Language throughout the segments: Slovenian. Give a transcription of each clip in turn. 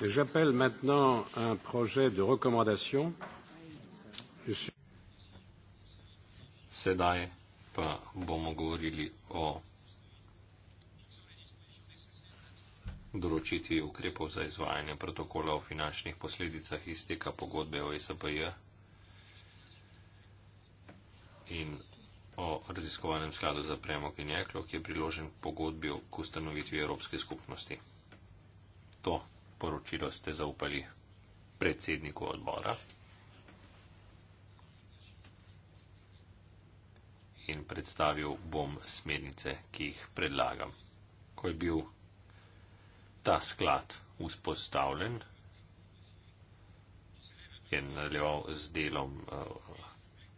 J'appelle maintenant un projet de recommandation. Sedaj pa bomo govorili o določitvi ukrepov za izvajanje protokola o finančnih posledicah izteka pogodbe o SPJ in o raziskovanem skladu za premog in jeklo, ki je priložen pogodbi o ustanovitvi Evropske skupnosti. To poročilo ste zaupali predsedniku odbora in predstavil bom smernice, ki jih predlagam. Ko je bil ta sklad vzpostavljen, je nadaljeval z delom eh,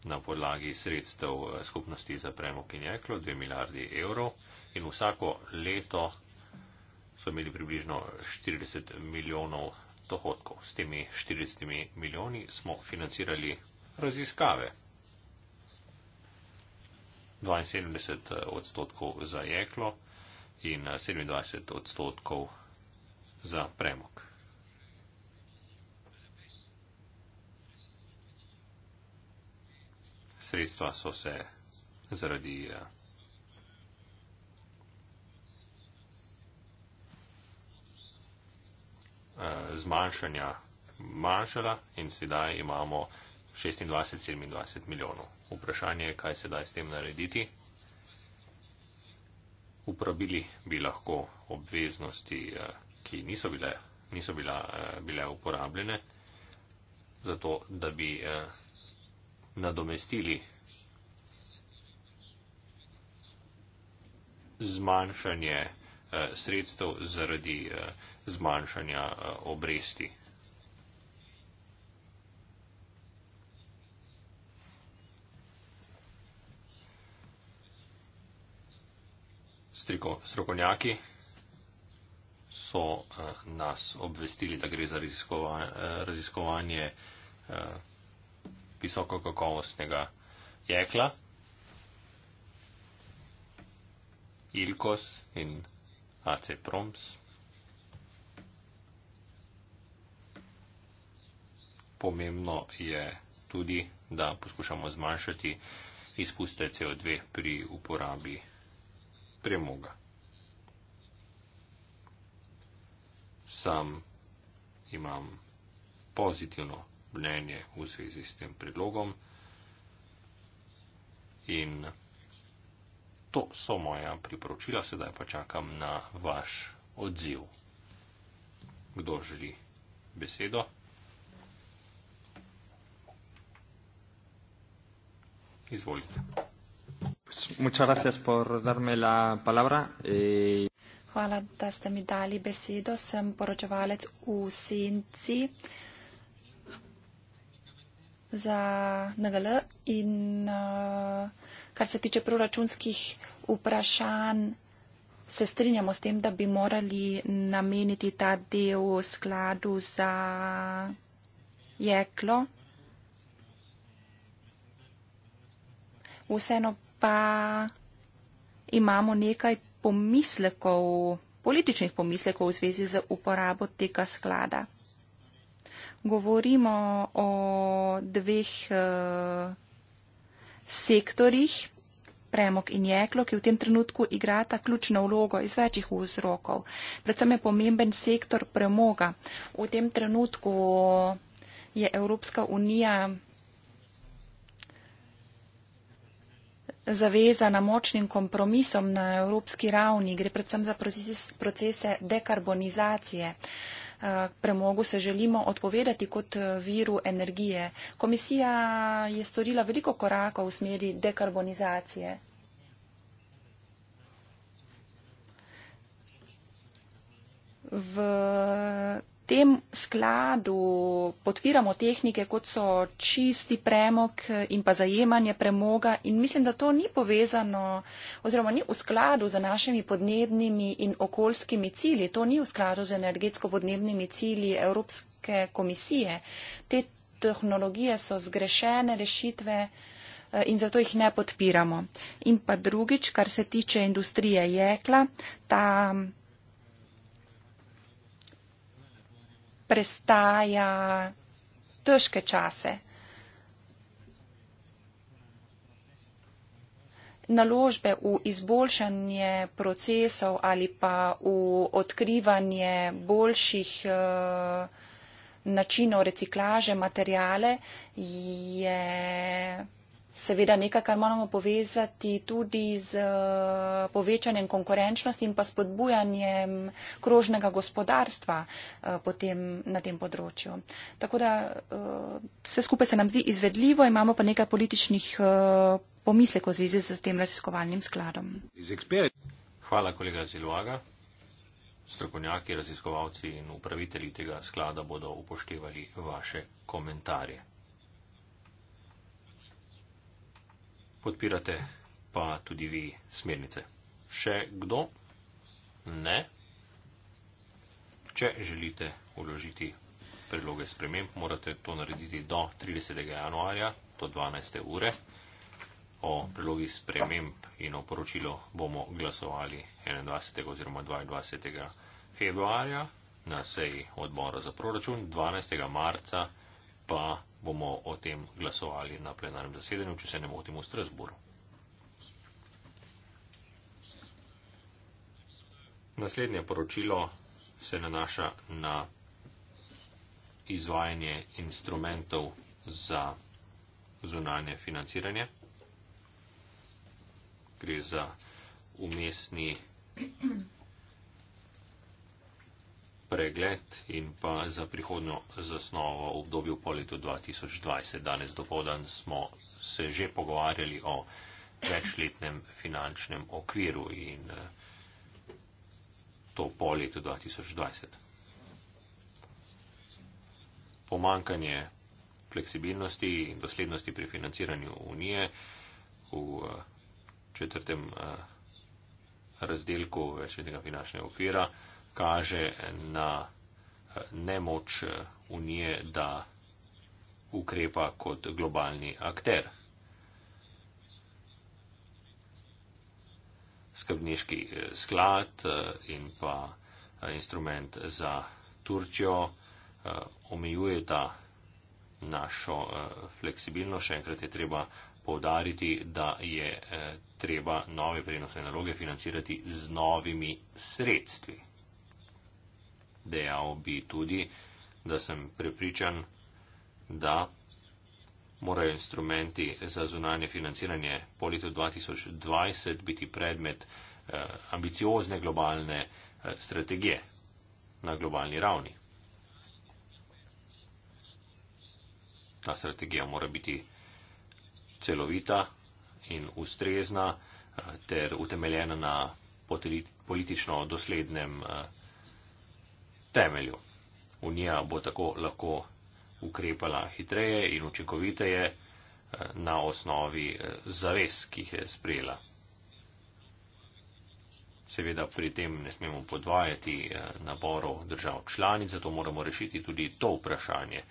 na podlagi sredstev eh, skupnosti za premog in jeklo, 2 milijardi evrov in vsako leto so imeli približno 40 milijonov dohodkov. S temi 40 milijoni smo financirali raziskave. 72 eh, odstotkov za jeklo in 27 eh, odstotkov za premog. Sredstva so se zaradi eh, Eh, zmanjšanja manjšala in sedaj imamo 26-27 milijonov. Vprašanje je, kaj se da s tem narediti. Uporabili bi lahko obveznosti, eh, ki niso bile, niso bila, eh, bile uporabljene, zato da bi nadomestili zmanjšanje sredstev zaradi zmanjšanja eh, obresti. Strokovnjaki so eh, nas obvestili, da gre za eh, raziskovanje visokokakovostnega jekla. Ilkos in AC Proms. pomembno je tudi, da poskušamo zmanjšati izpuste CO2 pri uporabi premoga. Sam imam pozitivno mnenje v zvezi s tem predlogom in to so moja priporočila, sedaj pa čakam na vaš odziv. Kdo želi besedo? Izvolite. Muchas gracias por darme la palabra. Eh, Hvala, da ste mi dali besedo. Sem poročevalec v Senci za NGL in eh, kar se tiče proračunskih vprašanj, se strinjamo s tem, da bi morali nameniti ta del skladu za jeklo. vseeno pa imamo nekaj pomislekov, političnih pomislekov v zvezi z uporabo tega sklada. Govorimo o dveh uh, sektorjih, premog in jeklo, ki v tem trenutku igrata ključno vlogo iz večjih vzrokov. Predvsem je pomemben sektor premoga. V tem trenutku je Evropska unija zaveza na močnim kompromisom na evropski ravni, gre predvsem za procese dekarbonizacije. Eh, premogu se želimo odpovedati kot eh, viru energije. Komisija je storila veliko korakov v smeri dekarbonizacije. V tem skladu podpiramo tehnike, kot so čisti premog in pa zajemanje premoga in mislim, da to ni povezano oziroma ni v skladu z našimi podnebnimi in okoljskimi cilji, to ni v skladu z energetsko-podnebnimi cilji Evropske komisije. Te tehnologije so zgrešene rešitve eh, in zato jih ne podpiramo. In pa drugič, kar se tiče industrije jekla, ta prestaja težke čase. Naložbe v izboljšanje procesov ali pa v odkrivanje boljših eh, načinov reciklaže materijale je seveda nekaj, kar moramo povezati tudi z eh, povečanjem konkurenčnosti in pa spodbujanjem krožnega gospodarstva eh, potem na tem področju. Tako da eh, vse skupaj se nam zdi izvedljivo, imamo pa nekaj političnih pomislekov v zvezi z tem raziskovalnim skladom. Hvala, kolega Zilvaga. Strokovnjaki, raziskovalci in upravitelji tega sklada bodo upoštevali vaše komentarje. podpirate pa tudi vi smernice. Še kdo? Ne. Če želite uložiti predloge sprememb, morate to narediti do 30. januarja, do 12. ure. O predlogi sprememb in o poročilo bomo glasovali 21. oziroma 22. februarja na seji odbora za proračun, 12. marca pa bomo o tem glasovali na plenarnem zasedanju, če se ne motim v Strasburu. Naslednje poročilo se nanaša na izvajanje instrumentov za zunanje financiranje. Gre za umestni pregled in pa za prihodnjo zasnovo v obdobju po letu 2020. Danes dopoledan smo se že pogovarjali o večletnem finančnem okviru in eh, to po letu 2020. Pomankanje fleksibilnosti in doslednosti pri financiranju unije v eh, četrtem eh, razdelku večletnega finančnega okvira kaže na eh, nemoč eh, Unije, da ukrepa kot globalni akter. Skrbniški eh, sklad in pa instrument za Turčjo omejujeta našo fleksibilnost. Še enkrat je treba povdariti, da je treba nove prenosne naloge financirati z novimi sredstvi. Dejal bi tudi, da sem prepričan, da morajo instrumenti za zunanje financiranje po letu 2020 biti predmet eh, ambiciozne globalne eh, strategije na globalni ravni. Ta strategija mora biti celovita in ustrezna eh, ter utemeljena na politično doslednem eh, temelju. Unija bo tako lahko ukrepala hitreje in učinkoviteje eh, na osnovi eh, zavez, ki jih je sprejela. Seveda pri tem ne smemo podvajati eh, naborov držav članic, zato moramo rešiti tudi to vprašanje.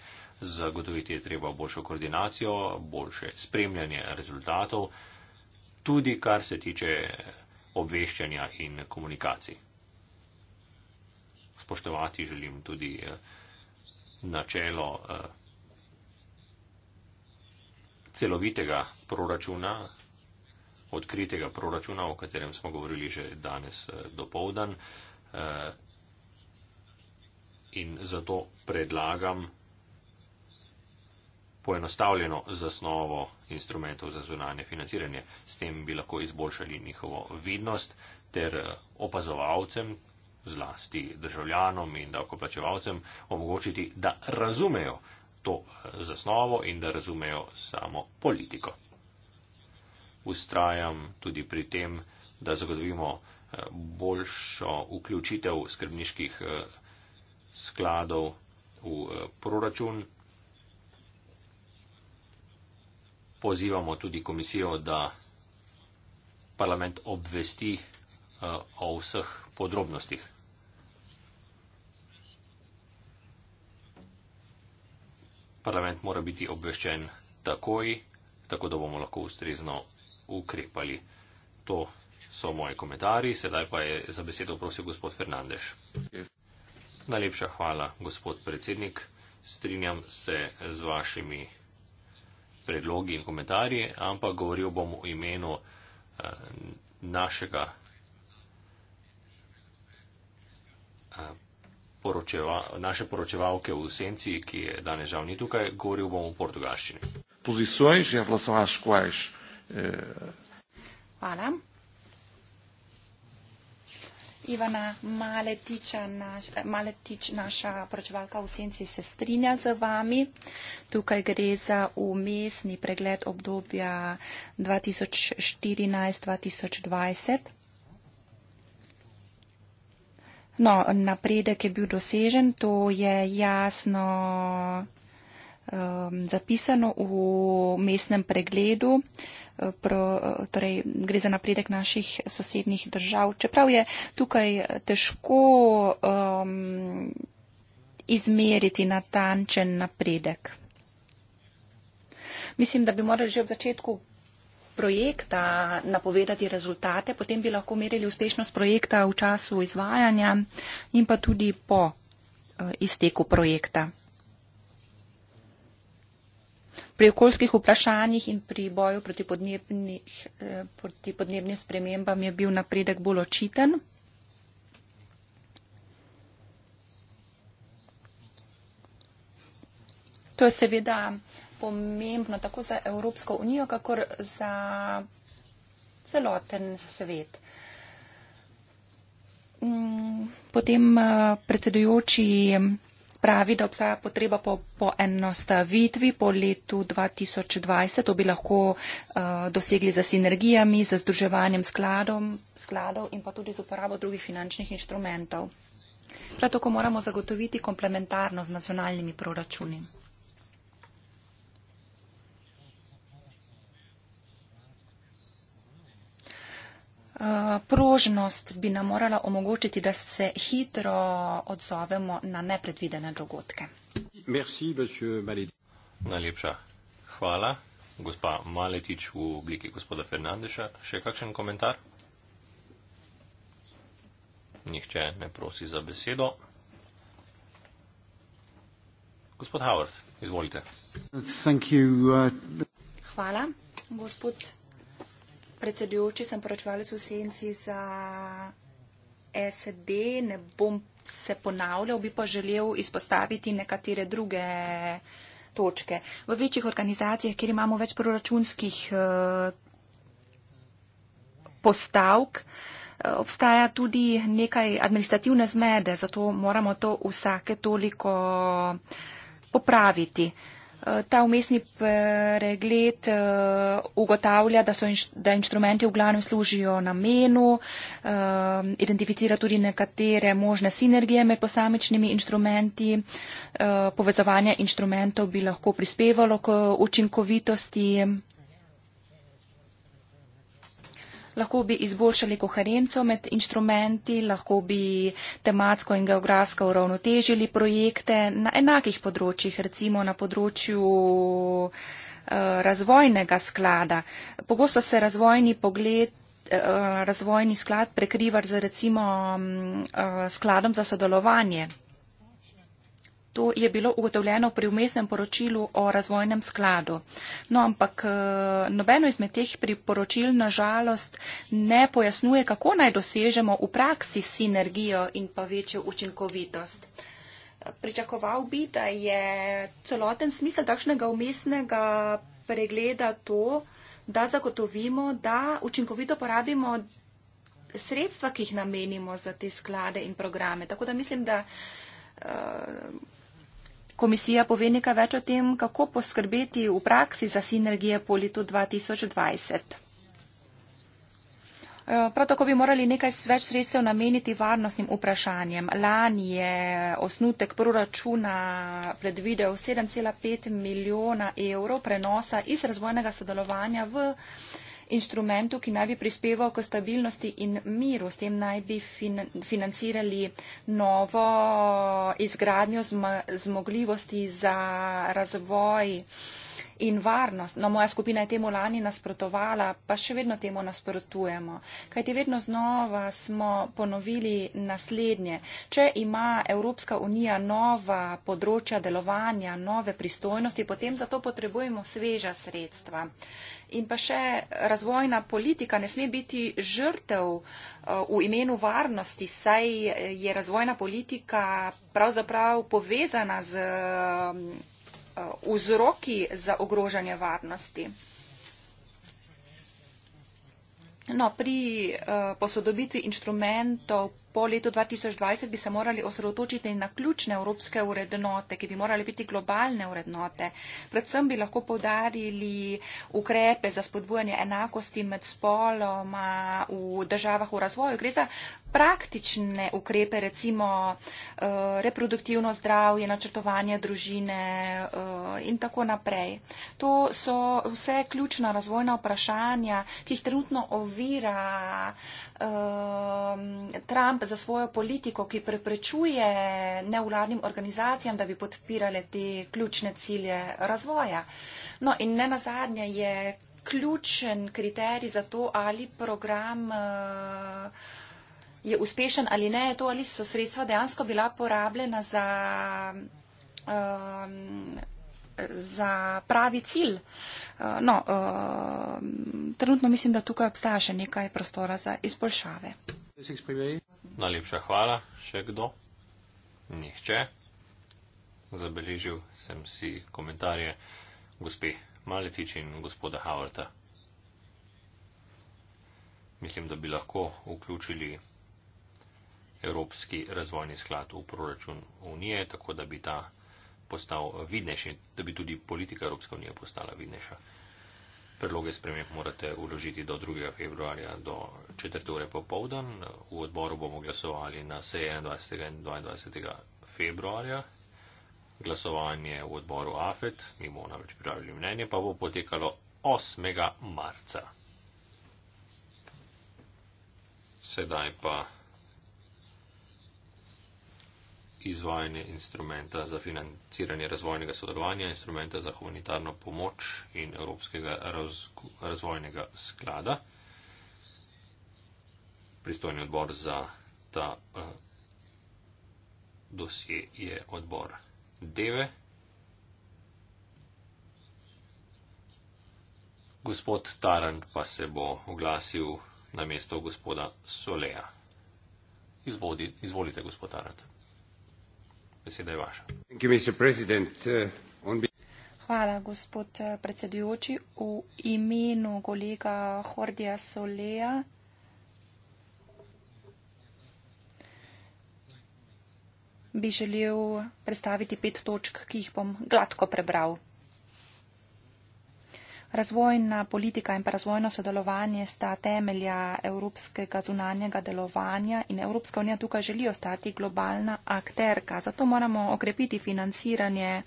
Zagotoviti je treba boljšo koordinacijo, boljše spremljanje rezultatov, tudi kar se tiče obveščanja in komunikacij spoštovati želim tudi eh, načelo eh, celovitega proračuna, odkritega proračuna, o katerem smo govorili že danes eh, do povdan. In zato predlagam poenostavljeno zasnovo instrumentov za zunanje financiranje. S tem bi lahko izboljšali njihovo vidnost ter opazovalcem zlasti državljanom in davkoplačevalcem omogočiti, da razumejo to eh, zasnovo in da razumejo samo politiko. Ustrajam tudi pri tem, da zagotovimo eh, boljšo vključitev skrbniških eh, skladov v proračun. Pozivamo tudi komisijo, da parlament obvesti o vseh podrobnostih parlament mora biti obveščen takoj, tako da bomo lahko ustrezno ukrepali. To so moji komentarji, sedaj pa je za besedo prosil gospod Fernandeš. Najlepša hvala, gospod predsednik. Strinjam se z vašimi predlogi in komentarji, ampak govoril bom v imenu eh, našega eh, poročeva, naše poročevalke v Senci, ki je danes žal ni tukaj, govoril bom v portugalščini. Pozicioniš in glasovaš, kvajš. Hvala. Ivana Maletiča, naš, Maletič, naša poročevalka v Senci, se strinja z vami. Tukaj gre za umestni pregled obdobja 2014-2020. No, napredek je bil dosežen, to je jasno um, zapisano v mestnem pregledu. Uh, pro, uh, torej, gre za napredek naših sosednjih držav. Čeprav je tukaj težko um, izmeriti natančen napredek. Mislim, da bi morali že v začetku projekta napovedati rezultate, potem bi lahko merili uspešnost projekta v času izvajanja in pa tudi po eh, izteku projekta. Pri okoljskih vprašanjih in pri boju proti, eh, proti podnebnim spremembam je bil napredek bolj očiten. To je seveda pomembno tako za Evropsko unijo, kakor za celoten svet. Mm, potem eh, predsedujoči pravi, da obstaja potreba po, po enostavitvi po letu 2020. To bi lahko eh, dosegli za sinergijami, za združevanjem skladom, skladov in pa tudi z uporabo drugih finančnih inštrumentov. Prav tako moramo zagotoviti komplementarnost z nacionalnimi proračuni. prožnost bi nam morala omogočiti, da se hitro odzovemo na nepredvidene dogodke. Merci, Najlepša hvala, gospa Maletič v obliki gospoda Fernandeša. Še kakšen komentar? Nihče ne prosi za besedo. Gospod Howard, izvolite. Uh, hvala, gospod predsedujoči, sem poročevalec v senci za SD. Ne bom se ponavljal, bi pa želel izpostaviti nekatere druge točke. V večjih organizacijah, kjer imamo več proračunskih eh, postavk, eh, obstaja tudi nekaj administrativne zmede, zato moramo to vsake toliko popraviti. Ta umestni pregled eh, ugotavlja, da, inš, da inštrumenti v glavnem služijo namenu, eh, identificira tudi nekatere možne sinergije med posamičnimi inštrumenti. Eh, povezovanje inštrumentov bi lahko prispevalo k učinkovitosti lahko bi izboljšali koherenco med inštrumenti, lahko bi tematsko in geografsko uravnotežili projekte na enakih področjih, recimo na področju eh, razvojnega sklada. Pogosto se razvojni pogled, eh, razvojni sklad prekriva z recimo mm, eh, skladom za sodelovanje to je bilo ugotovljeno pri umestnem poročilu o razvojnem skladu. No, ampak eh, nobeno izmed teh priporočil na žalost ne pojasnuje, kako naj dosežemo v praksi sinergijo in pa večjo učinkovitost. Pričakoval bi, da je celoten smisel takšnega umestnega pregleda to, da zagotovimo, da učinkovito porabimo sredstva, ki jih namenimo za te sklade in programe. Tako da mislim, da uh, Komisija pove nekaj več o tem, kako poskrbeti v praksi za sinergije po letu 2020. Eh, prav tako bi morali nekaj več sredstev nameniti varnostnim vprašanjem. Lani je osnutek proračuna predvidel 7,5 milijona evrov prenosa iz razvojnega sodelovanja v inštrumentu, ki naj bi prispeval k stabilnosti in miru. S tem naj bi financirali novo izgradnjo zmogljivosti za razvoj in varnost. No, moja skupina je temu lani nasprotovala, pa še vedno temu nasprotujemo. Kaj ti vedno znova smo ponovili naslednje. Če ima Evropska unija nova področja delovanja, nove pristojnosti, potem za to potrebujemo sveža sredstva. In pa še razvojna politika ne sme biti žrtev eh, v imenu varnosti, saj je razvojna politika pravzaprav povezana z Eh, vzroki za ogrožanje varnosti. No, pri eh, posodobitvi inštrumentov Po letu 2020 bi se morali osredotočiti na ključne evropske urednote, ki bi morali biti globalne urednote. Predvsem bi lahko povdarili ukrepe za spodbujanje enakosti med spoloma v državah v razvoju. Gre za praktične ukrepe, recimo eh, reproduktivno zdravje, načrtovanje družine eh, in tako naprej. To so vse ključna razvojna vprašanja, ki jih trenutno ovira um, Trump za svojo politiko, ki preprečuje nevladnim organizacijam, da bi podpirale te ključne cilje razvoja. No in ne nazadnje je ključen kriterij za to, ali program. Uh, je uspešen ali ne, to ali so sredstva dejansko bila porabljena za um, za pravi cilj. Uh, no, uh, trenutno mislim, da tukaj obstaja še nekaj prostora za izboljšave. Najlepša hvala. Še kdo? Nihče. Zabeležil sem si komentarje gospe Maletič in gospoda Havrta. Mislim, da bi lahko vključili Evropski razvojni sklad v proračun Unije, tako da bi ta postal vidnejši, da bi tudi politika Evropske unije postala vidnejša. Predloge sprememb morate uložiti do 2. februarja do 4. ure popovdan. V odboru bomo glasovali na seji 21. in 22. februarja. Glasovanje v odboru AFET, mi bomo namreč pripravili mnenje, pa bo potekalo 8. marca. Sedaj pa izvajanje instrumenta za financiranje razvojnega sodelovanja, instrumenta za humanitarno pomoč in Evropskega raz, razvojnega sklada. Pristojni odbor za ta uh, dosje je odbor Deve. Gospod Tarant pa se bo oglasil na mesto gospoda Soleja. Izvodi, izvolite, gospod Tarant. Beseda je vaša. Uh, Hvala, gospod eh, predsedujoči. V imenu kolega Hordija Soleja. bi želel predstaviti pet točk, ki jih bom gladko prebral. Razvojna politika in pa razvojno sodelovanje sta temelja evropskega zunanjega delovanja in Evropska unija tukaj želi ostati globalna akterka. Zato moramo okrepiti financiranje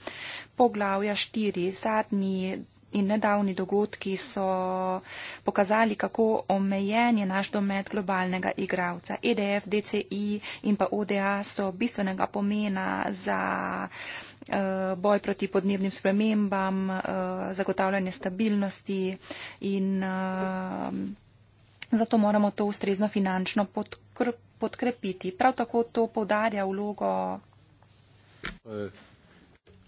poglavja 4. Zadnji in nedavni dogodki so pokazali, kako omejen je naš domet globalnega igravca. EDF, DCI in pa ODA so bistvenega pomena za Eh, boj proti podnebnim spremembam, eh, zagotavljanje stabilnosti in eh, zato moramo to ustrezno finančno podkrepiti. Prav tako to podarja vlogo.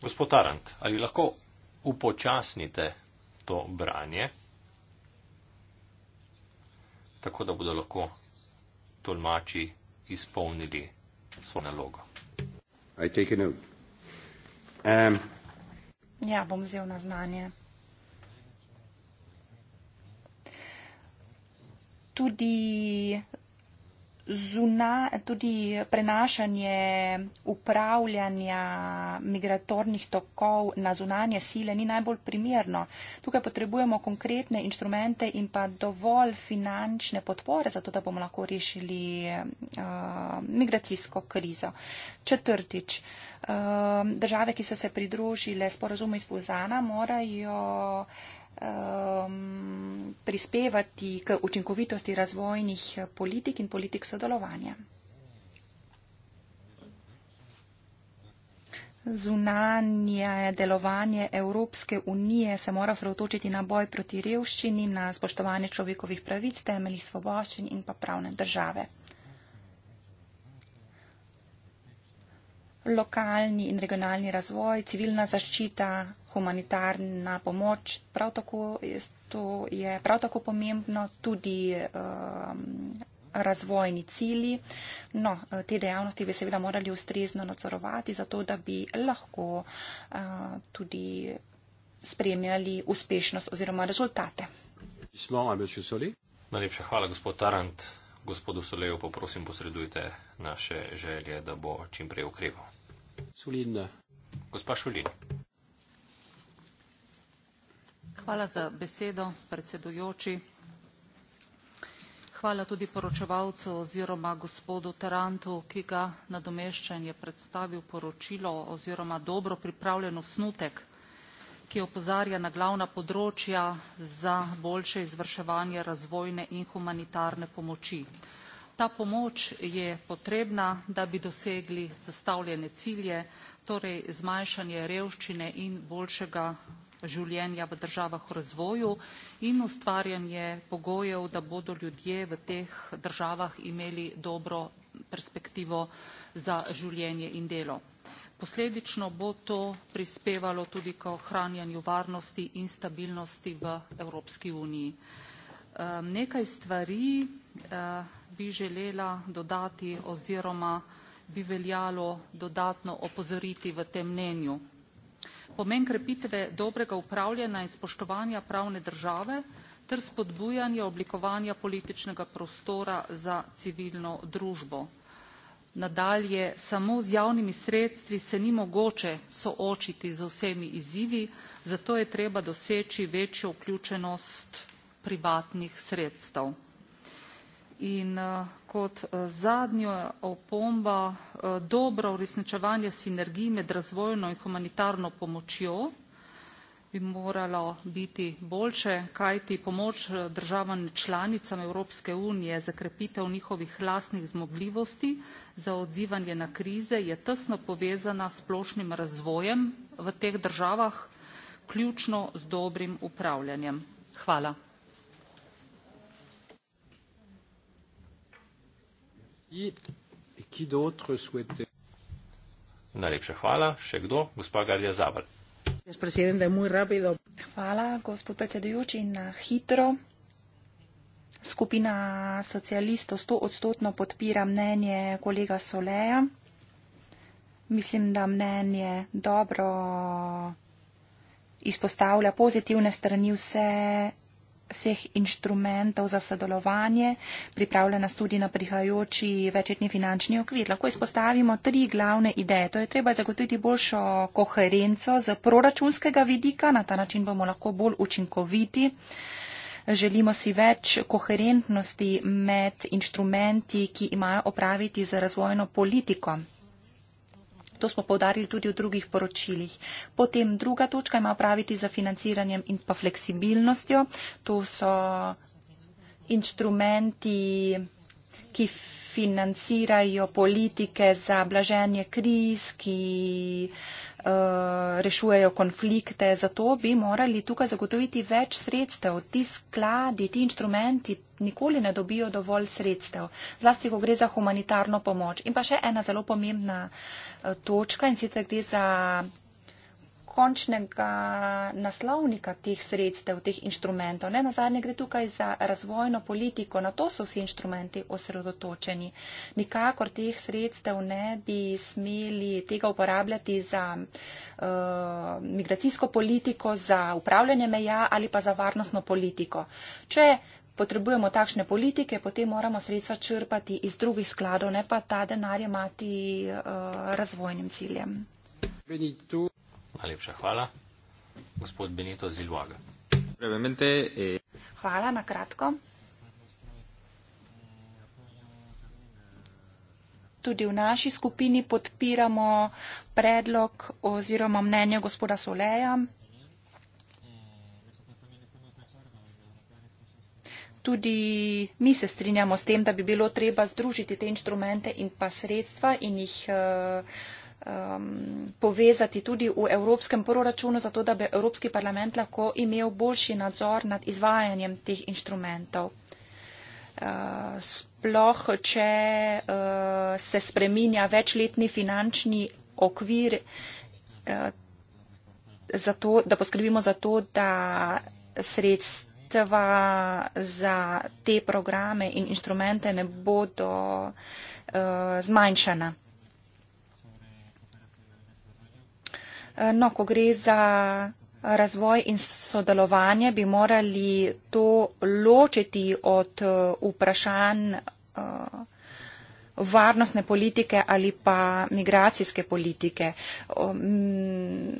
Gospod Arant, ali lahko upočasnite to branje, tako da bodo lahko tolmači izpolnili svojo nalogo? I take a note. Um. Ja, bom vzel na znanje. Tudi, zuna, tudi prenašanje upravljanja migratornih tokov na zunanje sile ni najbolj primerno. Tukaj potrebujemo konkretne inštrumente in pa dovolj finančne podpore, zato da bomo lahko rešili uh, migracijsko krizo. Četrtič. Uh, Um, države, ki so se pridružile sporozumu iz Pozana, morajo um, prispevati k učinkovitosti razvojnih politik in politik sodelovanja. Zunanje delovanje Evropske unije se mora sredotočiti na boj proti revščini, na spoštovanje človekovih pravic, temeljih svoboščin in pa pravne države. lokalni in regionalni razvoj, civilna zaščita, humanitarna pomoč. Prav tako je, to je prav tako pomembno tudi um, razvojni cilji. No, te dejavnosti bi seveda morali ustrezno nadzorovati, zato da bi lahko uh, tudi spremljali uspešnost oziroma rezultate. Najlepša hvala, gospod Tarant. Gospodu Solejo, poprosim, posredujte naše želje, da bo čim prej ukrepil. Šulin. Gospa Šulin. Hvala za besedo, predsedujoči. Hvala tudi poročevalcu oziroma gospodu Tarantu, ki ga nadomeščen je predstavil poročilo oziroma dobro pripravljen osnutek, ki opozarja na glavna področja za boljše izvrševanje razvojne in humanitarne pomoči. Ta pomoč je potrebna, da bi dosegli zastavljene cilje, torej zmanjšanje revščine in boljšega življenja v državah v razvoju in ustvarjanje pogojev, da bodo ljudje v teh državah imeli dobro perspektivo za življenje in delo. Posledično bo to prispevalo tudi k ohranjanju varnosti in stabilnosti v Evropski uniji. Ehm, nekaj stvari ehm, bi želela dodati oziroma bi veljalo dodatno opozoriti v tem mnenju. Pomen krepitve dobrega upravljanja in spoštovanja pravne države ter spodbujanje oblikovanja političnega prostora za civilno družbo. Nadalje, samo z javnimi sredstvi se ni mogoče soočiti z vsemi izzivi, zato je treba doseči večjo vključenost privatnih sredstev. In eh, kot eh, zadnjo opomba, eh, dobro uresničevanje sinergij med razvojno in humanitarno pomočjo bi moralo biti boljše, kajti pomoč državam članicam Evropske unije za krepitev njihovih lastnih zmogljivosti za odzivanje na krize je tesno povezana s splošnim razvojem v teh državah, ključno z dobrim upravljanjem. Hvala. Najlepša hvala. Še kdo? Gospa Garja Zabal. Hvala, gospod predsedujoči, in na hitro. Skupina socialistov sto odstotno podpira mnenje kolega Soleja. Mislim, da mnenje dobro izpostavlja pozitivne strani vse vseh inštrumentov za sodelovanje, pripravljena tudi na prihajajoči večetni finančni okvir. Lahko izpostavimo tri glavne ideje. To je treba zagotoviti boljšo koherenco z proračunskega vidika, na ta način bomo lahko bolj učinkoviti. Želimo si več koherentnosti med inštrumenti, ki imajo opraviti z razvojno politiko. To smo povdarili tudi v drugih poročilih. Potem druga točka ima praviti za financiranjem in pa fleksibilnostjo. To so inštrumenti, ki financirajo politike za blaženje kriz, ki Eh, rešujejo konflikte. Zato bi morali tukaj zagotoviti več sredstev. Ti skladi, ti inštrumenti nikoli ne dobijo dovolj sredstev. Zlasti, ko gre za humanitarno pomoč. In pa še ena zelo pomembna eh, točka in sicer gre za končnega naslovnika teh sredstev, teh inštrumentov. Ne, na zadnje gre tukaj za razvojno politiko, na to so vsi inštrumenti osredotočeni. Nikakor teh sredstev ne bi smeli tega uporabljati za uh, migracijsko politiko, za upravljanje meja ali pa za varnostno politiko. Če potrebujemo takšne politike, potem moramo sredstva črpati iz drugih skladov, ne pa ta denar imati uh, eh, razvojnim ciljem. Benito. Najlepša hvala. Gospod Benito Zilvaga. Eh. Hvala na kratko. Tudi v naši skupini podpiramo predlog oziroma mnenje gospoda Soleja. Tudi mi se strinjamo s tem, da bi bilo treba združiti te inštrumente in pa sredstva in jih uh, um, povezati tudi v evropskem proračunu, zato da bi Evropski parlament lahko imel boljši nadzor nad izvajanjem teh inštrumentov. Uh, sploh, če uh, se spreminja večletni finančni okvir, uh, to, da poskrbimo za to, da sredstva za te programe in inštrumente ne bodo uh, zmanjšana. Eh, no, ko gre za razvoj in sodelovanje, bi morali to ločiti od eh, vprašanj eh, varnostne politike ali pa migracijske politike. Ehm,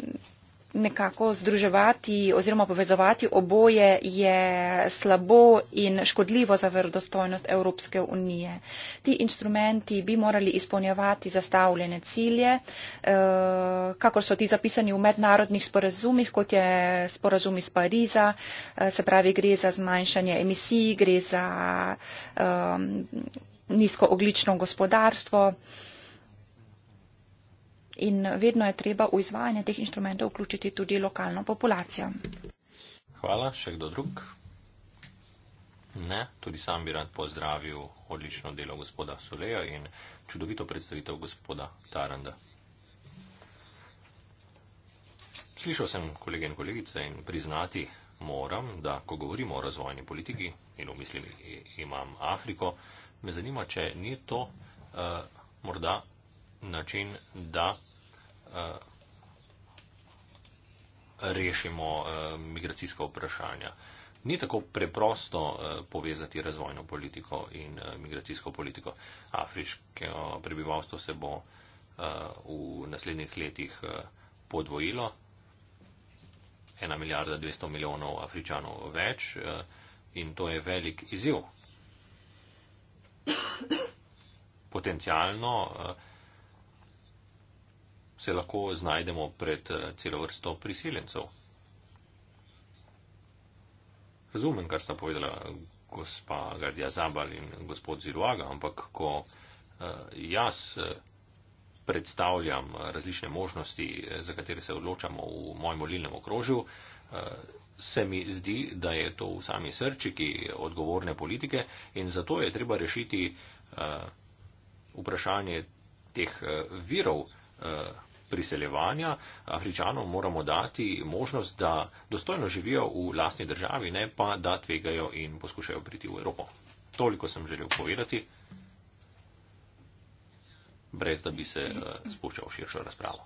nekako združevati oziroma povezovati oboje je slabo in škodljivo za verodostojnost Evropske unije. Ti instrumenti bi morali izpolnjevati zastavljene cilje, eh, kako so ti zapisani v mednarodnih sporazumih, kot je sporazum iz Pariza, eh, se pravi gre za zmanjšanje emisij, gre za eh, nizkooglično gospodarstvo in vedno je treba v izvajanje teh inštrumentov vključiti tudi lokalno populacijo. Hvala, še kdo drug? Ne, tudi sam bi rad pozdravil odlično delo gospoda Soleja in čudovito predstavitev gospoda Taranda. Slišal sem kolege in kolegice in priznati moram, da ko govorimo o razvojni politiki in v mislih imam Afriko, me zanima, če ni to uh, morda način, da eh, rešimo eh, migracijska vprašanja. Ni tako preprosto eh, povezati razvojno politiko in migracijsko politiko. Afriško prebivalstvo se bo v naslednjih letih podvojilo. 1 milijarda 200 milijonov afričanov več in to je velik izziv. Potencialno se lahko znajdemo pred eh, celo vrsto prisiljencev. Razumem, kar sta povedala gospa Gardija Zabal in gospod Ziruaga, ampak ko eh, jaz eh, predstavljam različne možnosti, za katere se odločamo v mojem volilnem okrožju, se mi zdi, da je to v sami srčiki odgovorne politike in zato je treba rešiti vprašanje teh virov priseljevanja. Afričanom moramo dati možnost, da dostojno živijo v lastni državi, ne pa da tvegajo in poskušajo priti v Evropo. Toliko sem želel povedati, brez da bi se eh, spuščal v širšo razpravo.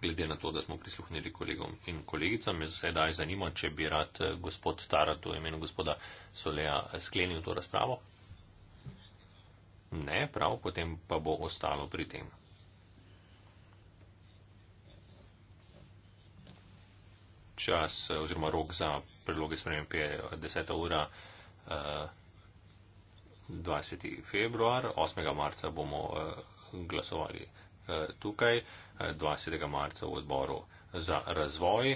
Glede na to, da smo prisluhnili kolegom in kolegicam, me sedaj zanima, če bi rad eh, gospod Tarat v imenu gospoda Soleja eh, sklenil to razpravo. Ne, prav, potem pa bo ostalo pri tem. Čas eh, oziroma rok za predloge spremembe je 10. Eh, ura 20. Eh, februar, 8. marca bomo glasovali tukaj, 20. marca v odboru za razvoj,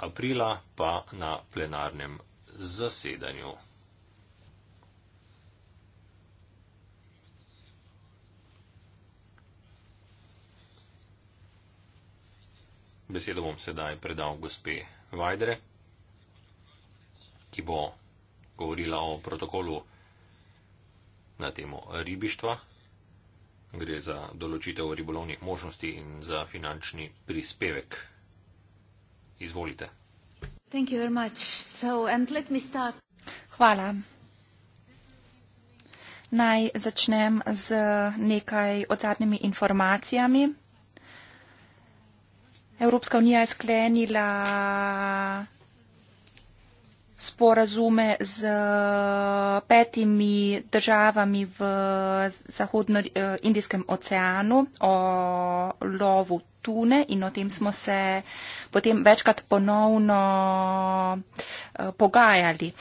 aprila pa na plenarnem zasedanju. besedo bom sedaj predal gospe Vajdre, ki bo govorila o protokolu na temo ribištva. Gre za določitev ribolovnih možnosti in za finančni prispevek. Izvolite. Hvala. Naj začnem z nekaj odzadnjimi informacijami. Evropska unija je sklenila sporazume z eh, petimi državami v Zahodno-Indijskem eh, oceanu o lovu tune in o tem smo se potem večkrat ponovno eh, pogajali.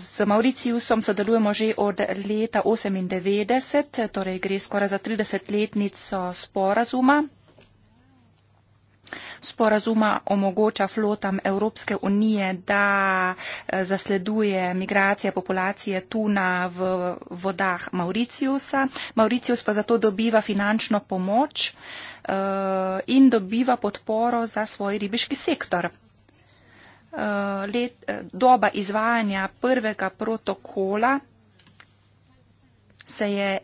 Z Mauriciusom sodelujemo že od leta 1998, torej gre skoraj za 30-letnico sporazuma sporazuma omogoča flotam Evropske unije, da eh, zasleduje migracije populacije tuna v vodah Mauriciusa. Mauricius pa zato dobiva finančno pomoč eh, in dobiva podporo za svoj ribiški sektor. Eh, let, doba izvajanja prvega protokola se je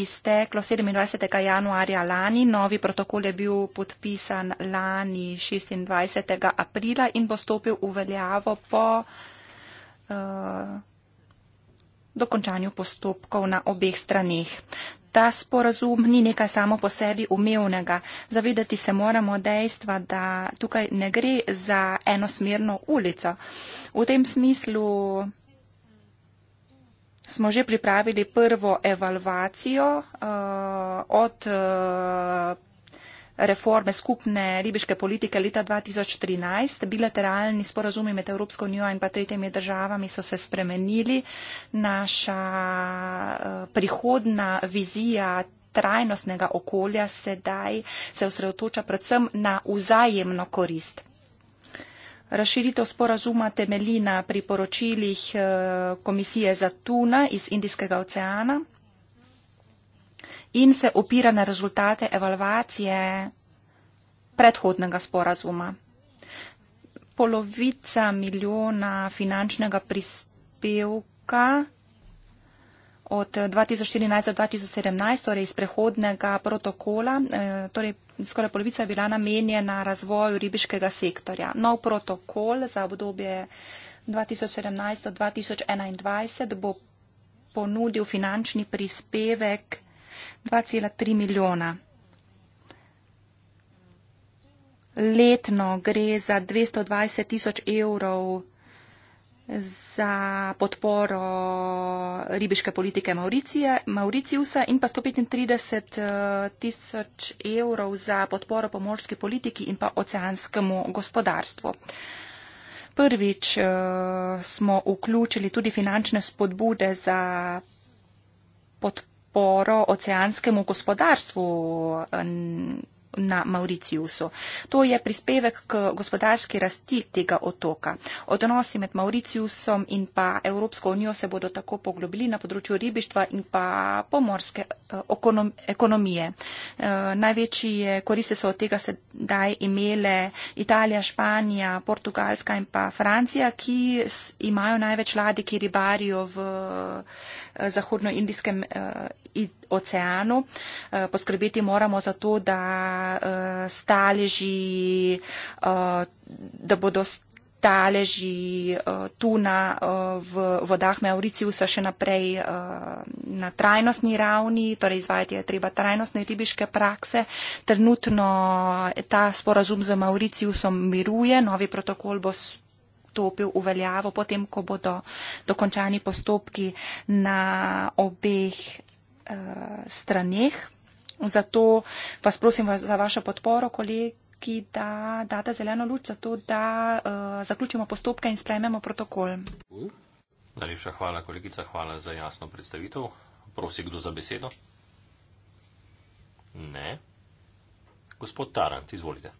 izteklo 27. januarja lani, novi protokol je bil podpisan lani 26. aprila in bo stopil v veljavo po uh, dokončanju postopkov na obeh stranih. Ta sporazum ni nekaj samo po sebi umevnega. Zavedati se moramo dejstva, da tukaj ne gre za enosmerno ulico. V tem smislu smo že pripravili prvo evalvacijo uh, od uh, reforme skupne ribiške politike leta 2013. Bilateralni sporazumi med Evropsko unijo in pa tretjimi državami so se spremenili. Naša eh, prihodna vizija trajnostnega okolja sedaj se osredotoča predvsem na vzajemno korist. Razširitev sporazuma temelji na priporočilih eh, komisije za tuna iz Indijskega oceana in se opira na rezultate evalvacije predhodnega sporazuma. Polovica milijona finančnega prispevka od 2014 do 2017, torej iz prehodnega protokola, eh, torej skoraj polovica je bila namenjena razvoju ribiškega sektorja. Nov protokol za obdobje 2017-2021 bo ponudil finančni prispevek 2,3 milijona. Letno gre za 220 tisoč evrov za podporo ribiške politike Mauricijusa in pa 135 eh, tisoč evrov za podporo pomorski politiki in pa oceanskemu gospodarstvu. Prvič eh, smo vključili tudi finančne spodbude za podporo oceanskemu gospodarstvu na Mauriciusu. To je prispevek k gospodarski rasti tega otoka. Odnosi med Mauriciusom in pa Evropsko unijo se bodo tako poglobili na področju ribištva in pa pomorske eh, ekonomije. Eh, največji eh, koriste so od tega sedaj imele Italija, Španija, Portugalska in pa Francija, ki imajo največ ladi, ki ribarijo v Eh, Zahodnoindijskem eh, oceanu. Eh, poskrbeti moramo za to, da staleži, da bodo staleži tu na v vodah Mauriciusa še naprej na trajnostni ravni, torej izvajati je treba trajnostne ribiške prakse. Trenutno ta sporazum z Mauriciusom miruje, novi protokol bo stopil v veljavo, potem, ko bodo dokončani postopki na obeh uh, straneh. Zato vas prosim za vašo podporo, kolegi, da date zeleno luč za to, da uh, zaključimo postopke in sprejmemo protokol. Najlepša hvala, kolegica, hvala za jasno predstavitev. Prosi kdo za besedo? Ne. Gospod Tarant, izvolite.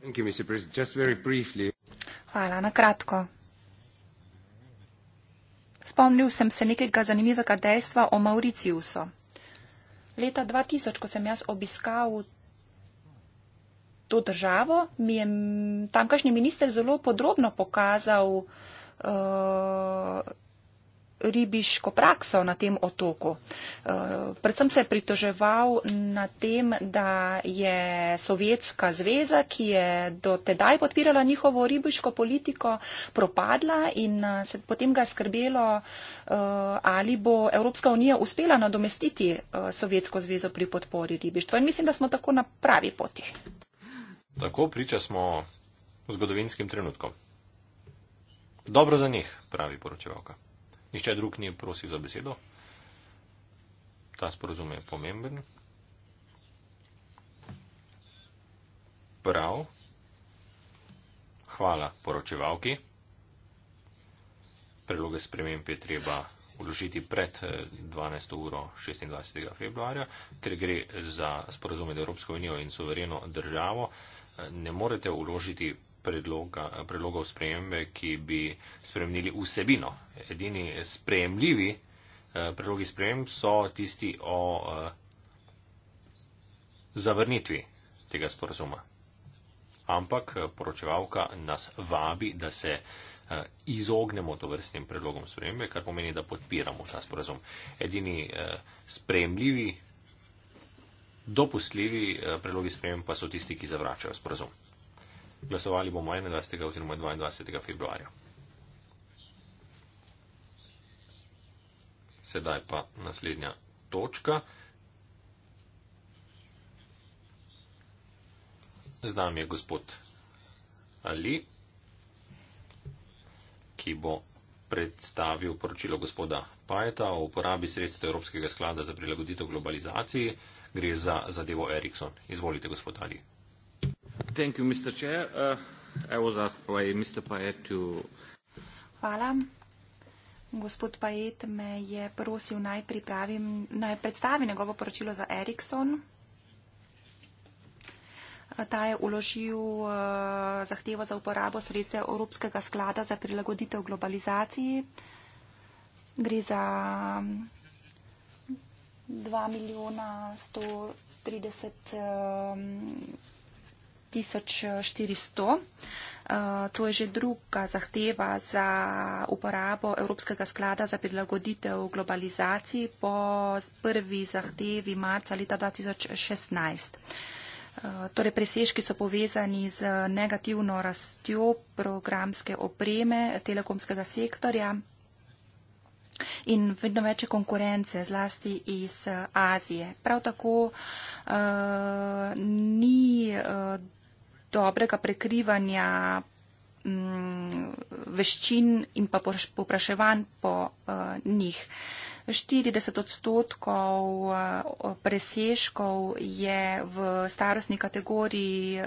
Thank you, Mr. President. Just very briefly. Hvala, na kratko. Spomnil sem se nekega zanimivega dejstva o Mauriciusu. Leta 2000, ko sem jaz obiskal to državo, mi je tamkajšnji minister zelo podrobno pokazal uh, ribiško prakso na tem otoku. Eh, predvsem se je pritoževal na tem, da je Sovjetska zveza, ki je do tedaj podpirala njihovo ribiško politiko, propadla in eh, se potem ga je skrbelo, eh, ali bo Evropska unija uspela nadomestiti Sovjetsko zvezo pri podpori ribištva. In mislim, da smo tako na pravi poti. Tako priča smo zgodovinskim trenutkom. Dobro za njih, pravi poročevalka. Nihče drug ni prosil za besedo. Ta sporozum je pomemben. Prav. Hvala poročevalki. Predloge sprememb je treba uložiti pred 12. Eh, uro 26. februarja, ker gre za sporozum med Evropsko unijo in suvereno državo. Eh, ne morete uložiti predloga, predlogov spremembe, ki bi spremenili vsebino. Edini spremljivi eh, predlogi sprem so tisti o eh, zavrnitvi tega sporozuma. Ampak eh, poročevalka nas vabi, da se izognemo to vrstnim predlogom spremembe, kar pomeni, da podpiramo ta sporozum. Edini spremljivi, dopustljivi predlogi sprememb pa so tisti, ki zavračajo sporozum glasovali bomo 21. oziroma 22. februarja. Sedaj pa naslednja točka. Z nami je gospod Ali, ki bo predstavil poročilo gospoda Pajeta o uporabi sredstev Evropskega sklada za prilagoditev globalizaciji. Gre za zadevo Ericsson. Izvolite, gospod Ali. Thank you, Mr. Chair. Uh, I was asked by Mr. Payet to- Hvala. Gospod Payet me je prosil, naj pripravim, naj predstavim njegovo poročilo za Ericsson. Ta je vložil uh, zahtevo za uporabo sredstev Evropskega sklada za prilagoditev globalizaciji. Gre za um, dva milijona sto trideset um, 2400. Eh, to je že druga zahteva za uporabo Evropskega sklada za prilagoditev globalizaciji po prvi zahtevi marca leta 2016. Eh, torej, presežki so povezani z negativno rastjo programske opreme telekomskega sektorja in vedno večje konkurence, zlasti iz Azije. Prav tako uh, ni. Uh, dobrega prekrivanja Mm, veščin in pa popraševanj po uh, njih. 40 odstotkov eh, presežkov je v starostni kategoriji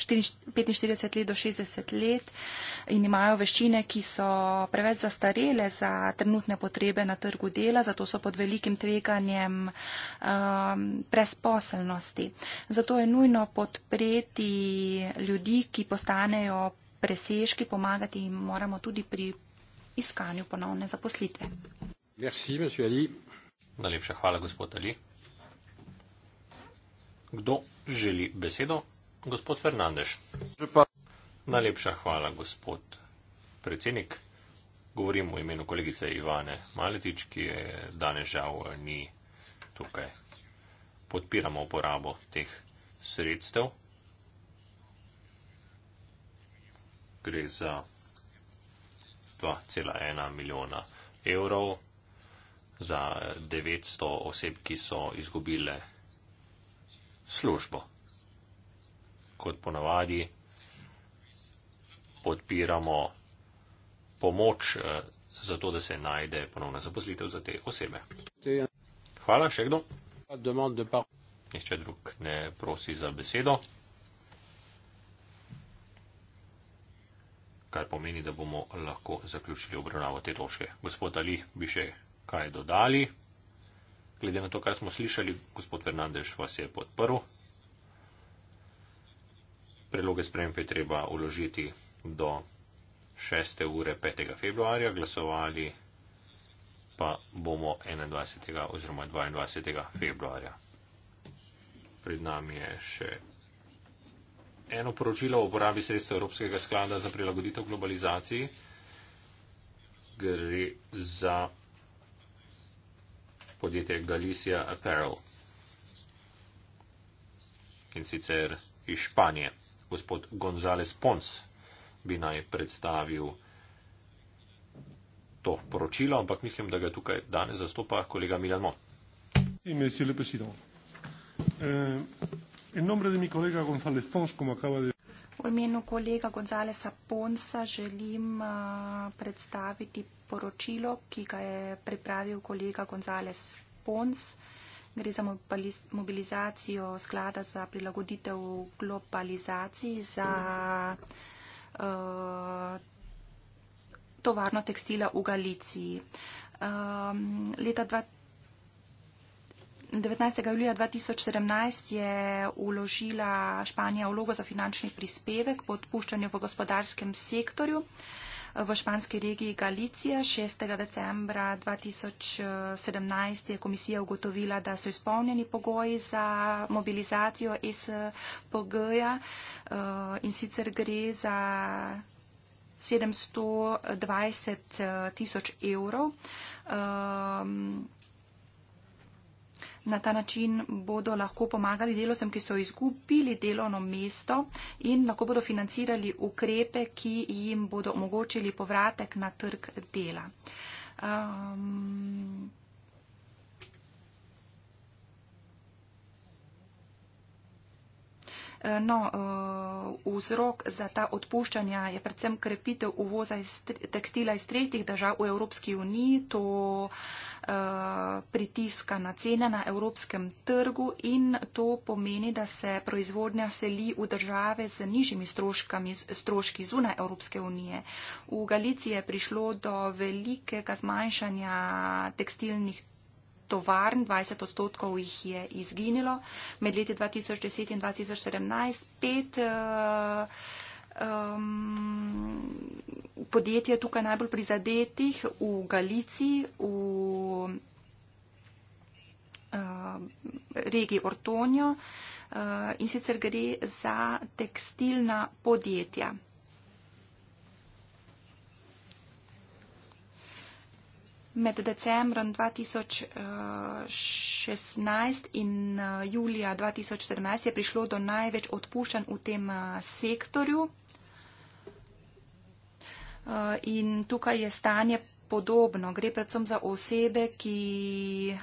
45 eh, let do 60 let in imajo veščine, ki so preveč zastarele za trenutne potrebe na trgu dela, zato so pod velikim tveganjem presposelnosti. Zato je nujno podpreti ljudi, ki postanejo presežki, pomagati jim moramo tudi pri iskanju ponovne zaposlitve. Merci, Ali. Najlepša hvala, gospod Ali. Kdo želi besedo? Gospod Fernandeš. Najlepša hvala, gospod predsednik. Govorim v imenu kolegice Ivane Maletič, ki je danes žal eh, ni tukaj. Podpiramo uporabo teh sredstev. gre za 2,1 milijona evrov za 900 oseb, ki so izgubile službo. Kot ponavadi podpiramo pomoč eh, za to, da se najde ponovna zaposlitev za te osebe. Hvala, še kdo? Nihče drug ne prosi za besedo. kar pomeni, da bomo lahko zaključili obravnavo te točke. Gospod Ali, bi še kaj dodali? Glede na to, kar smo slišali, gospod Fernandež vas je podprl. Preloge sprememb je treba uložiti do 6. ure 5. februarja, glasovali pa bomo 21. oziroma 22. februarja. Pred nami je še eno poročilo o uporabi sredstev Evropskega sklada za prilagoditev globalizaciji. Gre za podjetje Galicia Apparel in sicer iz Španije. Gospod González Pons bi naj predstavil to poročilo, ampak mislim, da ga tukaj danes zastopa kolega Milano. In, En nombre de mi colega González Pons, como acaba de. V imenu kolega Gonzalesa Ponsa želim eh, predstaviti poročilo, ki ga je pripravil kolega Gonzales Pons. Gre za mobilizacijo sklada za prilagoditev globalizaciji za uh, tovarno tekstila v Galiciji. Um, leta 2020 19. julija 2017 je uložila Španija vlogo za finančni prispevek po odpuščanju v gospodarskem sektorju v španski regiji Galicija. 6. decembra 2017 je komisija ugotovila, da so izpolnjeni pogoji za mobilizacijo SPG-ja eh, in sicer gre za 720 eh, tisoč evrov. Ehm, Na ta način bodo lahko pomagali delovcem, ki so izgubili delovno mesto in lahko bodo financirali ukrepe, ki jim bodo omogočili povratek na trg dela. Um, No, eh, vzrok za ta odpuščanja je predvsem krepitev uvoza iz, tekstila iz tretjih držav v Evropski uniji, to e, pritiska na cene na evropskem trgu in to pomeni, da se proizvodnja seli v države z nižjimi stroškami, stroški zunaj Evropske unije. V Galiciji je prišlo do velikega zmanjšanja tekstilnih trgov tovarn, 20 odstotkov jih je izginilo med leti 2010 in 2017. Pet um, eh, podjetij je tukaj najbolj prizadetih v Galiciji, v um, regiji Ortonijo uh, eh, in sicer gre za tekstilna podjetja. med decembrom 2016 in eh, julija 2017 je prišlo do največ odpuščanj v tem eh, sektorju. Eh, in tukaj je stanje podobno. Gre predvsem za osebe, ki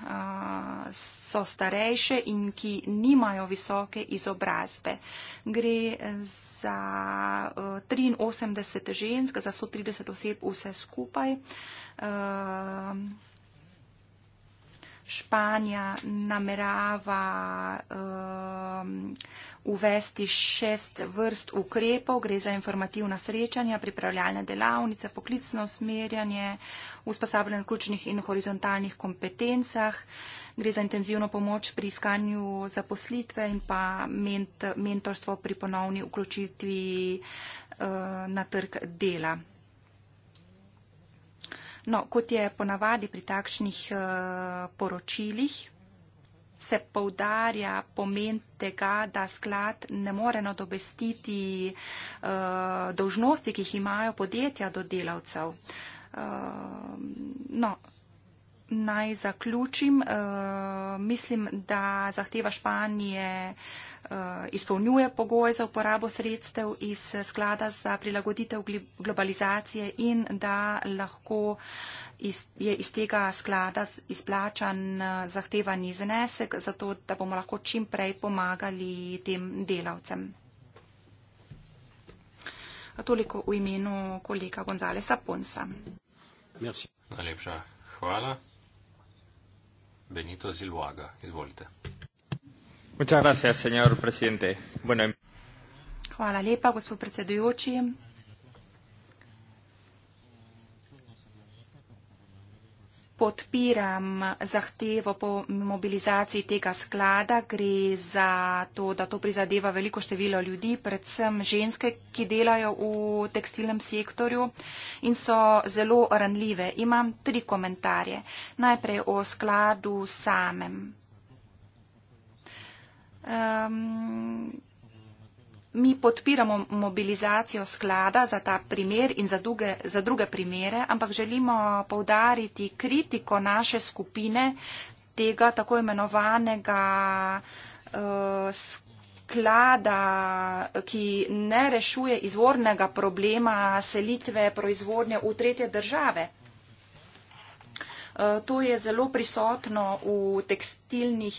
a, so starejše in ki nimajo visoke izobrazbe. Gre za a, e, 83 žensk, za 130 oseb vse skupaj. A, e, Španija namerava um, uvesti šest vrst ukrepov. Gre za informativna srečanja, pripravljalne delavnice, poklicno usmerjanje, usposabljanje ključnih in horizontalnih kompetencah. Gre za intenzivno pomoč pri iskanju zaposlitve in pa ment, mentorstvo pri ponovni vključitvi uh, na trg dela. No, kot je ponavadi pri takšnih eh, poročilih, se poudarja pomen tega, da sklad ne more nadobestiti eh, dožnosti, ki jih imajo podjetja do delavcev. Eh, no, naj zaključim. Uh, mislim, da zahteva Španije uh, izpolnjuje pogoje za uporabo sredstev iz eh, sklada za prilagoditev globalizacije in da lahko iz, je iz tega sklada izplačan uh, zahtevani znesek, zato da bomo lahko čim prej pomagali tem delavcem. Toliko v imenu kolega Gonzalesa Ponsa. Merci. Najlepša hvala. Benito Zilwaga. Izvolite. Hvala lepa, gospod predsedujoči. podpiram zahtevo po mobilizaciji tega sklada. Gre za to, da to prizadeva veliko število ljudi, predvsem ženske, ki delajo v tekstilnem sektorju in so zelo ranljive. Imam tri komentarje. Najprej o skladu samem. Um, mi podpiramo mobilizacijo sklada za ta primer in za druge, za druge primere, ampak želimo povdariti kritiko naše skupine tega tako imenovanega uh, sklada, ki ne rešuje izvornega problema selitve proizvodnje v tretje države. Eh, to je zelo prisotno v, eh,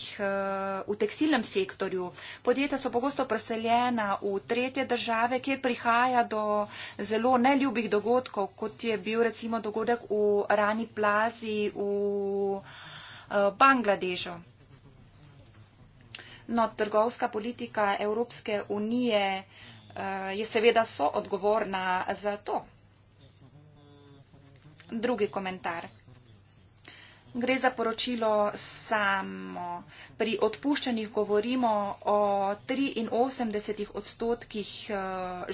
v tekstilnem sektorju. Podjetja so pogosto preseljena v tretje države, kjer prihaja do zelo neljubih dogodkov, kot je bil recimo dogodek v Rani Plazi v eh, Bangladežu. No, trgovska politika Evropske unije je seveda soodgovorna za to. Drugi komentar. Gre za poročilo samo. Pri odpuščanjih govorimo o 83 odstotkih eh,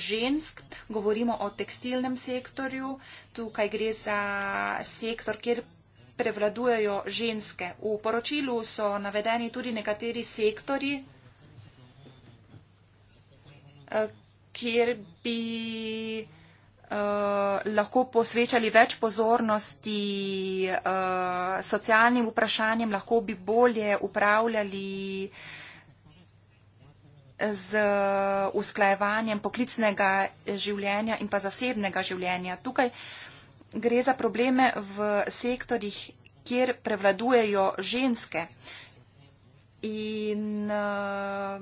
žensk, govorimo o tekstilnem sektorju. Tukaj gre za sektor, kjer prevladujejo ženske. V poročilu so navedeni tudi nekateri sektori, eh, kjer bi Eh, lahko posvečali več pozornosti uh, socialnim vprašanjem, lahko bi bolje upravljali z usklajevanjem poklicnega življenja in pa zasebnega življenja. Tukaj gre za probleme v sektorjih, kjer prevladujejo ženske. In, uh,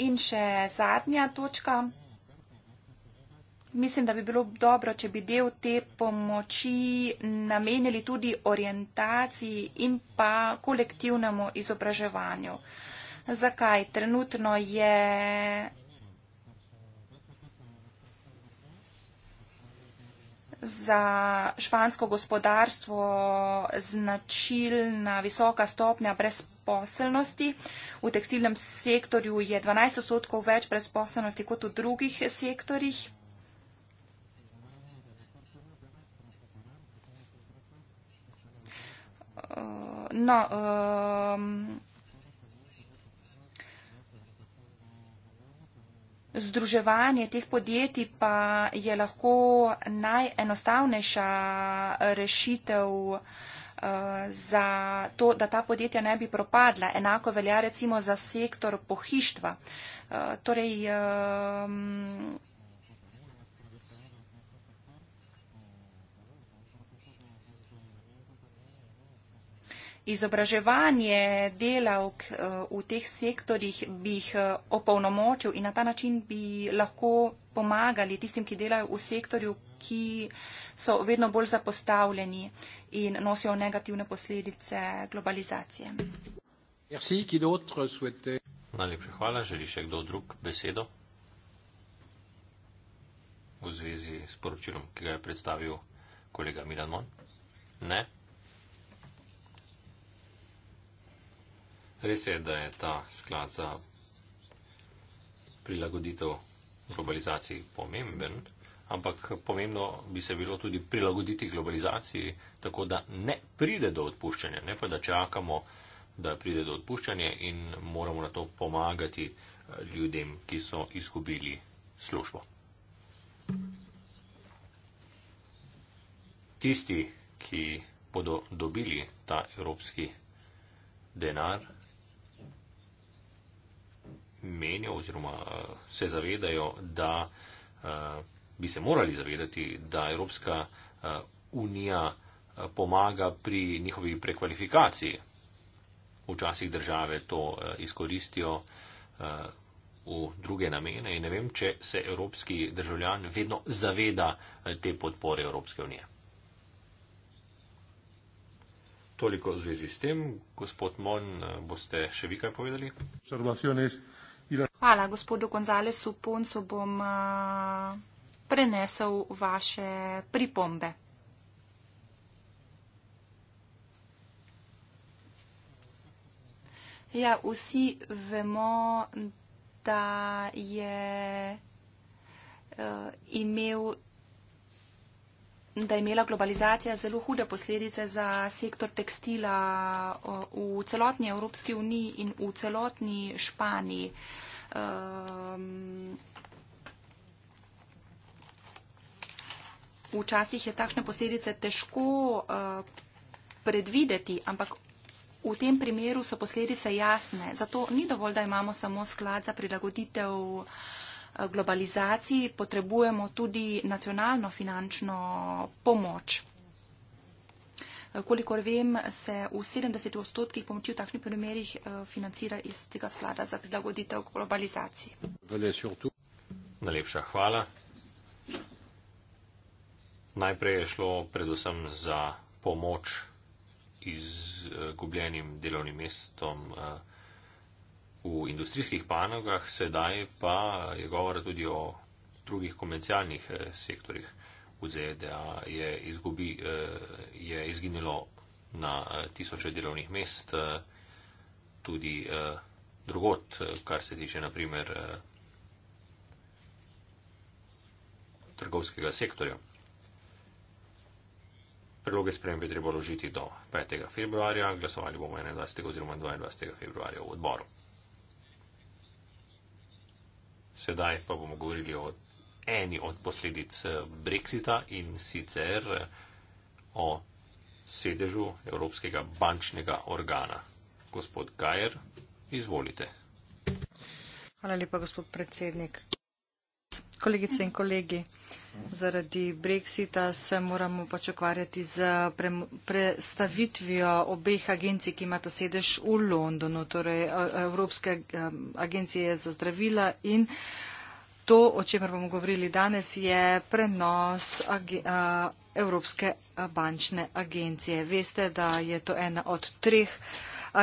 In še zadnja točka. Mislim, da bi bilo dobro, če bi del te pomoči namenili tudi orientaciji in pa kolektivnemu izobraževanju. Zakaj? Trenutno je. Za špansko gospodarstvo značilna visoka stopnja brezposobnosti brezposelnosti. V tekstilnem sektorju je 12 odstotkov več brezposelnosti kot v drugih sektorjih. No, um, združevanje teh podjetij pa je lahko najenostavnejša rešitev uh, Eh, za to, da ta podjetja ne bi propadla. Enako velja recimo za sektor pohištva. Eh, torej, izobraževanje delavk eh, v teh sektorjih bi jih eh, opolnomočil in na ta način bi lahko pomagali tistim, ki delajo v sektorju, ki so vedno bolj zapostavljeni in nosijo negativne posledice globalizacije. Najlepša hvala. Želi še kdo drug besedo v zvezi s poročilom, ki ga je predstavil kolega Milan Mon? Ne. Res je, da je ta sklad za prilagoditev globalizaciji pomemben, ampak pomembno bi se bilo tudi prilagoditi globalizaciji, tako da ne pride do odpuščanja, ne pa da čakamo, da pride do odpuščanja in moramo na to pomagati eh, ljudem, ki so izgubili službo. Tisti, ki bodo dobili ta evropski denar, menijo oziroma uh, se zavedajo, da uh, bi se morali zavedati, da Evropska uh, unija uh, pomaga pri njihovi prekvalifikaciji. Včasih države to uh, izkoristijo uh, v druge namene in ne vem, če se evropski državljan vedno zaveda uh, te podpore Evropske unije. Toliko v zvezi s tem, gospod Mon, boste še vi kaj povedali? Observacijo nis. Hvala, gospodu Gonzalesu Poncu bom uh, prenesel vaše pripombe. Ja, vsi vemo, da je uh, imel da je imela globalizacija zelo hude posledice za sektor tekstila v celotni Evropski uniji in v celotni Španiji. Um, včasih je takšne posledice težko uh, predvideti, ampak v tem primeru so posledice jasne. Zato ni dovolj, da imamo samo sklad za prilagoditev uh, globalizaciji potrebujemo tudi nacionalno finančno pomoč. Kolikor vem, se v 70 odstotkih pomoči v takšnih primerjih eh, financira iz tega sklada za prilagoditev globalizaciji. Najlepša hvala. Najprej je šlo predvsem za pomoč izgubljenim delovnim mestom. Uh, v industrijskih panogah, sedaj pa je govora tudi o drugih komercialnih eh, sektorjih v ZDA, e je, izgubi, eh, je izginilo na eh, tisoče delovnih mest, tudi drugot, kar se tiče naprimer trgovskega sektorja. Predloge sprejem bi treba ložiti do 5. februarja, glasovali bomo 21. oziroma 22. februarja v odboru sedaj pa bomo govorili o eni od posledic eh, Brexita in sicer eh, o sedežu Evropskega bančnega organa. Gospod Gajer, izvolite. Hvala lepa, gospod predsednik. Kolegice in kolegi. Zaradi brexita se moramo pač okvarjati z prestavitvijo obeh agencij, ki imata sedež v Londonu, torej e, Evropske e, agencije za zdravila in to, o čemer bomo govorili danes, je prenos e, Evropske bančne agencije. Veste, da je to ena od treh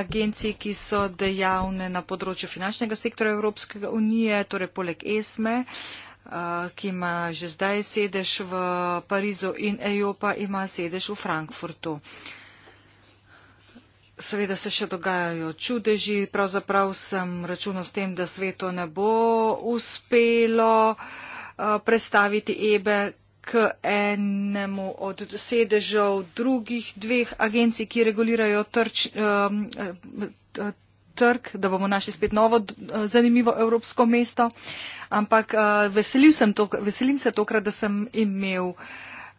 agencij, ki so dejavne na področju finančnega sektora Evropske unije, torej poleg ESME. Uh, Eh, ki ima že zdaj sedež v Parizu in Ejopa ima sedež v Frankfurtu. Seveda se še dogajajo čudeži, pravzaprav sem računal s tem, da sveto ne bo uspelo eh, prestaviti Ebe k enemu od sedežev drugih dveh agencij, ki regulirajo trč, um, trg, da bomo našli spet novo eh, zanimivo evropsko mesto. Ampak eh, veselim, sem tok, veselim se tokrat, da sem imel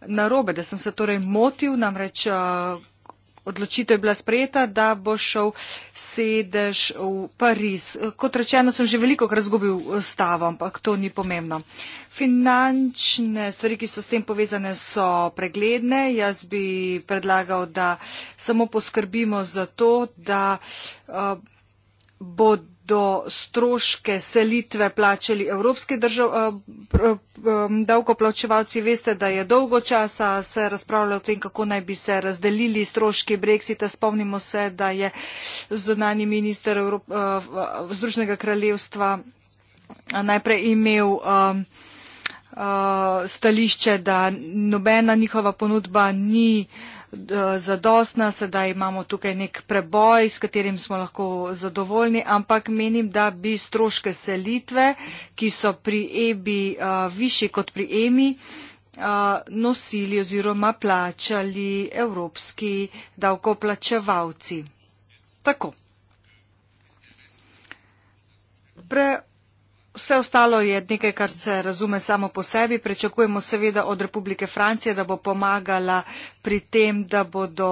narobe, da sem se torej motil, namreč eh, odločitev je bila sprejeta, da bo šel sedež v Pariz. Kot rečeno, sem že veliko krat zgubil stavo, ampak to ni pomembno. Finančne stvari, ki so s tem povezane, so pregledne. Jaz bi predlagal, da samo poskrbimo za to, da. Uh, bodo stroške selitve plačali evropski držav, eh, eh, davkoplačevalci. Veste, da je dolgo časa se razpravlja o tem, kako naj bi se razdelili stroški brexita. Spomnimo se, da je zunani minister eh, Združnega kraljevstva najprej imel stališče, da nobena njihova ponudba ni uh, zadostna, sedaj imamo tukaj nek preboj, s katerim smo lahko zadovoljni, ampak menim, da bi stroške selitve, ki so pri EBI višji kot pri EMI, nosili oziroma plačali evropski davkoplačevalci. Tako. Pre Vse ostalo je nekaj, kar se razume samo po sebi. Prečakujemo seveda od Republike Francije, da bo pomagala pri tem, da bodo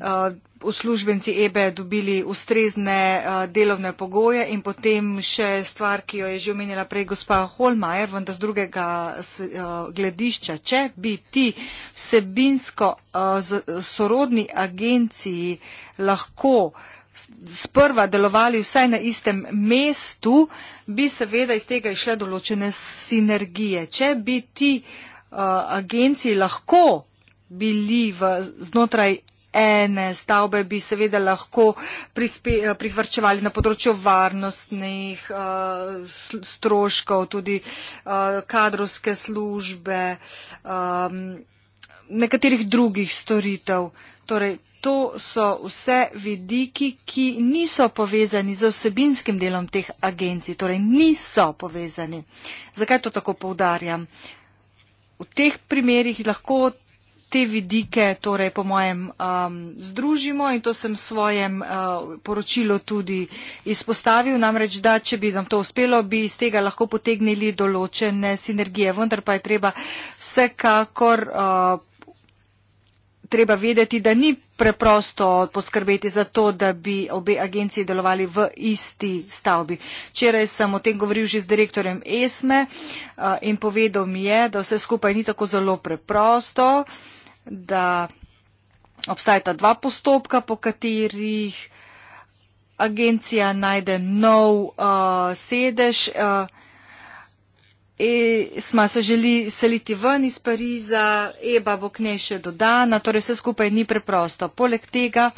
eh, uslužbenci uh, EBE dobili ustrezne uh, delovne pogoje in potem še stvar, ki jo je že omenjala prej gospa Holmajer, vendar z drugega uh, gledišča. Če bi ti vsebinsko uh, sorodni agenciji lahko uh, sprva delovali vsaj na istem mestu, bi seveda iz tega išle določene sinergije. Če bi ti uh, agenciji lahko bili v, znotraj ene stavbe, bi seveda lahko uh, prihvrčevali na področju varnostnih uh, stroškov, tudi uh, kadrovske službe, um, nekaterih drugih storitev. Torej, to so vse vidiki, ki niso povezani z osebinskim delom teh agencij, torej niso povezani. Zakaj to tako povdarjam? V teh primerjih lahko te vidike, torej po mojem, um, združimo in to sem svojem uh, poročilu tudi izpostavil, namreč da, če bi nam to uspelo, bi iz tega lahko potegnili določene sinergije, vendar pa je treba vsekakor. Uh, treba vedeti, da ni preprosto poskrbeti za to, da bi obe agenciji delovali v isti stavbi. Včeraj sem o tem govoril že z direktorjem ESME eh, in povedal mi je, da vse skupaj ni tako zelo preprosto, da obstajata dva postopka, po katerih agencija najde nov uh, sedež. Uh, Esma se želi seliti ven iz Pariza, Eba bo k njej še dodana, torej vse skupaj ni preprosto. Poleg tega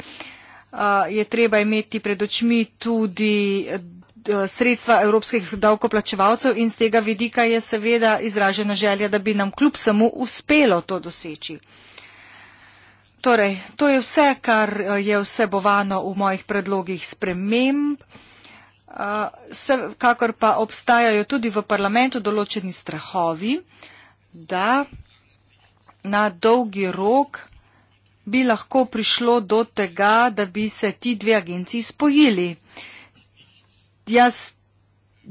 je treba imeti pred očmi tudi e, sredstva evropskih davkoplačevalcev in z tega vidika je seveda izražena želja, da bi nam kljub samo uspelo to doseči. Torej, to je vse, kar e, je vsebovano v mojih predlogih sprememb se, kakor pa obstajajo tudi v parlamentu določeni strahovi, da na dolgi rok bi lahko prišlo do tega, da bi se ti dve agenciji spojili. Jaz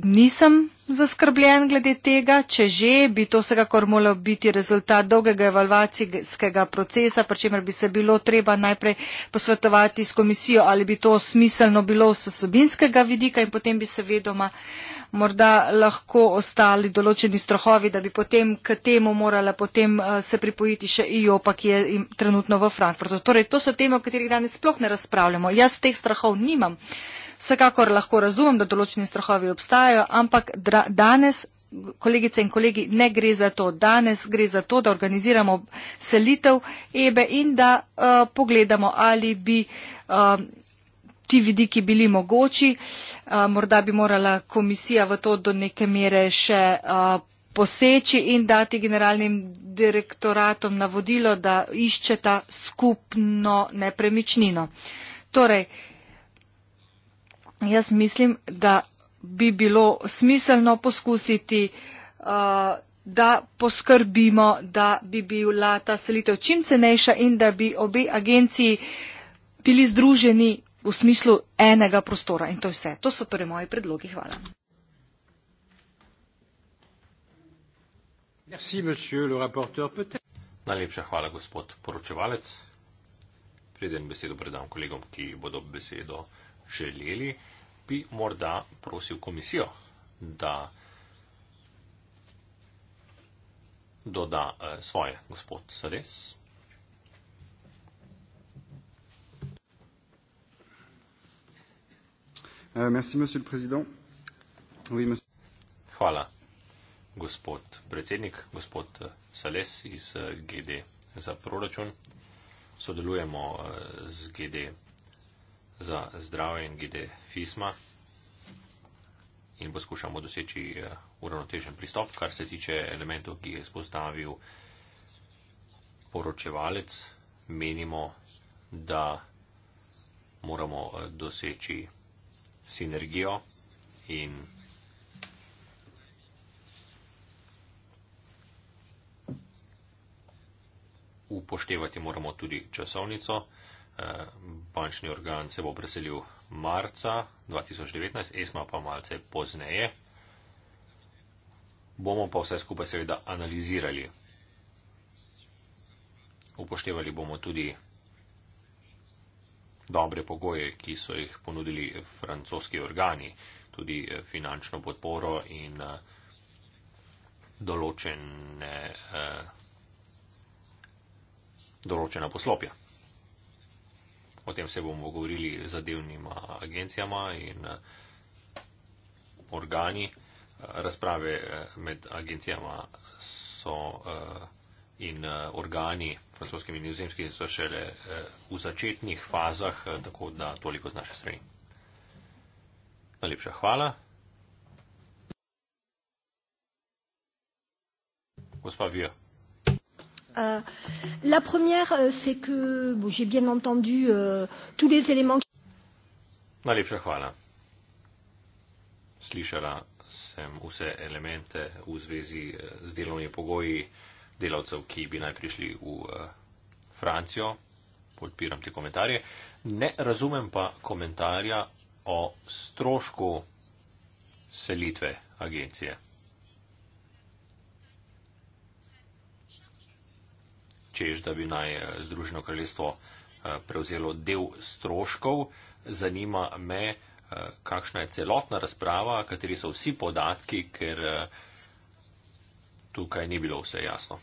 nisem zaskrbljen glede tega. Če že, bi to vsekakor moralo biti rezultat dolgega evalvacijskega procesa, pri čemer bi se bilo treba najprej posvetovati s komisijo, ali bi to smiselno bilo z osebinskega vidika in potem bi se vedoma morda lahko ostali določeni strohovi, da bi potem k temu morala potem eh, se pripojiti še IO, pa ki je trenutno v Frankfurtu. Torej, to so teme, o katerih danes sploh ne razpravljamo. Jaz teh strahov nimam. Vsekakor lahko razumem, da določeni strahovi obstajajo, ampak danes. Kolegice in kolegi, ne gre za to. Danes gre za to, da organiziramo selitev Ebe in da uh, pogledamo, ali bi uh, ti vidiki bili mogoči. Uh, morda bi morala komisija v to do neke mere še uh, poseči in dati generalnim direktoratom navodilo, da iščeta skupno nepremičnino. Torej, uh, jaz mislim, da bi bilo smiselno poskusiti, uh, da poskrbimo, da bi bila ta selitev čim cenejša in da bi obe agenciji bili združeni v smislu enega prostora. In to je vse. To so torej moji predlogi. Hvala. Merci, Najlepša hvala, gospod poročevalec. Preden besedo predam kolegom, ki bodo besedo želeli, bi morda prosil komisijo, da doda eh, svoje, gospod Sares. Euh, Hvala, gospod predsednik, gospod eh, Sales iz eh, GD za proračun. Sodelujemo z GD za zdravje in gide fisma in poskušamo doseči eh, uravnotežen pristop, kar se tiče elementov, ki je spostavil poročevalec, menimo, da moramo eh, doseči sinergijo in upoštevati moramo tudi časovnico bančni organ se bo preselil marca 2019, ESMA pa malce pozneje. Bomo pa vse skupaj seveda analizirali. Upoštevali bomo tudi dobre pogoje, ki so jih ponudili francoski organi, tudi eh, finančno podporo in eh, določene, eh, določena poslopja o tem se bomo govorili z zadevnima agencijama in eh, organi. Eh, razprave eh, med agencijama so in organi francoskimi in nizozemskimi so šele v začetnih fazah, tako da toliko z naše strani. Najlepša hvala. Gospa Vija. Euh, la première, euh, c'est que bon, j'ai bien entendu euh, tous les éléments. Najlepša hvala. Slišala sem vse elemente v zvezi eh, z delovnimi pogoji delavcev, ki bi naj prišli v eh, Francijo. Podpiram te komentarje. Ne razumem pa komentarja o strošku selitve agencije. čež, da bi naj eh, Združeno kraljestvo eh, prevzelo del stroškov. Zanima me, eh, kakšna je celotna razprava, kateri so vsi podatki, ker tukaj ni bilo vse jasno.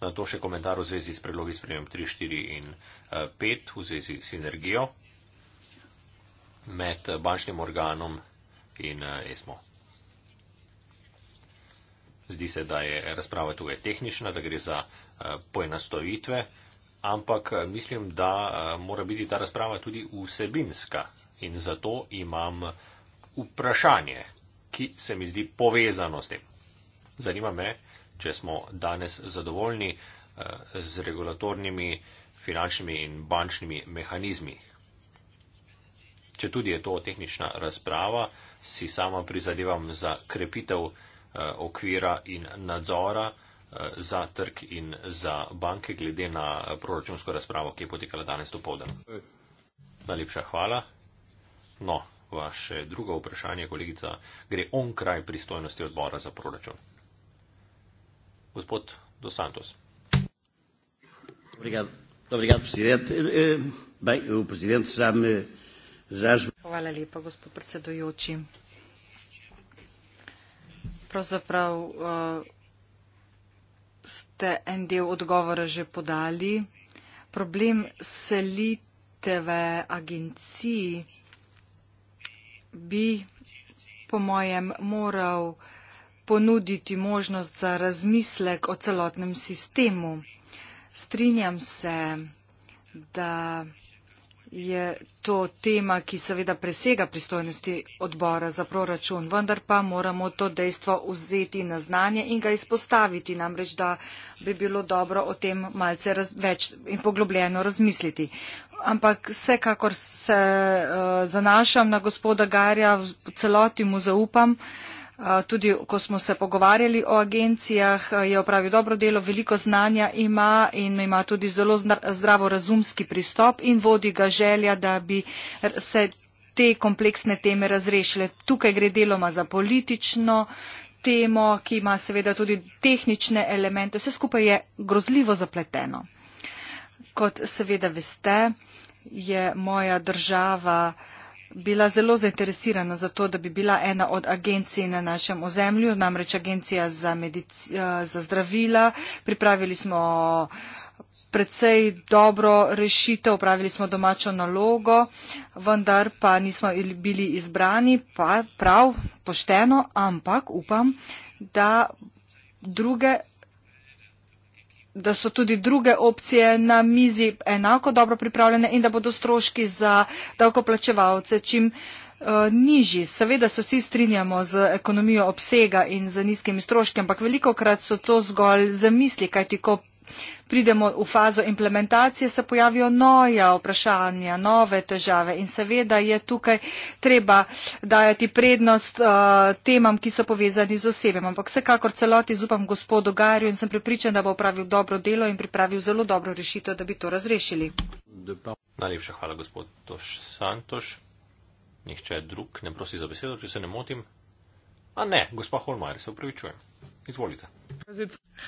Na to še komentar v zvezi s predlogi sprejem 3, 4 in 5 v zvezi s sinergijo med bančnim organom in ESMO zdi se, da je razprava tukaj tehnična, da gre za eh, poenostavitve, ampak eh, mislim, da eh, mora biti ta razprava tudi vsebinska in zato imam vprašanje, ki se mi zdi povezano s tem. Zanima me, če smo danes zadovoljni z regulatornimi, finančnimi in bančnimi mehanizmi. Če tudi je to tehnična razprava, si sama prizadevam za krepitev Eh, okvira in nadzora eh, za trg in za banke, glede na proračunsko razpravo, ki je potekala danes do povdan. Najlepša hvala. No, vaše drugo vprašanje, kolegica, gre on kraj pristojnosti odbora za proračun. Gospod Dos Santos. Eh, hvala lepa, gospod predsedujoči pravzaprav uh, ste en del odgovora že podali. Problem selitve agencij bi, po mojem, moral ponuditi možnost za razmislek o celotnem sistemu. Strinjam se, da je to tema, ki seveda presega pristojnosti odbora za proračun, vendar pa moramo to dejstvo vzeti na znanje in ga izpostaviti, namreč da bi bilo dobro o tem malce raz, več in poglobljeno razmisliti. Ampak vsekakor se uh, zanašam na gospoda Garja, celoti mu zaupam. Uh, tudi ko smo se pogovarjali o agencijah, je opravil dobro delo, veliko znanja ima in ima tudi zelo zdravo razumski pristop in vodi ga želja, da bi se te kompleksne teme razrešile. Tukaj gre deloma za politično temo, ki ima seveda tudi tehnične elemente. Vse skupaj je grozljivo zapleteno. Kot seveda veste, je moja država uh, bila zelo zainteresirana za to, da bi bila ena od agencij na našem ozemlju, namreč agencija za, eh, za zdravila. Pripravili smo predvsej dobro rešitev, upravili smo domačo nalogo, vendar pa nismo bili izbrani, pa prav, pošteno, ampak upam, da druge da so tudi druge opcije na mizi enako dobro pripravljene in da bodo stroški za davkoplačevalce čim eh, nižji. Seveda se vsi strinjamo z ekonomijo obsega in z nizkimi stroški, ampak veliko krat so to zgolj zamisli, kajti ko Pridemo v fazo implementacije, se pojavijo noja vprašanja, nove težave in seveda je tukaj treba dajati prednost uh, temam, ki so povezani z osebem. Ampak vsekakor celoti zupam gospodu Garju in sem pripričan, da bo upravil dobro delo in pripravil zelo dobro rešitev, da bi to razrešili. Najlepša hvala, gospod Toš Santoš. Nihče drug ne prosi za besedo, če se ne motim. A ne, gospa Holmajer, se upravičujem. Izvolite.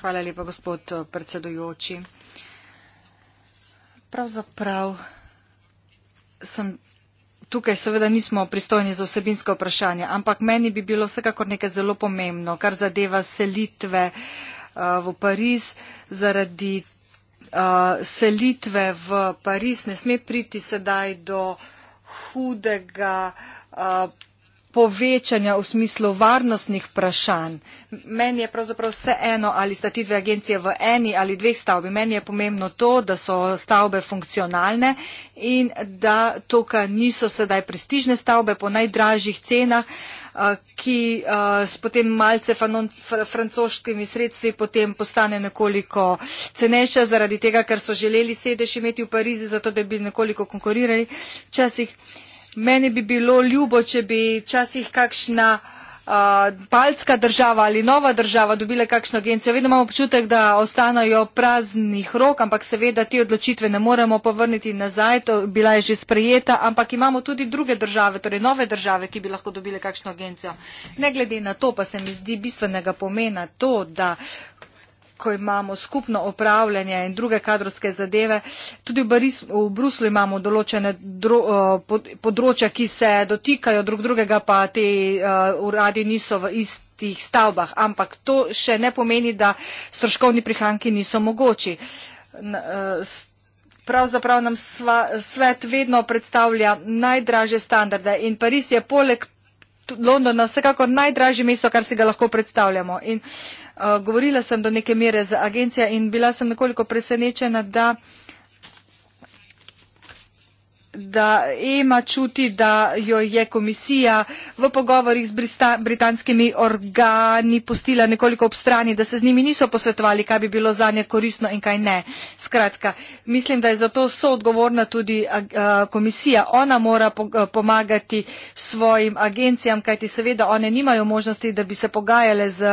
Hvala lepa, gospod eh, predsedujoči. Pravzaprav sem tukaj, seveda nismo pristojni za osebinsko vprašanje, ampak meni bi bilo vsekakor nekaj zelo pomembno, kar zadeva selitve eh, v Pariz zaradi. Uh, selitve v Pariz ne sme priti sedaj do hudega uh, povečanja v smislu varnostnih vprašanj. Meni je pravzaprav vse eno, ali sta ti dve agencije v eni ali dveh stavbi. Meni je pomembno to, da so stavbe funkcionalne in da tukaj niso sedaj prestižne stavbe po najdražjih cenah, ki s potem malce francoskimi sredstvi potem postane nekoliko cenejša zaradi tega, ker so želeli sedež imeti v Parizi, zato da bi nekoliko konkurirali. Včasih meni bi bilo ljubo, če bi časih kakšna palcka država ali nova država dobile kakšno agencijo. Vedno imamo počutek, da ostanajo praznih rok, ampak seveda te odločitve ne moremo povrniti nazaj, to bila je že sprejeta, ampak imamo tudi druge države, torej nove države, ki bi lahko dobile kakšno agencijo. Ne glede na to, pa se mi zdi bistvenega pomena to, da uh, ko imamo skupno upravljanje in druge kadrovske zadeve. Tudi v, Baris, v Bruslu imamo določene dro, eh, pod, področja, ki se dotikajo drug drugega, pa te uh, uradi niso v isti. Stavbah, ampak to še ne pomeni, da stroškovni prihranki niso mogoči. Eh, pravzaprav nam sva, svet vedno predstavlja najdraže standarde in Pariz je poleg Londona vsekakor najdražje mesto, kar si ga lahko predstavljamo. In uh, Eh, govorila sem do neke mere z agencijo in bila sem nekoliko presenečena, da da EMA čuti, da jo je komisija v pogovorih s britanskimi organi postila nekoliko ob strani, da se z njimi niso posvetovali, kaj bi bilo za nje koristno in kaj ne. Skratka, mislim, da je zato soodgovorna tudi komisija. Ona mora pomagati svojim agencijam, kajti seveda one nimajo možnosti, da bi se pogajale z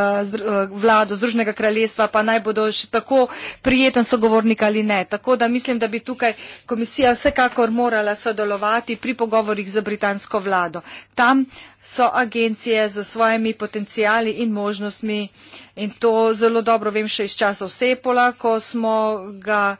vlado Združnega kraljestva, pa naj bodo še tako prijeten sogovornik ali ne. Tako da mislim, da bi tukaj komisija vsekakor morala morala sodelovati pri pogovorjih z britansko vlado. Tam so agencije z svojimi potencijali in možnostmi in to zelo dobro vem še iz časov Sepola, ko smo ga uh,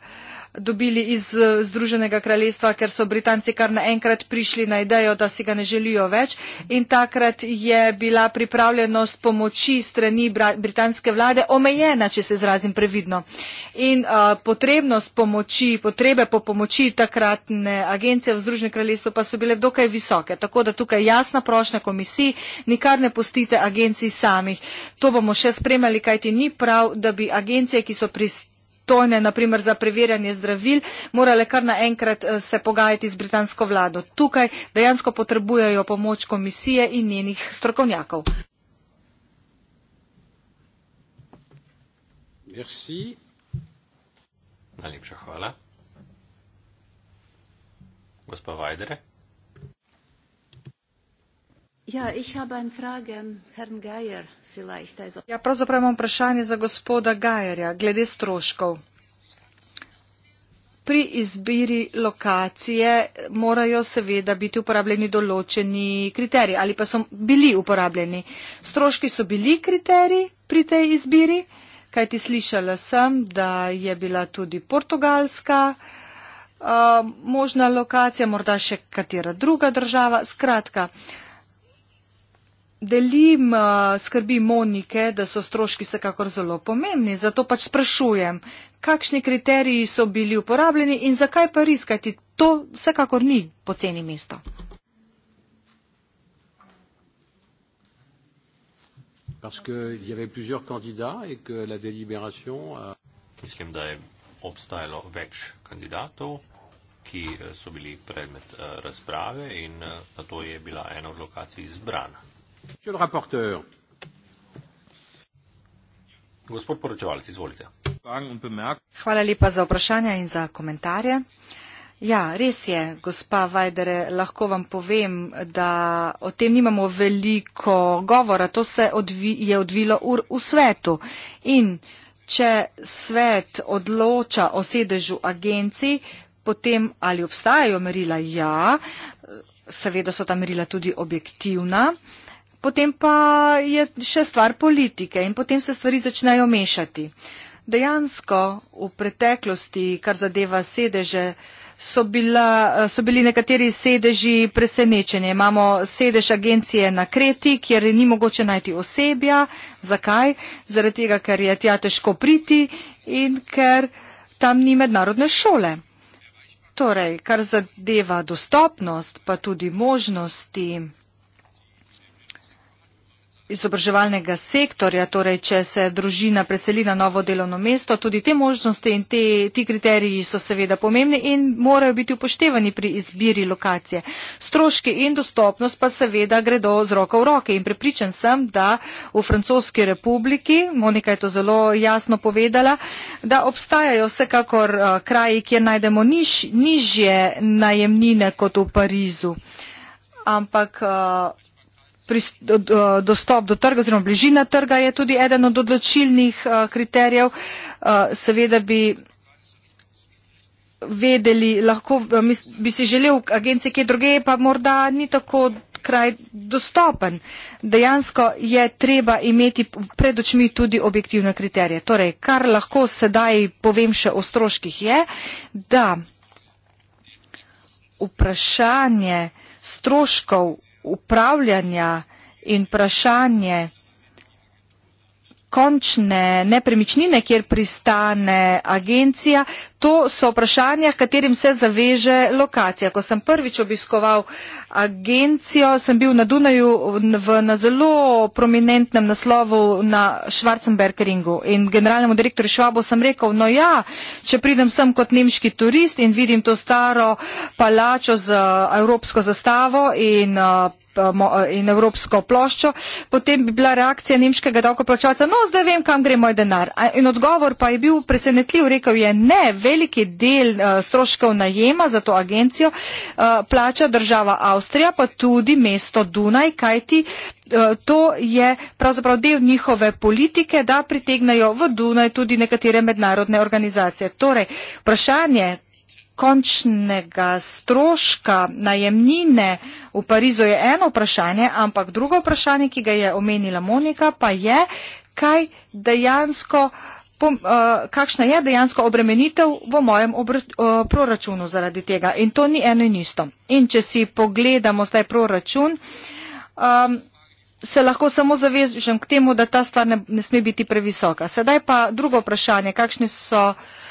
dobili iz eh, Združenega kraljestva, ker so Britanci kar naenkrat prišli na idejo, da si ga ne želijo več. In takrat je bila pripravljenost pomoči strani britanske vlade omejena, če se izrazim previdno. In uh, potrebnost pomoči, potrebe po pomoči takratne agencije v Združenem kraljestvu pa so bile dokaj visoke. Tako da tukaj jasna prošnja komisiji, nikar ne pustite agenciji samih. To bomo še spremljali, kajti ni prav, da bi agencije, ki so pristali, tone, naprimer za preverjanje zdravil, morale kar naenkrat eh, se pogajati z britansko vlado. Tukaj dejansko potrebujejo pomoč komisije in njenih strokovnjakov. Merci. Najlepša hvala. Gospa Vajdere. Ja, ich habe eine Frage, Herrn Geier. Ja, pravzaprav imam vprašanje za gospoda Gajerja glede stroškov. Pri izbiri lokacije morajo seveda biti uporabljeni določeni kriteriji ali pa so bili uporabljeni. Stroški so bili kriteriji pri tej izbiri, kajti slišala sem, da je bila tudi portugalska uh, možna lokacija, morda še katera druga država. Skratka, uh, Delim eh, skrbi Monike, da so stroški vsekakor zelo pomembni, zato pač sprašujem, kakšni kriteriji so bili uporabljeni in zakaj pa riskati. To vsekakor ni poceni mesto. Euh, Mislim, da je obstajalo več kandidatov, ki eh, so bili predmet eh, razprave in na to je bila ena od lokacij izbrana. Monsieur le rapporteur. Gospod poročevalec, izvolite. Hvala lepa za vprašanja in za komentarje. Ja, res je, gospa Vajdere, lahko vam povem, da o tem nimamo veliko govora. To se odvi, je odvilo ur v svetu. In če svet odloča o sedežu agencij, potem ali obstajajo merila? Ja, seveda so ta merila tudi objektivna potem pa je še stvar politike in potem se stvari začnejo mešati. Dejansko v preteklosti, kar zadeva sedeže, so, bila, so bili nekateri sedeži presenečenje. Imamo sedež agencije na Kreti, kjer ni mogoče najti osebja. Zakaj? Zaradi tega, ker je tja težko priti in ker tam ni mednarodne šole. Torej, kar zadeva dostopnost, pa tudi možnosti izobraževalnega sektorja, torej če se družina preseli na novo delovno mesto, tudi te možnosti in te, ti kriteriji so seveda pomembni in morajo biti upoštevani pri izbiri lokacije. Stroški in dostopnost pa seveda gredo z roko v roke in prepričan sem, da v Francoski republiki, Monika je to zelo jasno povedala, da obstajajo vsekakor eh, kraji, kjer najdemo niž, nižje najemnine kot v Parizu. Ampak eh, dostop do trga oziroma bližina trga je tudi eden od odločilnih eh, kriterijev. Eh, seveda bi vedeli, lahko eh, bi si želel agencije kje druge, pa morda ni tako kraj dostopen. Dejansko je treba imeti pred očmi tudi objektivne kriterije. Torej, kar lahko sedaj povem še o stroških je, da vprašanje stroškov upravljanja in vprašanje končne nepremičnine, kjer pristane agencija, To so vprašanja, katerim se zaveže lokacija. Ko sem prvič obiskoval agencijo, sem bil na Dunaju v, na zelo prominentnem naslovu na Schwarzenberg ringu in generalnemu direktorju Švabo sem rekel, no ja, če pridem sem kot nemški turist in vidim to staro palačo z uh, evropsko zastavo in uh, uh, in evropsko ploščo, potem bi bila reakcija nemškega davkoplačalca, no zdaj vem, kam gre moj denar. In odgovor pa je bil presenetljiv, rekel je, ne, veliki del eh, stroškov najema za to agencijo eh, plača država Avstrija, pa tudi mesto Dunaj, kajti eh, to je pravzaprav del njihove politike, da pritegnajo v Dunaj tudi nekatere mednarodne organizacije. Torej, vprašanje končnega stroška najemnine v Parizu je eno vprašanje, ampak drugo vprašanje, ki ga je omenila Monika, pa je, kaj dejansko uh, pom, uh, kakšna je dejansko obremenitev v mojem obrč, uh, eh, proračunu zaradi tega. In to ni eno in isto. In če si pogledamo zdaj proračun, um, se lahko samo zavežem k temu, da ta stvar ne, ne sme biti previsoka. Sedaj pa drugo vprašanje, kakšne so. Uh,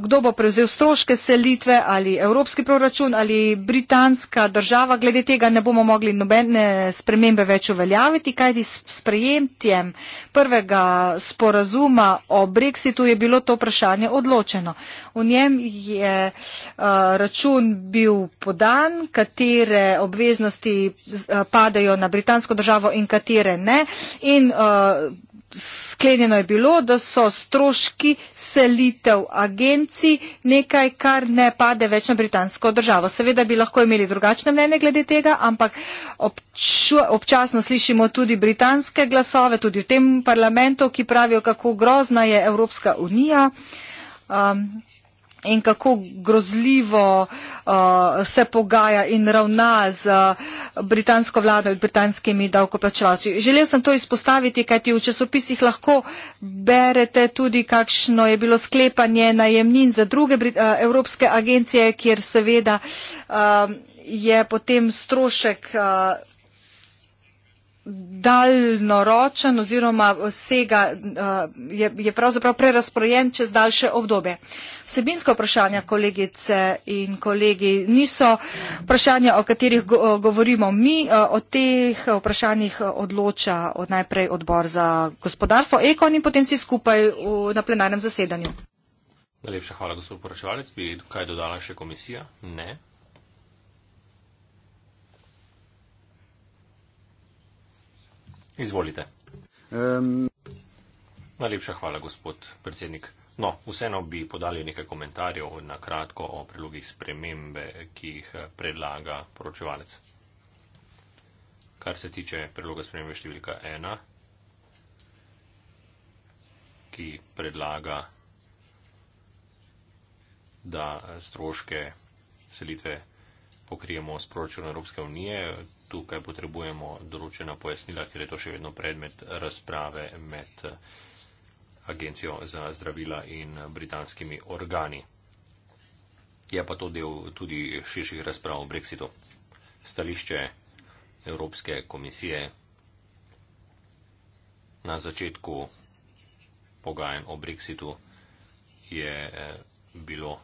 kdo bo prevzel stroške selitve ali evropski proračun ali britanska država. Glede tega ne bomo mogli nobene spremembe več uveljaviti, kajti s sprejemtjem prvega sporazuma o Brexitu je bilo to vprašanje odločeno. V njem je uh, račun bil podan, katere obveznosti uh, padajo na britansko državo in katere ne. In, uh, sklenjeno je bilo, da so stroški selitev agencij nekaj, kar ne pade več na britansko državo. Seveda bi lahko imeli drugačne mnenje glede tega, ampak obču, občasno slišimo tudi britanske glasove, tudi v tem parlamentu, ki pravijo, kako grozna je Evropska unija. Um, in kako grozljivo uh, se pogaja in ravna z uh, britansko vlado in britanskimi davkoplačevalci. Želel sem to izpostaviti, kajti v časopisih lahko berete tudi, kakšno je bilo sklepanje najemnin za druge Brit uh, evropske agencije, kjer seveda uh, je potem strošek. Uh, daljnoročen oziroma sega, eh, je, je pravzaprav prerasprojen čez daljše obdobje. Vsebinska vprašanja, kolegice in kolegi, niso vprašanja, o katerih eh, govorimo mi, eh, o teh vprašanjih odloča od najprej odbor za gospodarstvo Ekon in potem vsi skupaj v, na plenarnem zasedanju. Najlepša hvala, gospod poročevalec. Bi kaj dodala še komisija? Ne. Izvolite. Um... Najlepša hvala, gospod predsednik. No, vseeno bi podali nekaj komentarjev na kratko o prilogih spremembe, ki jih predlaga poročevalec. Kar se tiče priloga spremembe številka 1, ki predlaga, da stroške selitve pokrijemo s proračunom Evropske unije. Tukaj potrebujemo določena pojasnila, ker je to še vedno predmet razprave med eh, Agencijo za zdravila in britanskimi organi. Je pa to del tudi širših razprav o Brexitu. Stališče Evropske komisije na začetku pogajanj o Brexitu je eh, bilo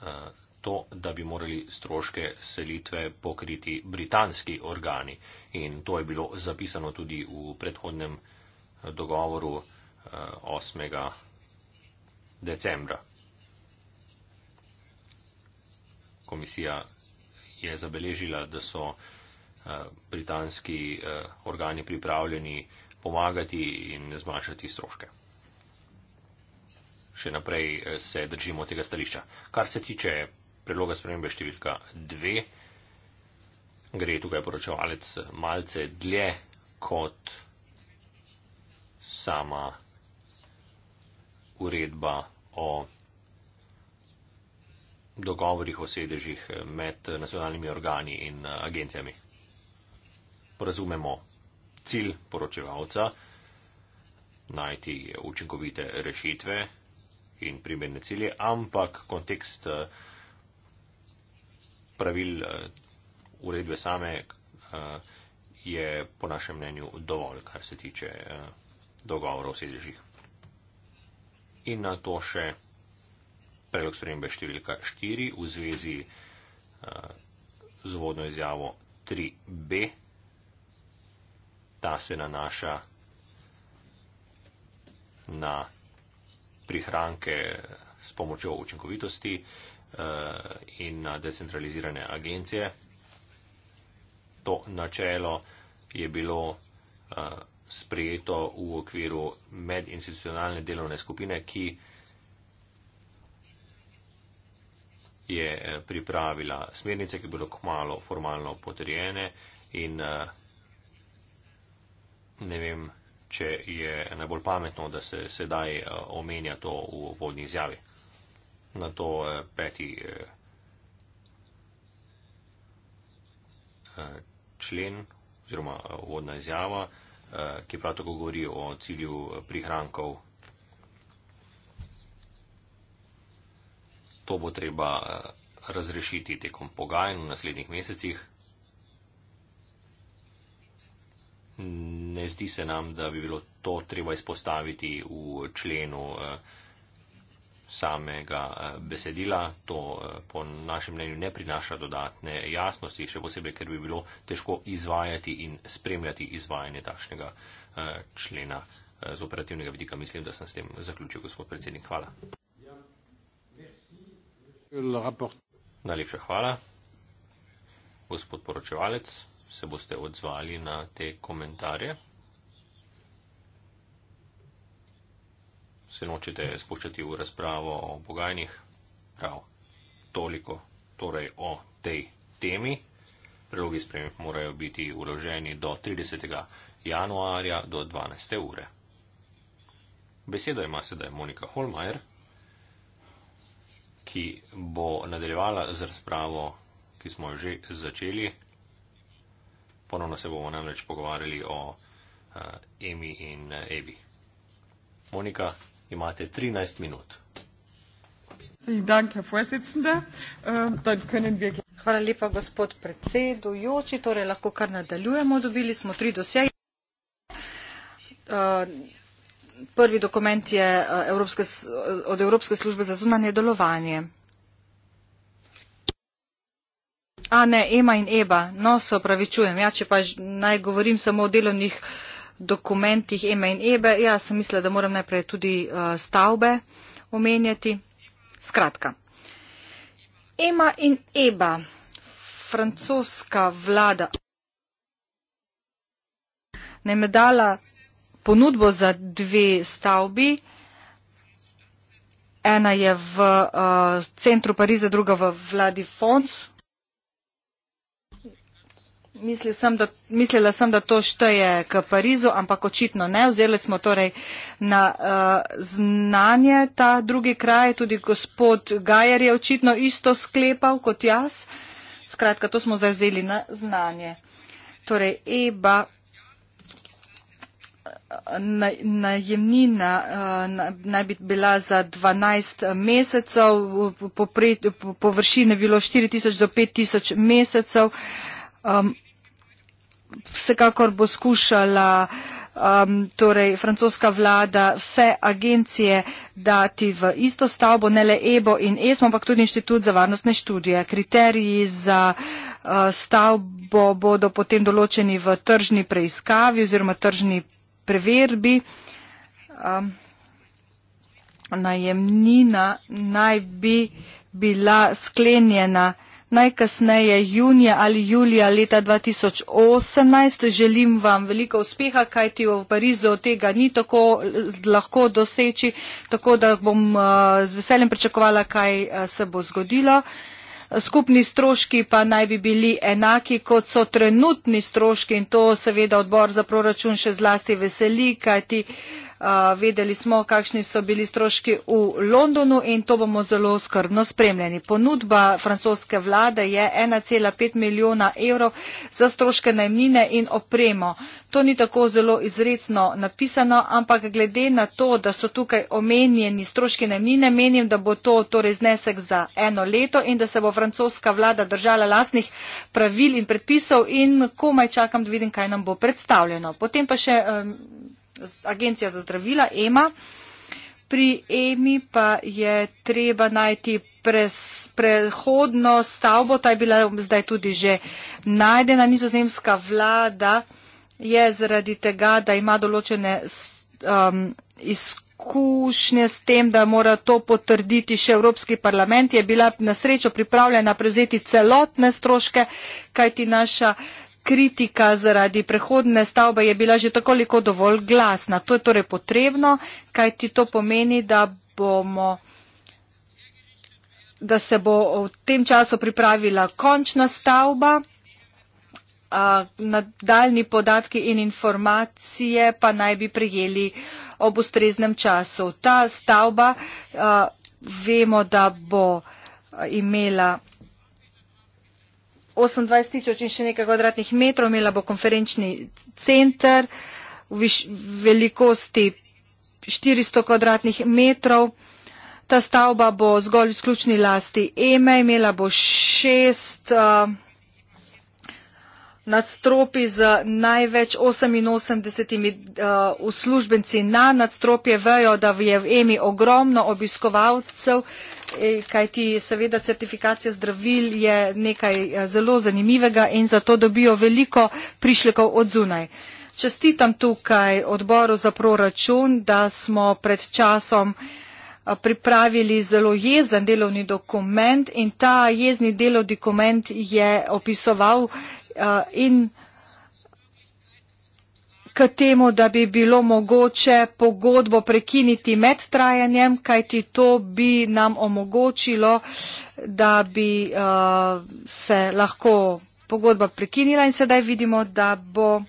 eh, to, da bi morali stroške selitve pokriti britanski organi. In to je bilo zapisano tudi v predhodnem eh, dogovoru 8. Eh, decembra. Komisija je zabeležila, da so eh, britanski organi pripravljeni pomagati in zmanjšati stroške. Še naprej se držimo tega stališča. Kar se tiče predloga spremembe številka 2. Gre tukaj poročevalec malce dlje kot sama uredba o dogovorih o sedežih med nacionalnimi organi in eh, agencijami. Razumemo cilj poročevalca najti učinkovite rešitve in primerne cilje, ampak kontekst uh, pravil eh, uredbe same eh, je po našem mnenju dovolj, kar se tiče eh, dogovora o sedežih. In na to še predlog spremembe številka 4 v zvezi z vodno izjavo 3b. Ta se nanaša na prihranke s pomočjo učinkovitosti. Uh, Eh, in na decentralizirane agencije. To načelo je bilo eh, sprejeto v okviru medinstitucionalne delovne skupine, ki je eh, pripravila smernice, ki bodo kmalo formalno potrjene in ne vem, če je najbolj pametno, da se sedaj omenja to v vodni izjavi na to eh, peti eh, eh, člen oziroma vodna izjava, ki prav tako govori o cilju prihrankov. To bo treba razrešiti tekom pogajanj v naslednjih mesecih. Ne zdi se nam, da bi bilo to treba izpostaviti v členu eh, samega eh, besedila. To eh, po našem mnenju ne prinaša dodatne jasnosti, še posebej, ker bi bilo težko izvajati in spremljati izvajanje takšnega eh, člena z operativnega vidika. Mislim, da sem s tem zaključil, gospod predsednik. Hvala. Najlepša hvala. Gospod poročevalec, se boste odzvali na te komentarje? se nočete spuščati v razpravo o pogajnih. Prav toliko torej o tej temi. Predlogi sprem morajo biti uloženi do 30. januarja do 12. ure. Besedo ima sedaj Monika Holmajer, ki bo nadaljevala z razpravo, ki smo jo že začeli. Ponovno se bomo namreč pogovarjali o uh, Emi in eh, Evi. Monika, Imate 13 minut. Ähm, Hvala lepa, gospod predsedujoči. Torej, lahko kar nadaljujemo. Dobili smo tri dosje. Äh, prvi dokument je äh, Evropske, od Evropske službe za zunanje delovanje. A ne, EMA in EBA. No, se opravičujem. Ja, če pa naj govorim samo o delovnih uh, dokumentih EME in EBE. Ja, sem mislila, da moram najprej tudi uh, stavbe omenjati. Skratka. EMA in EBA, francoska vlada, naj me dala ponudbo za dve stavbi. Ena je v uh, centru Pariza, druga v Vladi Fons, mislil sem, da, mislila sem, da to šteje k Parizu, ampak očitno ne. Vzeli smo torej na uh, znanje ta drugi kraj, tudi gospod Gajer je očitno isto sklepal kot jaz. Skratka, to smo zdaj vzeli na znanje. Torej, Eba najemnina eh, na uh, naj bi bila za 12 mesecev, po površine bilo 4000 do 5000 mesecev. Um, vsekakor bo skušala um, torej, francoska vlada vse agencije dati v isto stavbo, ne le EBO in ESMO, ampak tudi Inštitut za varnostne študije. Kriteriji za uh, stavbo bodo potem določeni v tržni preiskavi oziroma tržni preverbi. Um, najemnina naj bi bila sklenjena najkasneje junija ali julija leta 2018. Želim vam veliko uspeha, kajti v Parizu tega ni tako lahko doseči, tako da bom eh, z veseljem pričakovala, kaj eh, se bo zgodilo. Skupni stroški pa naj bi bili enaki, kot so trenutni stroški in to seveda odbor za proračun še zlasti veseli, kajti uh, vedeli smo, kakšni so bili stroški v Londonu in to bomo zelo skrbno spremljeni. Ponudba francoske vlade je 1,5 milijona evrov za stroške najmnine in opremo. To ni tako zelo izredno napisano, ampak glede na to, da so tukaj omenjeni stroški najmnine, menim, da bo to torej znesek za eno leto in da se bo francoska vlada držala lasnih pravil in predpisov in komaj čakam, da vidim, kaj nam bo predstavljeno. Potem pa še um, agencija za zdravila EMA. Pri EMI pa je treba najti prehodno stavbo, ta je bila zdaj tudi že najdena. Nizozemska vlada je zaradi tega, da ima določene um, izkušnje s tem, da mora to potrditi še Evropski parlament, je bila na srečo pripravljena prevzeti celotne stroške, kajti naša kritika zaradi prehodne stavbe je bila že takoliko dovolj glasna. To je torej potrebno, kaj ti to pomeni, da bomo da se bo v tem času pripravila končna stavba, nadaljni podatki in informacije pa naj bi prijeli ob ustreznem času. Ta stavba vemo, da bo imela 28 tisoč in še nekaj kvadratnih metrov, imela bo konferenčni center v viš, velikosti 400 kvadratnih metrov. Ta stavba bo zgolj v sključni lasti EME, imela bo šest uh, eh, nadstropi z največ 88 uh, eh, uslužbenci na nadstropje. Vejo, da je v EMI ogromno obiskovalcev. Uh, E, kajti seveda certifikacija zdravil je nekaj e, zelo zanimivega in zato dobijo veliko prišlekov od zunaj. Čestitam tukaj odboru za proračun, da smo pred časom e, pripravili zelo jezen delovni dokument in ta jezni delovni dokument je opisoval in k temu, da bi bilo mogoče pogodbo prekiniti med trajanjem, kajti to bi nam omogočilo, da bi uh, se lahko pogodba prekinila in sedaj vidimo, da bo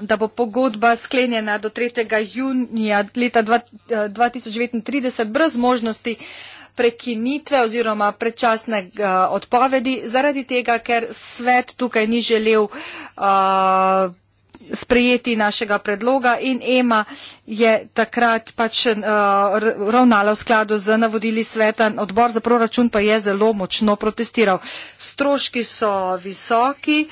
da bo pogodba sklenjena do 3. junija leta 2039 eh, brez možnosti prekinitve oziroma predčasne eh, odpovedi, zaradi tega, ker svet tukaj ni želel uh, sprejeti našega predloga in EMA je takrat pač eh, ravnala v skladu z navodili sveta, odbor za proračun pa je zelo močno protestiral. Stroški so visoki,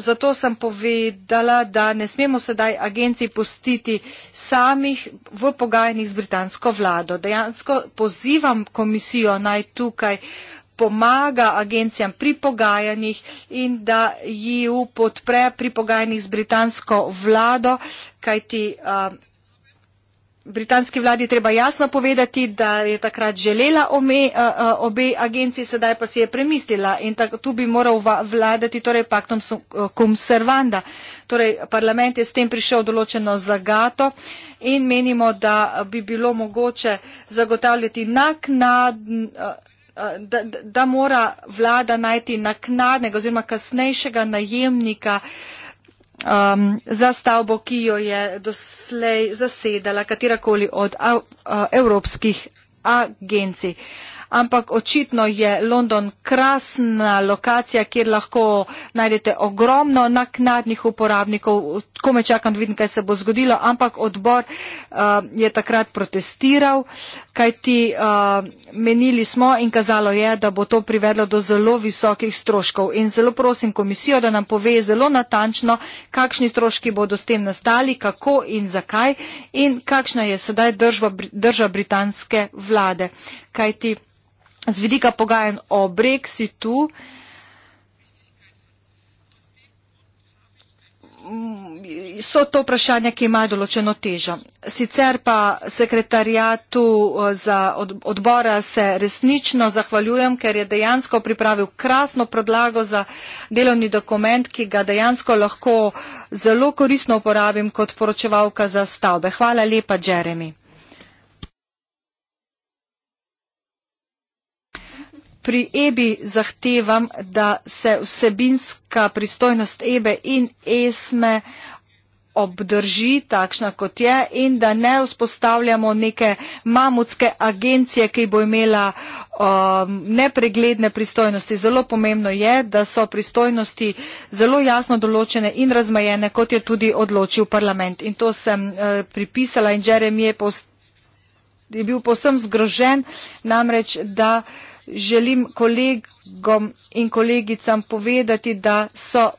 zato sem povedala, da ne smemo sedaj agenciji postiti samih v pogajanjih z britansko vlado. Dejansko pozivam komisijo naj tukaj pomaga agencijam pri pogajanjih in da EU podpre pri pogajanjih z britansko vlado, kajti britanski vladi treba jasno povedati, da je takrat želela obe agenciji, sedaj pa si je premislila in tu bi moral vladati torej paktom cum servanda. Torej parlament je s tem prišel določeno zagato in menimo, da bi bilo mogoče zagotavljati naknadno Eh, da, da mora vlada najti naknadnega oziroma kasnejšega najemnika um, za stavbo, ki jo je doslej zasedala katerakoli od uh, evropskih agencij. Uh, ampak očitno je London krasna lokacija, kjer lahko najdete ogromno naknadnih uporabnikov, ko me čakam, vidim, kaj se bo zgodilo, ampak odbor uh, je takrat protestiral, kaj ti uh, eh, menili smo in kazalo je, da bo to privedlo do zelo visokih stroškov. In zelo prosim komisijo, da nam pove zelo natančno, kakšni stroški bodo s tem nastali, kako in zakaj in kakšna je sedaj držba, drža britanske vlade. Kaj ti z vidika pogajanj o brexitu so to vprašanja, ki imajo določeno težo. Sicer pa sekretarijatu eh, za odbora se resnično zahvaljujem, ker je dejansko pripravil krasno predlago za delovni dokument, ki ga dejansko lahko zelo koristno uporabim kot poročevalka za stavbe. Hvala lepa, Jeremy. Pri EBI zahtevam, da se vsebinska pristojnost EBE in ESME obdrži takšna, kot je, in da ne vzpostavljamo neke mamutske agencije, ki bo imela um, nepregledne pristojnosti. Zelo pomembno je, da so pristojnosti zelo jasno določene in razmajene, kot je tudi odločil parlament. In to sem uh, pripisala in Jeremy je, post, je bil posem zgrožen namreč, da uh, želim kolegom in kolegicam povedati, da so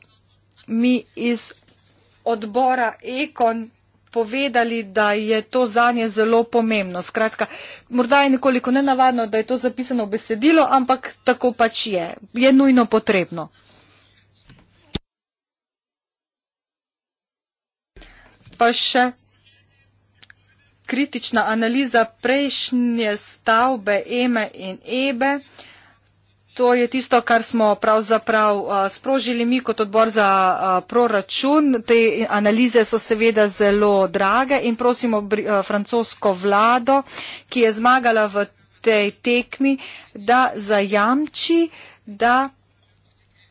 mi iz odbora Ekon povedali, da je to zanje zelo pomembno. Skratka, morda je nekoliko nenavadno, da je to zapisano v besedilo, ampak tako pač je. Je nujno potrebno. Pa še kritična analiza prejšnje stavbe Eme in Ebe. To je tisto, kar smo pravzaprav sprožili mi kot odbor za proračun. Te analize so seveda zelo drage in prosimo francosko vlado, ki je zmagala v tej tekmi, da zajamči, da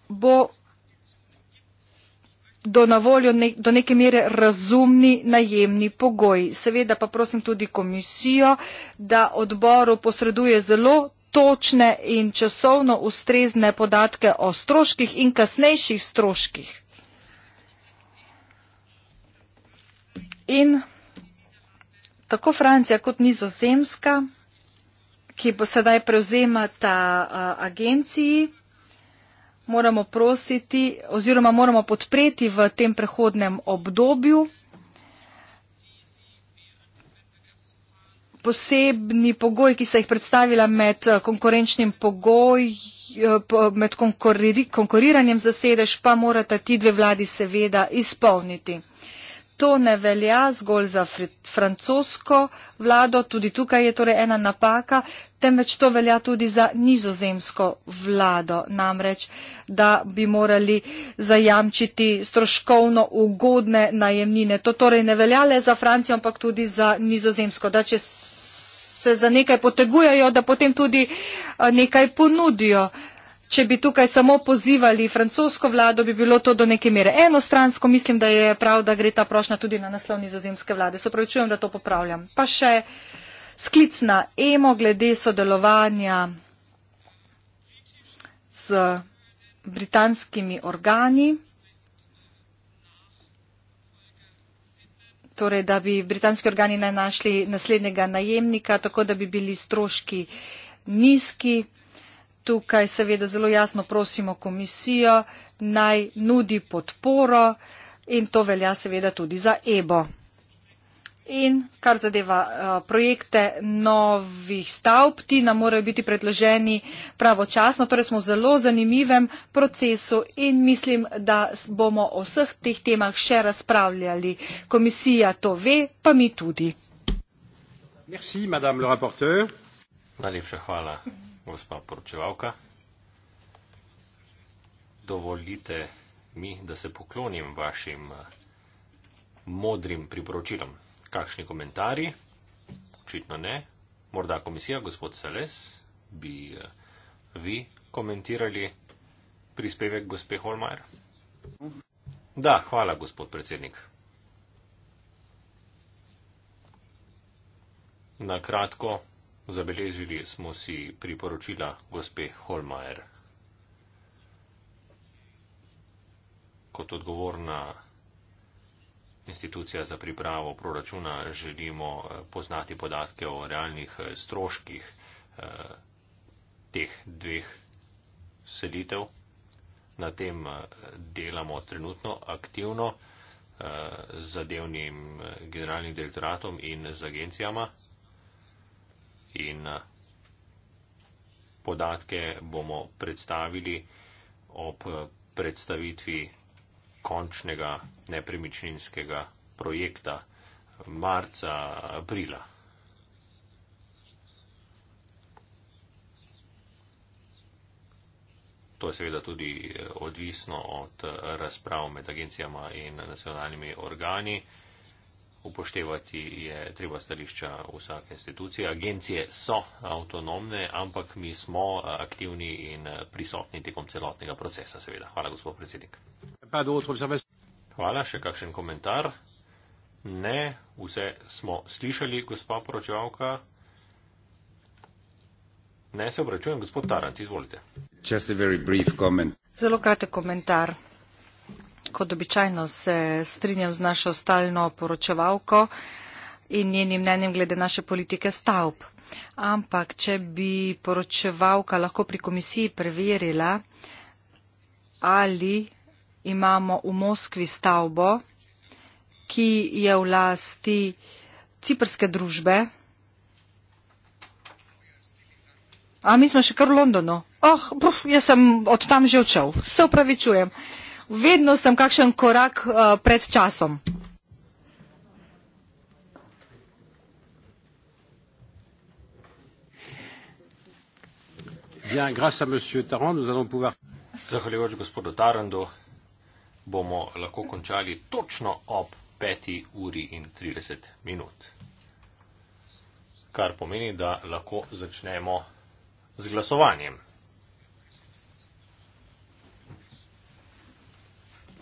bo do na voljo ne, do neke mere razumni najemni pogoji. Seveda pa prosim tudi komisijo, da odboru posreduje zelo točne in časovno ustrezne podatke o stroških in kasnejših stroških. In tako Francija kot Nizozemska, ki bo sedaj prevzemata uh, agenciji, moramo prositi oziroma moramo podpreti v tem prehodnem obdobju. Posebni pogoj, ki se jih predstavila med eh, konkurenčnim pogoj, eh, med konkuriranjem za sedež, pa morata ti dve vladi seveda izpolniti to ne velja zgolj za fr francosko vlado, tudi tukaj je torej ena napaka, temveč to velja tudi za nizozemsko vlado, namreč, da bi morali zajamčiti stroškovno ugodne najemnine. To torej ne velja le za Francijo, ampak tudi za nizozemsko, da če se za nekaj potegujejo, da potem tudi nekaj ponudijo če bi tukaj samo pozivali francosko vlado, bi bilo to do neke mere enostransko. Mislim, da je prav, da gre ta prošnja tudi na naslov nizozemske vlade. Se pravičujem, da to popravljam. Pa še sklic na EMO glede sodelovanja z britanskimi organi. Torej, da bi britanski organi naj našli naslednjega najemnika, tako da bi bili stroški nizki. Tukaj seveda zelo jasno prosimo komisijo, naj nudi podporo in to velja seveda tudi za EBO. In kar zadeva eh, projekte novih stavb, ti nam morajo biti predloženi pravočasno, torej smo v zelo zanimivem procesu in mislim, da bomo o vseh teh temah še razpravljali. Komisija to ve, pa mi tudi. Merci, madame le rapporteur. Najlepša hvala gospa poročevalka. Dovolite mi, da se poklonim vašim eh, modrim priporočilom. Kakšni komentarji? Očitno ne. Morda komisija, gospod Seles, bi eh, vi komentirali prispevek gospe Holmajer? Da, hvala, gospod predsednik. Na kratko Zabeležili smo si priporočila gospe Holmajer. Kot odgovorna institucija za pripravo proračuna želimo eh, poznati podatke o realnih eh, stroških eh, teh dveh selitev. Na tem delamo trenutno aktivno z zadevnim generalnim direktoratom in z agencijama in eh, podatke bomo predstavili ob eh, predstavitvi končnega nepremičninskega projekta marca-aprila. To je seveda tudi eh, odvisno od razprav med agencijama in nacionalnimi organi upoštevati je treba stališča vsake institucije. Agencije so avtonomne, ampak mi smo eh, aktivni in eh, prisotni tekom celotnega procesa, seveda. Hvala, gospod predsednik. Hvala, še kakšen komentar? Ne, vse smo slišali, gospa poročevalka. Ne, se obračujem, gospod Tarant, izvolite. Zelo kratek komentar kot običajno se strinjam z našo stalno poročevalko in njenim mnenjem glede naše politike stavb. Ampak, če bi poročevalka lahko pri komisiji preverila, ali imamo v Moskvi stavbo, ki je v lasti ciprske družbe. A mi smo še kar v Londonu. Oh, buf, jaz sem od tam že odšel. Se upravičujem. Uh, vedno sem kakšen korak uh, pred časom. Bien, grâce à M. Tarand, nous allons pouvoir. Zahvaljujoč gospodu Tarandu bomo lahko končali točno ob 5. uri in 30 minut. Kar pomeni, da lahko začnemo z glasovanjem.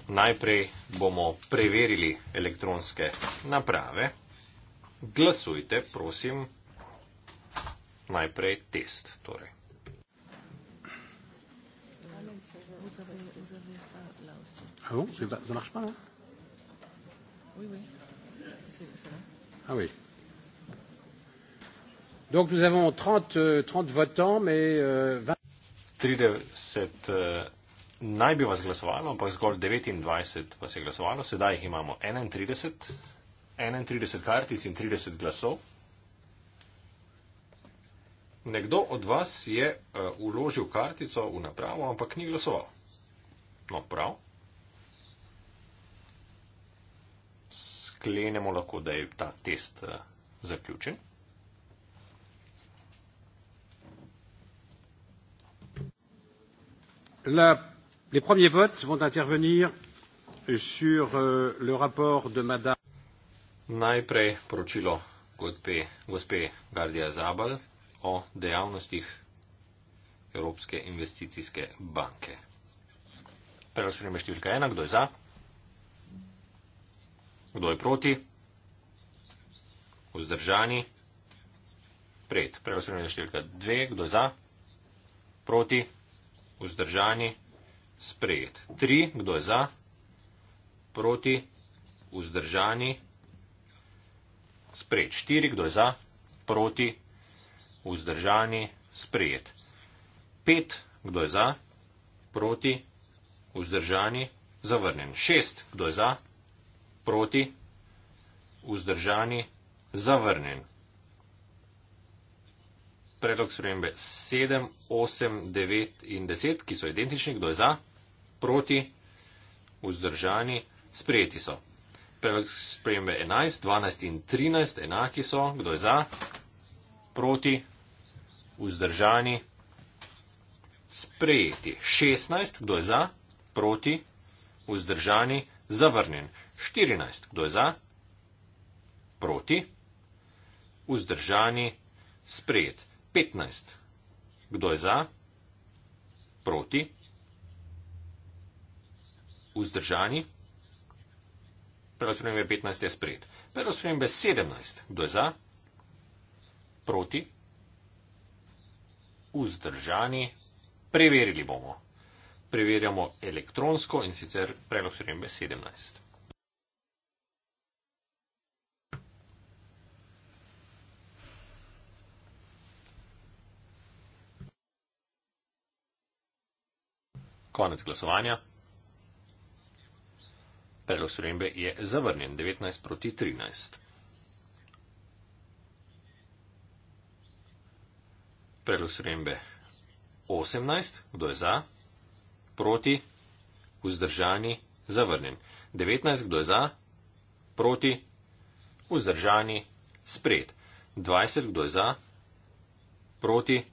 Najprej bomo preverili elektronske naprave. Glasujte, prosim, najprej test. Torej. Ah, ah oui. Donc nous avons 30, 30 euh, votants, mais 20... 30, euh... euh naj bi vas glasovalo, ampak zgolj 29 vas je glasovalo, sedaj jih imamo 31, 31 kartic in 30 glasov. Nekdo od vas je uh, eh, uložil kartico v napravo, ampak ni glasoval. No, prav. Sklenemo lahko, da je ta test uh, zaključen. La les premiers votes vont intervenir sur euh, le rapport de madame najprej poročilo gospe, gospe Gardia Zabal o dejavnostih Evropske investicijske banke. Prvo sprejme številka ena, kdo je za? Kdo je proti? Vzdržani? Pred. Prvo sprejme številka dve, kdo je za? Proti? Vzdržani? sprejet. Tri, kdo je za, proti, vzdržani, sprejet. Štiri, kdo je za, proti, vzdržani, sprejet. Pet, kdo je za, proti, vzdržani, zavrnjen. Šest, kdo je za, proti, vzdržani, zavrnjen. Predlog spremembe 7, 8, 9 in 10, ki so identični, kdo je za, proti, vzdržani, sprejeti so. Predlog spremembe 11, 12 in 13 enaki so, kdo je za, proti, vzdržani, sprejeti. 16, kdo je za, proti, vzdržani, zavrnjen. 14, kdo je za, proti, vzdržani, sprejet. 15, kdo je za, proti, vzdržani. Predlog spremembe 15 je sprejet. Predlog spremembe 17. Kdo je za? Proti? Vzdržani? Preverili bomo. Preverjamo elektronsko in sicer predlog spremembe 17. Konec glasovanja. Predlog spremembe je zavrnjen 19 proti 13. Predlog spremembe 18. Kdo je za? Proti. Vzdržani. Zavrnjen. 19. Kdo je za? Proti. Vzdržani. Spred. 20. Kdo je za? Proti.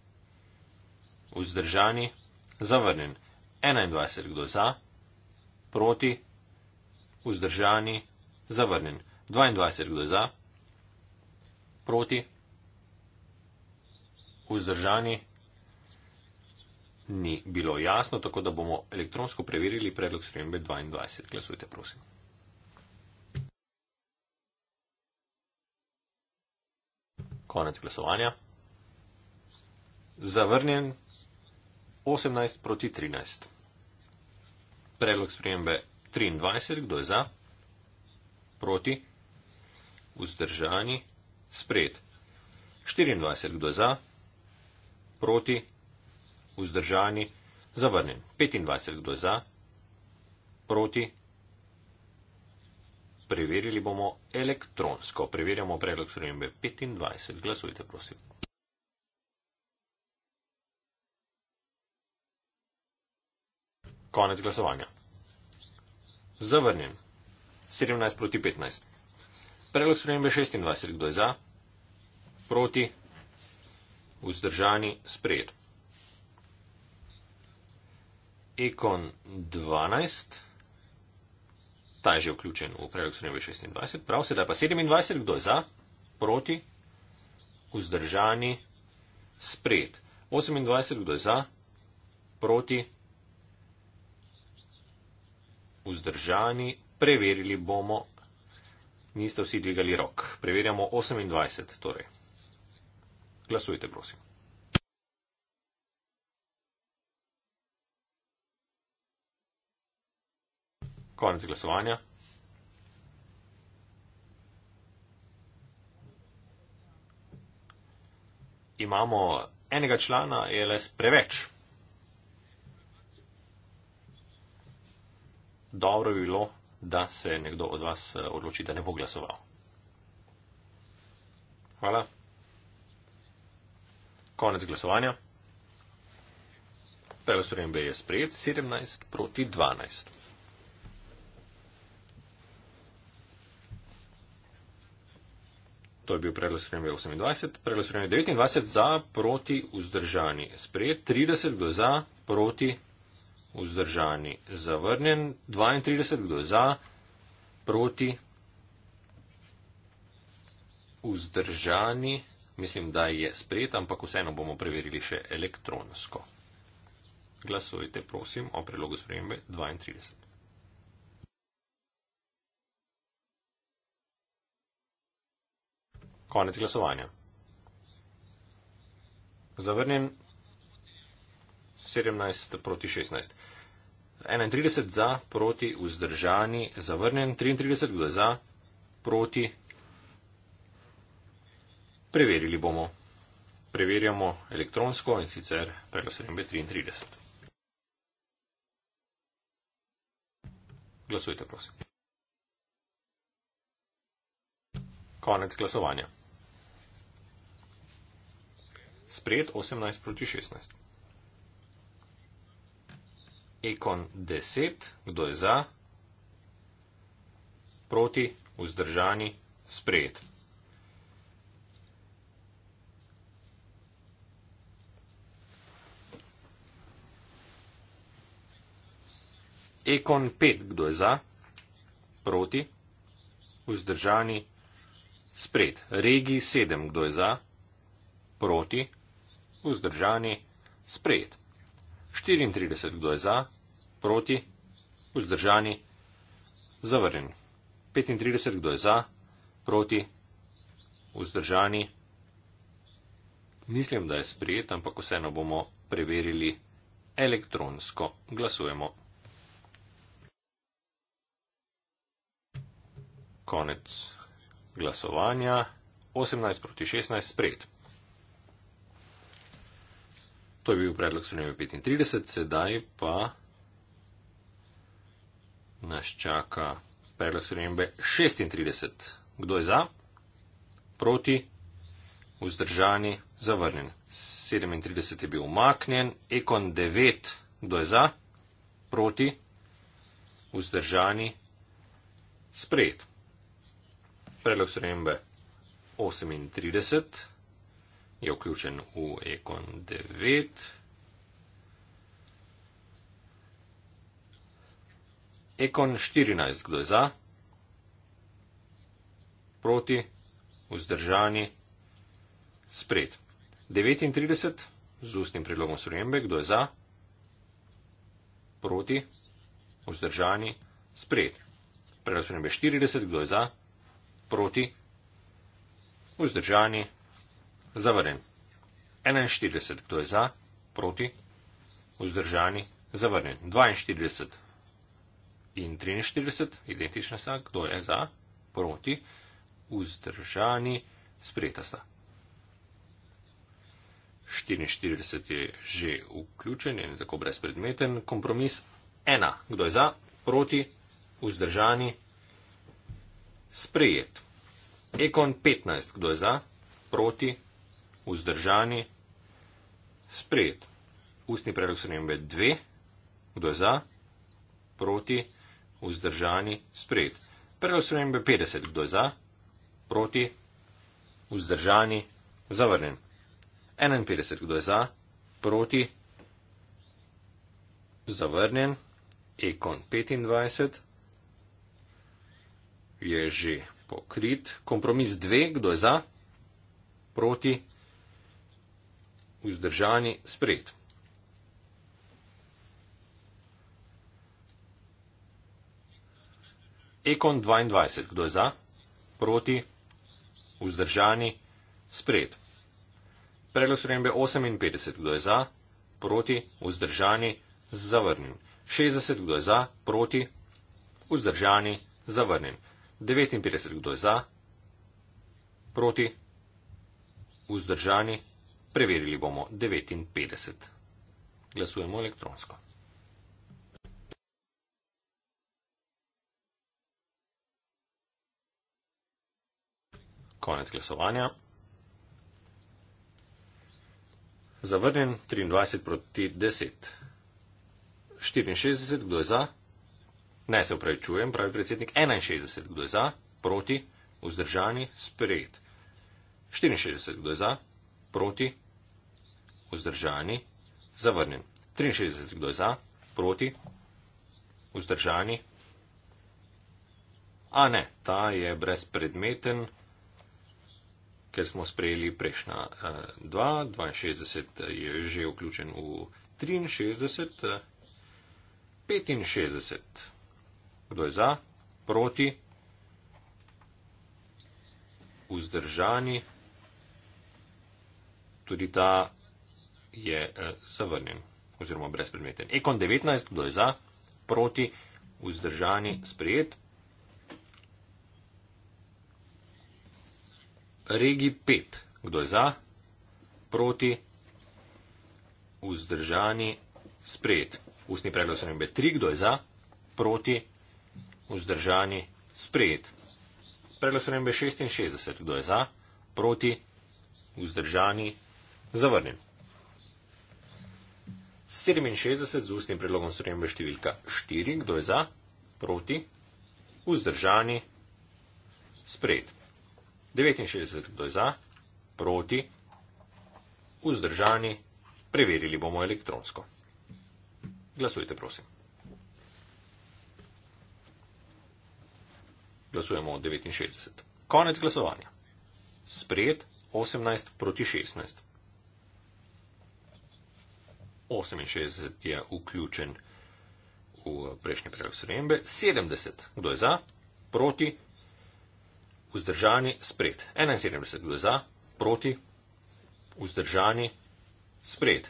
Vzdržani. Zavrnjen. 21. Kdo je za? Proti vzdržani, zavrnjen. 22 kdo je za, proti, vzdržani, ni bilo jasno, tako da bomo elektronsko preverili predlog spremembe 22. Glasujte, prosim. Konec glasovanja. Zavrnjen 18 proti 13. Predlog spremembe 23, kdo je za? Proti? Vzdržani? Spred. 24, kdo je za? Proti? Vzdržani? Zavrnjen. 25, kdo je za? Proti? Preverili bomo elektronsko. Preverjamo predlog spremembe 25. Glasujte, prosim. Konec glasovanja. Zavrnjen. 17 proti 15. Predlog spremembe 26. Kdo je za? Proti. Vzdržani. Sprejet. Ekon 12. Ta je že vključen v predlog spremembe 26. Prav, sedaj pa 27. Kdo je za? Proti. Vzdržani. Sprejet. 28. Kdo je za? Proti vzdržani, preverili bomo. Niste vsi dvigali rok. Preverjamo 28, torej. Glasujte, prosim. Konec glasovanja. Imamo enega člana, je les preveč. dobro bi bilo, da se nekdo od vas eh, odloči, da ne bo glasoval. Hvala. Konec glasovanja. PLSRMB je sprejet 17 proti 12. To je bil predlog spremembe 28, predlog spremembe 29 za proti vzdržani. Sprejet 30 bil za proti vzdržani, zavrnjen, 32, kdo za, proti, vzdržani, mislim, da je sprejet, ampak vseeno bomo preverili še elektronsko. Glasujte, prosim, o prelogu spremembe 32. Konec glasovanja. Zavrnjen 17 proti 16. 31 za, proti, vzdržani, zavrnjen, 33 kdo je za, proti. Preverili bomo. Preverjamo elektronsko in sicer preko 7B33. Glasujte, prosim. Konec glasovanja. Sprejet 18 proti 16. Ekon 10, kdo je za, proti, vzdržani, sprejet. Ekon 5, kdo je za, proti, vzdržani, sprejet. Regiji 7, kdo je za, proti, vzdržani, sprejet. 34, kdo je za, proti proti, vzdržani, zavrnjen. 35, kdo je za, proti, vzdržani. Mislim, da je sprijet, ampak vseeno bomo preverili elektronsko. Glasujemo. Konec glasovanja. 18 proti 16, sprijet. To je bil predlog 735, sedaj pa nas čaka predlog spremembe 36. Kdo je za? Proti? Vzdržani? Zavrnjen. 37 je bil umaknjen. Ekon 9. Kdo je za? Proti? Vzdržani? Sprejet. Predlog spremembe 38 je vključen v ekon 9. Ekon 14, kdo je za? Proti, vzdržani, spred. 39, z ustnim predlogom sprejembe, kdo je za? Proti, vzdržani, spred. Predlog sprejembe 40, kdo je za? Proti, vzdržani, zavrnjen. 41, kdo je za? Proti, vzdržani, zavrnjen. 42, in 43, identična sta, kdo je za, proti, vzdržani, sprejeta sta. 44 je že vključen in tako brezpredmeten. Kompromis 1. Kdo je za, proti, vzdržani, sprejet. Ekon 15. Kdo je za, proti, vzdržani, sprejet. Ustni predlog se ne more 2. Kdo je za, proti, vzdržani vzdržani, sprejet. Predlog spremembe 50, kdo je za, proti, vzdržani, zavrnjen. 51, kdo je za, proti, zavrnjen. Ekon 25 je že pokrit. Kompromis 2, kdo je za, proti, vzdržani, sprejet. Ekon 22. Kdo je za? Proti? Vzdržani? Spred. Predlog spremembe 58. Kdo je za? Proti? Vzdržani? Zavrnjen. 60. Kdo je za? Proti? Vzdržani? Zavrnjen. 59. Kdo je za? Proti? Vzdržani? Preverili bomo 59. Glasujemo elektronsko. konec glasovanja. Zavrnjen 23 proti 10. 64, kdo je za? Ne se upravičujem, pravi predsednik. 61, kdo je za? Proti, vzdržani, sprejet. 64, kdo je za? Proti, vzdržani, zavrnjen. 63, kdo je za? Proti, vzdržani. A ne, ta je brezpredmeten ker smo sprejeli prejšnja 2, eh, 62 eh, je že vključen v 63, 65. Eh, kdo je za, proti, vzdržani, tudi ta je zavrnjen oziroma brezpredmeten. Ekon 19, kdo je za, proti, vzdržani, sprejet, regi 5. Kdo je za? Proti? Vzdržani? Sprejet. Ustni predlog spremembe 3. Kdo je za? Proti? Vzdržani? Sprejet. Predlog spremembe 66. Kdo je za? Proti? Vzdržani? Zavrnjen. 67 z ustnim predlogom spremembe številka 4. Kdo je za? Proti? Vzdržani? Sprejet. 69 kdo je za, proti, vzdržani, preverili bomo elektronsko. Glasujte, prosim. Glasujemo 69. Konec glasovanja. Sprejet 18 proti 16. 68 je vključen v prejšnji predlog srembe. 70. Kdo je za? Proti vzdržani, spred. 71 bil za, proti, vzdržani, spred.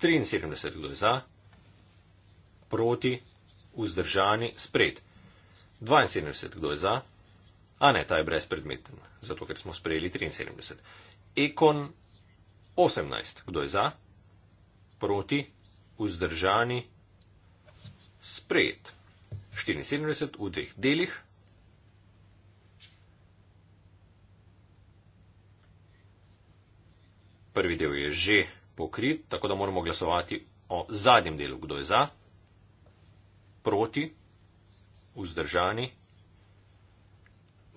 73 bil za, proti, vzdržani, spred. 72 kdo je za, a ne, ta je brezpredmeten, zato ker smo sprejeli 73. Ekon 18, kdo je za, proti, vzdržani, spred. 74 v dveh delih, prvi del je že pokrit, tako da moramo glasovati o zadnjem delu, kdo je za, proti, vzdržani,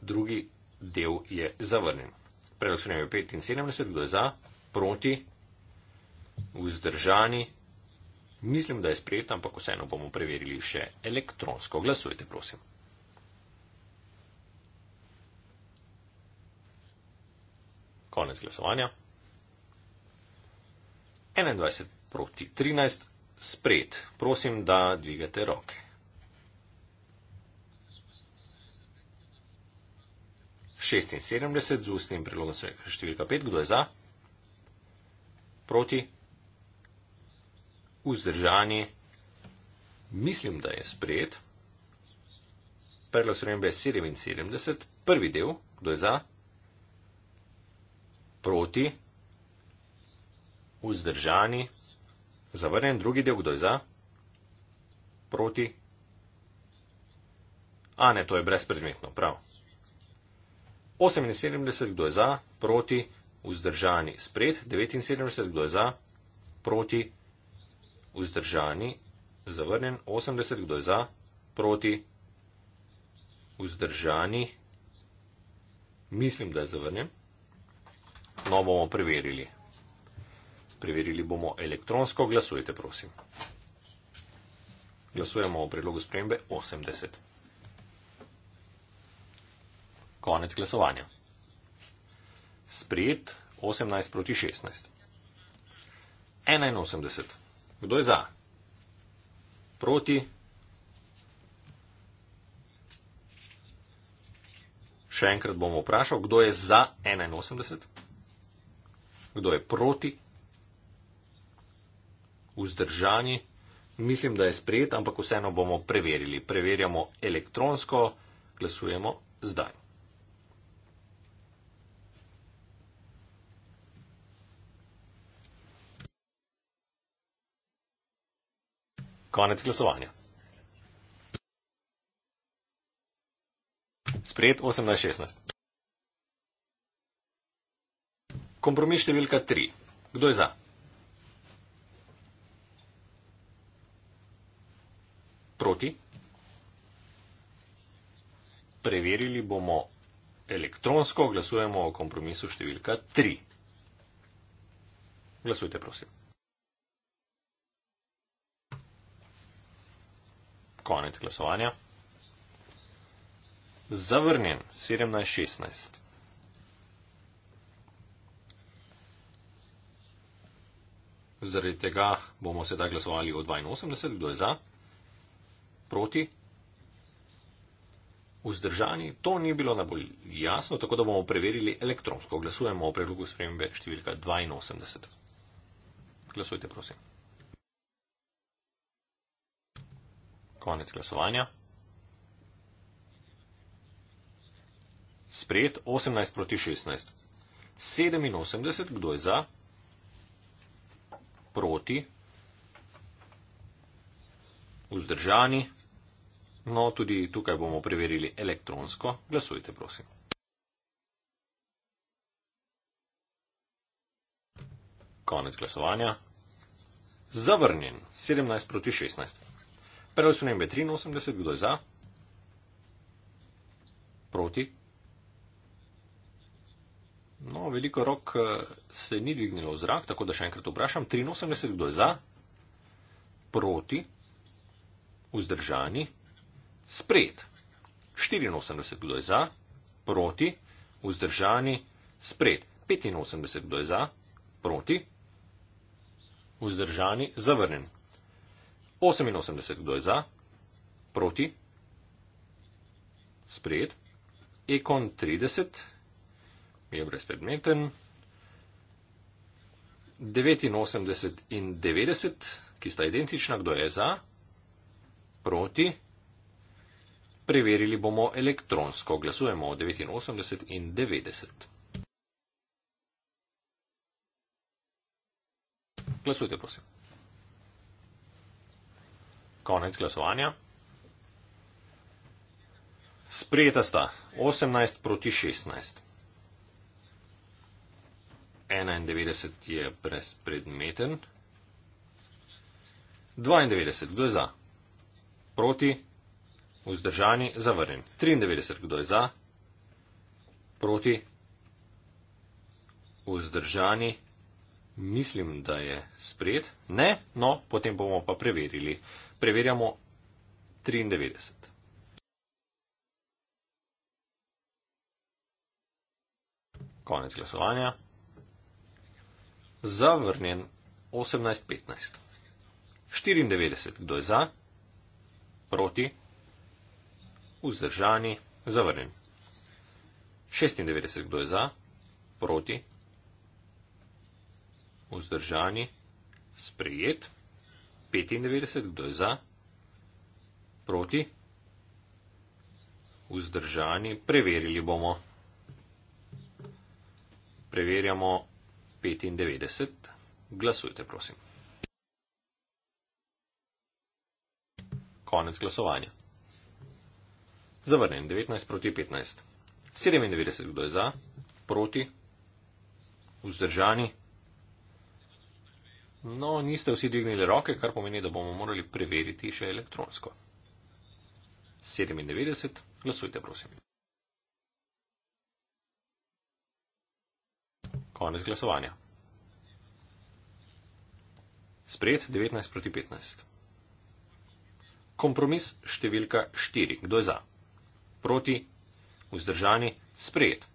drugi del je zavrnjen. Predlog sprejem je 75, kdo je za, proti, vzdržani, mislim, da je sprejet, ampak vseeno bomo preverili še elektronsko. Glasujte, prosim. Konec glasovanja. 21 proti 13, spred, prosim, da dvigate roke. Šestinsedemdeset z ustnim prilogom številka pet, kdo je za? Proti? Vzdržani? Mislim, da je sprejet. Predlog spremembe je sedeminsedemdeset, prvi del, kdo je za? Proti? vzdržani, zavrnjen drugi del, kdo je za, proti. A ne, to je brezpredmetno, prav. 78, kdo je za, proti, vzdržani, spred, 79, kdo je za, proti, vzdržani, zavrnjen, 80, kdo je za, proti, vzdržani, mislim, da je zavrnjen. No, bomo preverili. Preverili bomo elektronsko. Glasujte, prosim. Glasujemo o predlogu spremembe 80. Konec glasovanja. Sprijet 18 proti 16. 81. Kdo je za? Proti? Še enkrat bomo vprašali, kdo je za 81? Kdo je proti vzdržani. Mislim, da je sprejet, ampak vseeno bomo preverili. Preverjamo elektronsko, glasujemo zdaj. Konec glasovanja. Sprejet 18.16. Kompromis številka 3. Kdo je za? Proti? Preverili bomo elektronsko, glasujemo o kompromisu številka 3. Glasujte, prosim. Konec glasovanja. Zavrnjen 17.16. Zaradi tega bomo sedaj glasovali o 82. Kdo je za? proti, vzdržani, to ni bilo najbolj jasno, tako da bomo preverili elektronsko. Glasujemo o predlogu spremembe številka 82. Glasujte, prosim. Konec glasovanja. Sprejet 18 proti 16. 87, kdo je za? Proti. Vzdržani. No, tudi tukaj bomo preverili elektronsko. Glasujte, prosim. Konec glasovanja. Zavrnjen 17 proti 16. Prvo spremembe 83, kdo je za? Proti? No, veliko rok eh, se ni dvignilo v zrak, tako da še enkrat vprašam. 83, kdo je za? Proti? Vzdržani? sprejet. 84 kdo je za, proti, vzdržani, sprejet. 85 kdo je za, proti, vzdržani, zavrnjen. 88 kdo je za, proti, sprejet. Ekon 30 je brezpredmeten. 89 in 90, ki sta identična, kdo je za, proti, Preverili bomo elektronsko. Glasujemo 89 in 90. Glasujte, prosim. Konec glasovanja. Sprejeta sta 18 proti 16. 91 je brezpredmeten. 92, kdo je za? Proti vzdržani, zavrnjen. 93, kdo je za, proti, vzdržani, mislim, da je spred, ne, no, potem bomo pa preverili. Preverjamo 93. Konec glasovanja. Zavrnjen 18.15. 94, kdo je za? Proti vzdržani, zavrnjen. 96, kdo je za, proti, vzdržani, sprejet. 95, kdo je za, proti, vzdržani, preverili bomo. Preverjamo 95, glasujte, prosim. Konec glasovanja zavrnjen 19 proti 15. 97 kdo je za, proti, vzdržani. No, niste vsi dvignili roke, kar pomeni, da bomo morali preveriti še elektronsko. 97, glasujte, prosim. Konec glasovanja. Sprejet 19 proti 15. Kompromis številka 4. Kdo je za? proti, vzdržani, sprejet.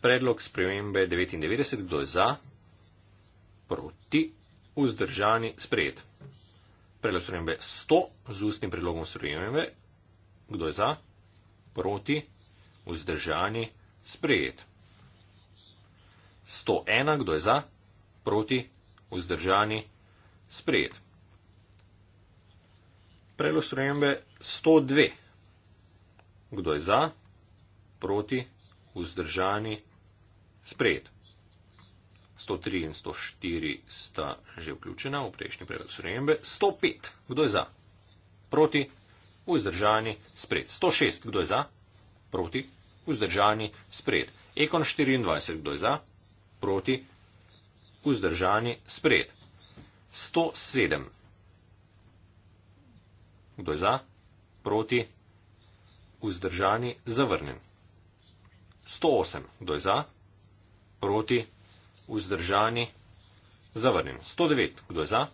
Predlog spremembe 99, kdo je za, proti, vzdržani, sprejet. Predlog spremembe 100 z ustnim predlogom spremembe, kdo je za, proti, vzdržani, sprejet. 101, kdo je za, proti, vzdržani, sprejet predlog spremembe 102. Kdo je za, proti, vzdržani, sprejet. 103 in 104 sta že vključena v prejšnji predlog spremembe. 105. Kdo je za, proti, vzdržani, sprejet. 106. Kdo je za, proti, vzdržani, sprejet. Ekon 24. Kdo je za, proti, vzdržani, sprejet. 107. Kdo je za? Proti? Vzdržani? Zavrnjen. 108. Kdo je za? Proti? Vzdržani? Zavrnjen. 109. Kdo je za?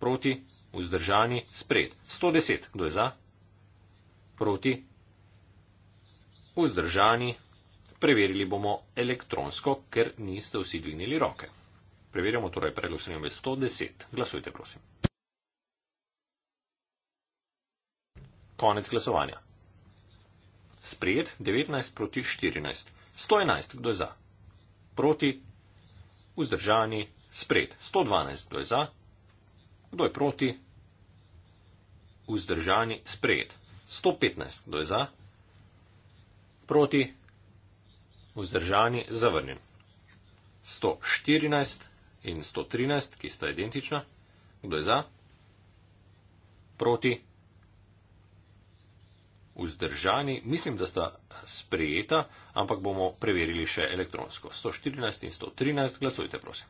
Proti? Vzdržani? Spred. 110. Kdo je za? Proti? Vzdržani? Preverili bomo elektronsko, ker niste vsi dvignili roke. Preverjamo torej predlog sprememb 110. Glasujte, prosim. Konec glasovanja. Sprijet 19 proti 14. 111, kdo je za? Proti. Vzdržani. Sprijet 112, kdo je za? Kdo je proti? Vzdržani. Sprijet 115, kdo je za? Proti. Vzdržani. Zavrnjen. 114 in 113, ki sta identična. Kdo je za? Proti vzdržani, mislim, da sta sprejeta, ampak bomo preverili še elektronsko. 114 in 113, glasujte, prosim.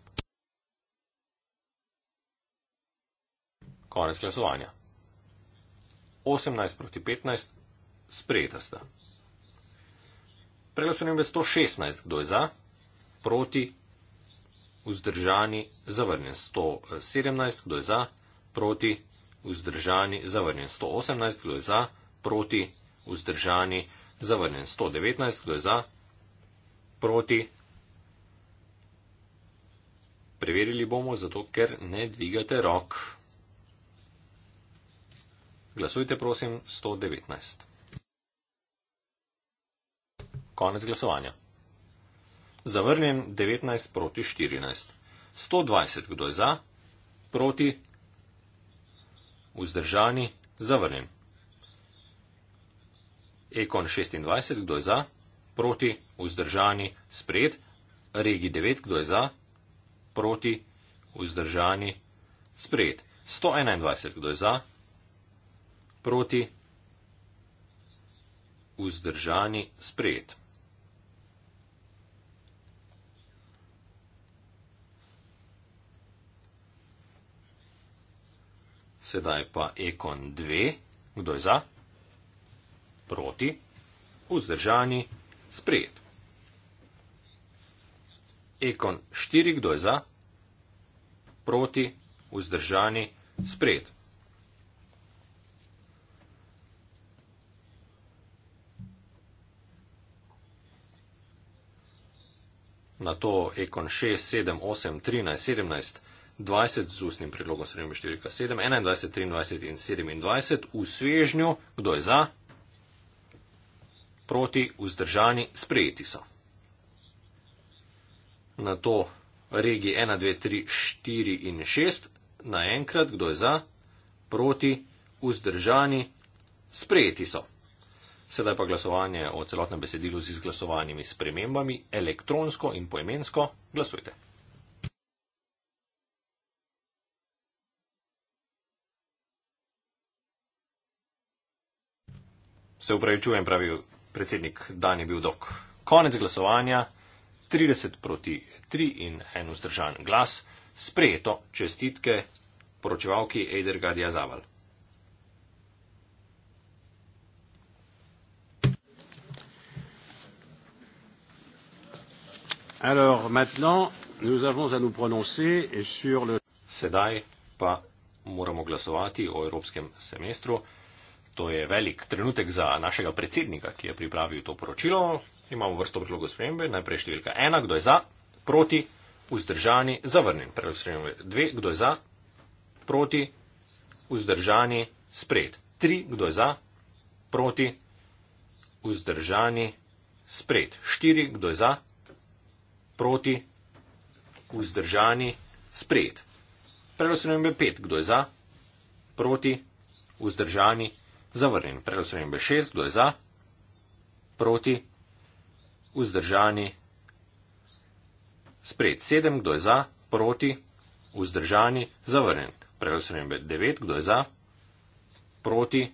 Konec glasovanja. 18 proti 15, sprejeta sta. Preglasujem v 116, kdo je za, proti, vzdržani, zavrnjen. 117, kdo je za, proti, vzdržani, zavrnjen. 118, kdo je za, proti, vzdržani vzdržani, zavrnjen 119, kdo je za, proti. Preverili bomo, zato ker ne dvigate rok. Glasujte, prosim, 119. Konec glasovanja. Zavrnjen 19 proti 14. 120, kdo je za, proti, vzdržani, zavrnjen. Ekon 26, kdo je za? Proti, vzdržani, spred. Regi 9, kdo je za? Proti, vzdržani, spred. 121, kdo je za? Proti, vzdržani, spred. Sedaj pa Ekon 2, kdo je za? proti, vzdržani, sprejet. Ekon 4, kdo je za, proti, vzdržani, sprejet. Na to ekon 6, 7, 8, 13, 17, 20 z ustnim predlogom sredem številka 7, 21, 23 in 27 v svežnju, kdo je za, proti, vzdržani, sprejeti so. Na to regi 1, 2, 3, 4 in 6, naenkrat, kdo je za, proti, vzdržani, sprejeti so. Sedaj pa glasovanje o celotnem besedilu z izglasovanimi spremembami, elektronsko in poemensko, glasujte. Se upravičujem, pravi predsednik Dan je bil dok. Konec glasovanja, 30 proti 3 in en vzdržan glas, sprejeto čestitke poročevalki Eider Gadija Zaval. Alors maintenant, nous avons à nous prononcer sur le... Sedaj pa moramo glasovati o evropskem semestru. To je velik trenutek za našega predsednika, ki je pripravil to poročilo. Imamo vrsto predlogov spremembe. Najprej številka ena, kdo je za, proti, vzdržani, zavrnjen. Predlog spremembe dve, kdo je za, proti, vzdržani, spred. Tri, kdo je za, proti, vzdržani, spred. Štiri, kdo je za, proti, vzdržani, spred. Predlog spremembe pet, kdo je za, proti, vzdržani, spred zavrnjen. Predlog spremembe 6, kdo je za, proti, vzdržani, sprejet 7, kdo je za, proti, vzdržani, zavrnjen. Predlog spremembe 9, kdo je za, proti,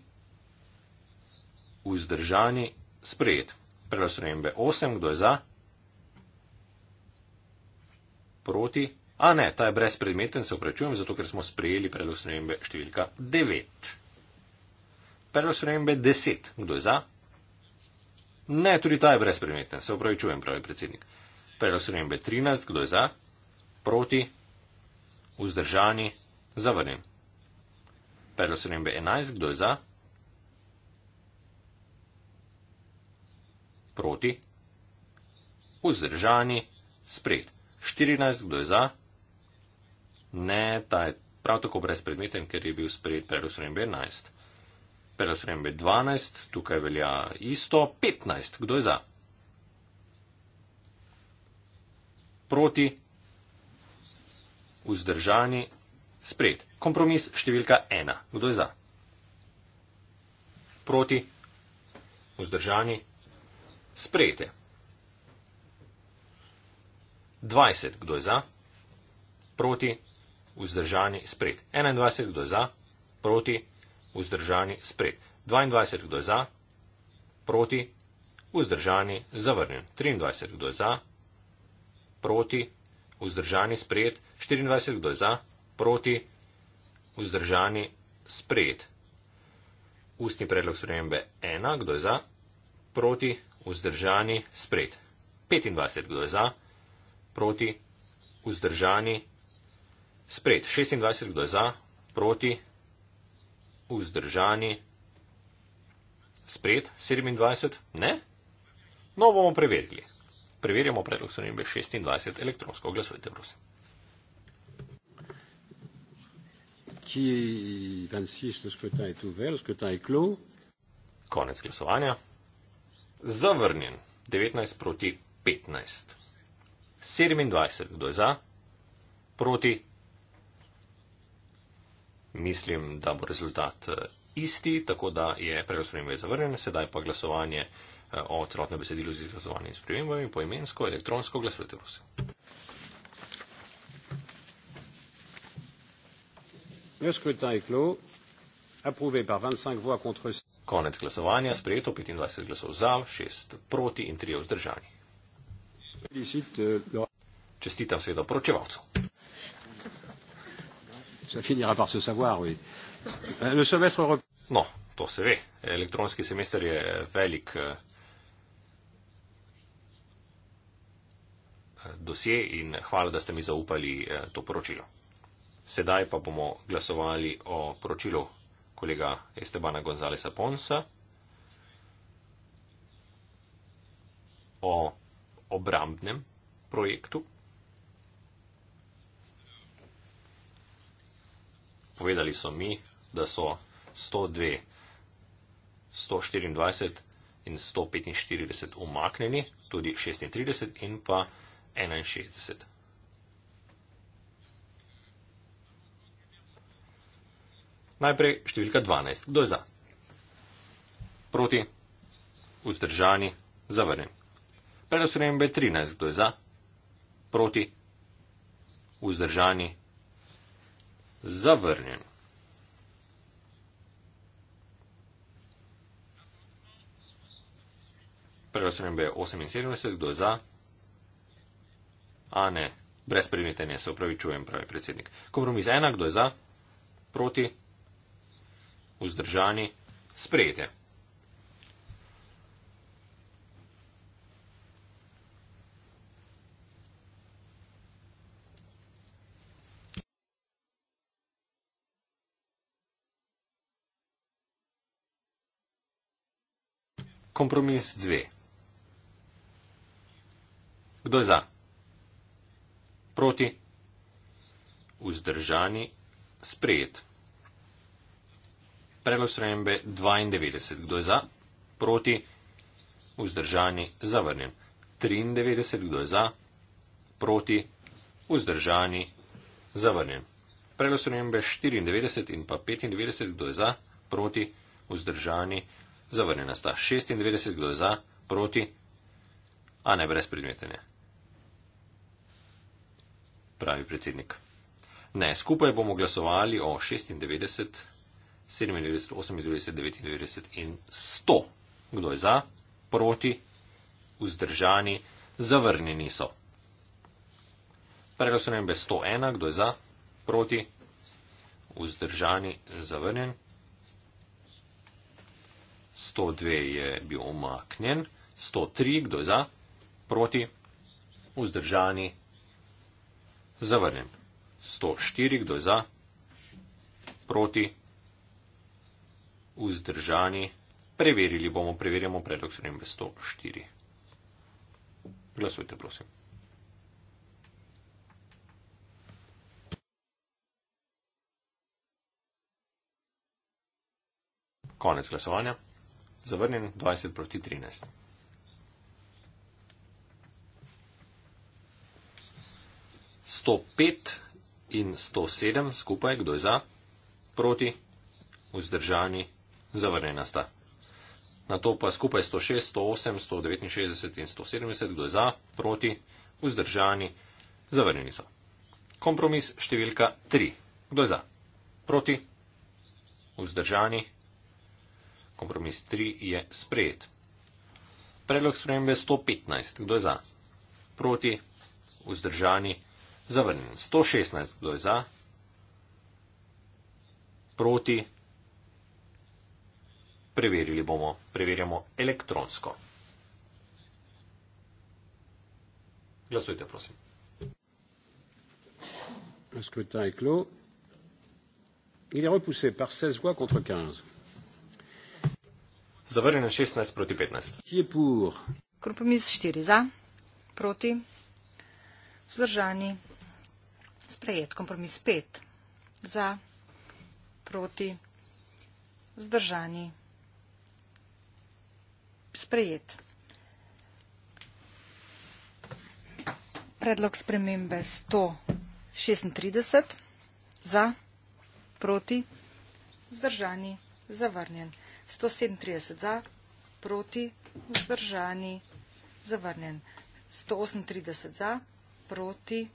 vzdržani, sprejet. Predlog spremembe 8, kdo je za, proti, a ne, ta je brezpredmeten, se upravičujem, zato ker smo sprejeli predlog spremembe številka 9 predlog spremembe 10. Kdo je za? Ne, tudi ta je brezpredmeten, se upravičujem, pravi predsednik. Predlog spremembe 13. Kdo je za? Proti? Vzdržani? Zavrnjen. Predlog spremembe 11. Kdo je za? Proti? Vzdržani? Sprejet. 14. Kdo je za? Ne, ta je prav tako brezpredmeten, ker je bil sprejet predlog spremembe 11. PRSVM 12, tukaj velja isto, 15, kdo je za? Proti, vzdržani, spred. Kompromis številka 1, kdo je za? Proti, vzdržani, sprejete. 20, kdo je za? Proti, vzdržani, spred. 21, kdo je za? Proti, vzdržani, spred vzdržani, spred. 22, kdo je za, proti, vzdržani, zavrnjen. 23, kdo je za, proti, vzdržani, spred. 24, kdo je za, proti, vzdržani, spred. Ustni predlog spremembe 1, kdo je za, proti, vzdržani, spred. 25, kdo je za, proti, vzdržani, spred. 26, kdo je za, proti, vzdržani, spred 27, ne? No, bomo preverili. Preverjamo predlog sonembe 26, elektronsko glasujte, prosim. Ki vansišno skrtaj tu vel, skrtaj klo. Konec glasovanja. Zavrnjen. 19 proti 15. 27, kdo je za? Proti mislim, da bo rezultat eh, isti, tako da je predlog spremembe zavrnjen, sedaj pa glasovanje eh, o celotnem besedilu z izglasovanjem in spremembami poimensko, elektronsko glasujte, prosim. Konec glasovanja, sprejeto 25 glasov za, 6 proti in 3 vzdržani. Čestitam seveda poročevalcu. Ça finira par se savoir, oui. Euh, le semestre européen. Non, tout se fait. L'électronique semestre est eh, velik. Eh, dosje in hvala, da ste mi zaupali eh, to poročilo. Sedaj pa bomo glasovali o poročilu kolega Estebana Gonzalesa Ponsa o obrambnem projektu. povedali so mi, da so 102, 124 in 145 umaknjeni, tudi 36 in pa 61. Najprej številka 12. Kdo je za? Proti, vzdržani, zavrnjen. Predostrem B13. Kdo je za? Proti, vzdržani, zavrnjen zavrnjen. Prva sprememba je 78, kdo je za? A ne, brez primetenja se upravičujem, pravi predsednik. Kompromis ena, kdo je za? Proti? Vzdržani? Sprejete. Kompromis 2. Kdo je za? Proti? Vzdržani? Sprejet. Predlog sprejembe 92. Kdo je za? Proti? Vzdržani? Zavrnjen. 93. Kdo je za? Proti? Vzdržani? Zavrnjen. Predlog sprejembe 94 in pa 95. Kdo je za? Proti? Vzdržani? Zavrnjen. Zavrnjena sta 96 kdo za, proti, a ne brez predmetenja. Pravi predsednik. Ne, skupaj bomo glasovali o 96, 97, 98, 99 in 100. Kdo je za, proti, vzdržani, zavrnjeni so. Preglasujem, da je 101, kdo je za, proti, vzdržani, zavrnjeni. 102 je bil omaknen, 103, kdo je za, proti, vzdržani, zavrnjen. 104, kdo je za, proti, vzdržani, preverili bomo, preverjamo predlog spremembe 104. Glasujte, prosim. Konec glasovanja zavrnjen 20 proti 13. Sto pet in sto sedem skupaj, kdo je za, proti, vzdržani, zavrnjena sta. Na to pa skupaj sto šest, sto osem, sto devetinšestdeset in sto sedemdeset, kdo je za, proti, vzdržani, zavrnjeni so. Kompromis številka tri, kdo je za, proti, vzdržani, zavrnjeni so. Kompromis 3 je sprejet. Predlog spremembe 115. Kdo je za? Proti? Vzdržani? Zavrnjen. 116. Kdo je za? Proti? Preverili bomo. Preverjamo elektronsko. Glasujte, prosim. Le scrutin est clos. Il est repoussé par 16 voix contre 15. Zavrnjeno 16 proti 15. Je pur. Kompromis 4 za, proti, vzdržani, sprejet. Kompromis 5 za, proti, vzdržani, sprejet. Predlog spremembe 136 za, proti, vzdržani, zavrnjen. 137 za, proti, vzdržani, zavrnjen. 138 za, proti,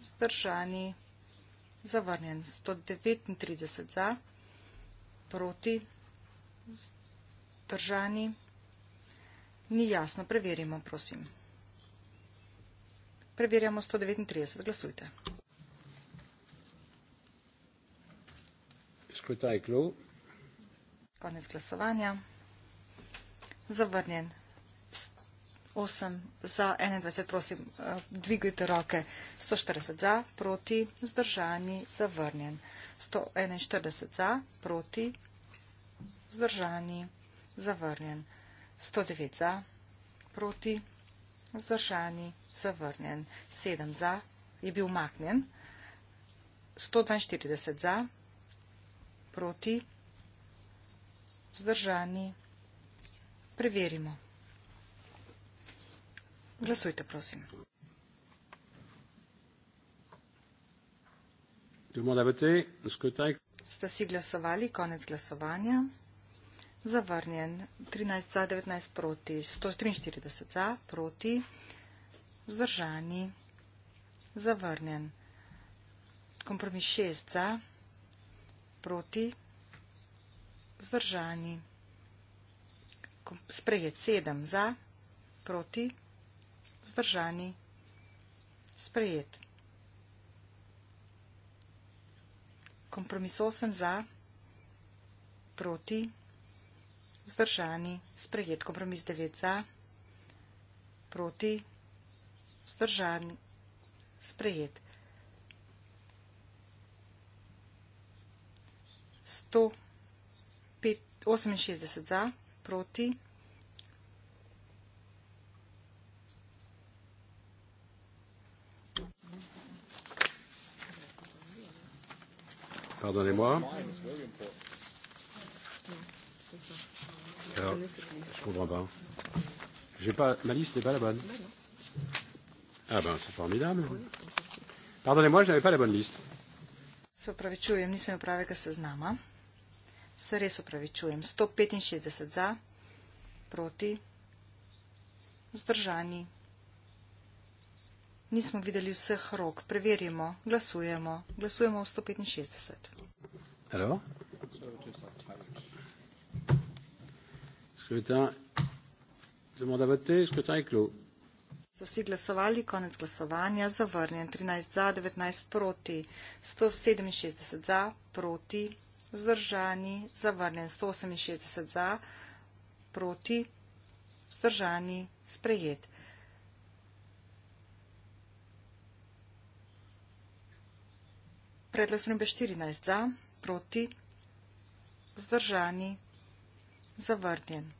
vzdržani, zavrnjen. 139 za, proti, vzdržani, ni jasno. Preverimo, prosim. Preverjamo 139. Glasujte. Skrutaj klub. Konec glasovanja. Zavrnjen. 8 za 21, prosim, eh, dvigujte roke. 140 za, proti, zdržani, zavrnjen. 141 za, proti, zdržani, zavrnjen. 109 za, proti, zdržani, zavrnjen. 7 za, je bil umaknjen. 142 za, proti, zdržani vzdržani. Preverimo. Glasujte, prosim. Ste vsi glasovali, konec glasovanja. Zavrnjen 13 za, 19 proti, 143 za, proti, vzdržani, zavrnjen. Kompromis 6 za, proti, vzdržani. Sprejet sedem za, proti, vzdržani, sprejet. Kompromis osem za, proti, vzdržani, sprejet. Kompromis devet za, proti, vzdržani, sprejet. 100 68 za, proti. Nadaljujemo. Alors, je comprends pas. J'ai pas ma liste n'est pas la bonne. Ah ben c'est formidable. Pardonnez-moi, je n'avais pas la bonne liste. Se opravičujem, nisem opravega seznama. Se res upravičujem. 165 za, proti, vzdržani. Nismo videli vseh rok. Preverimo. Glasujemo. Glasujemo v 165. Hello. Skrutin. Demande à voter. Skrutin est clos. So vsi glasovali, konec glasovanja, zavrnjen 13 za, 19 proti, 167 za, proti, vzdržani, zavrnjen 168 za, proti, vzdržani, sprejet. Predlog spremembe 14 za, proti, vzdržani, zavrnjen.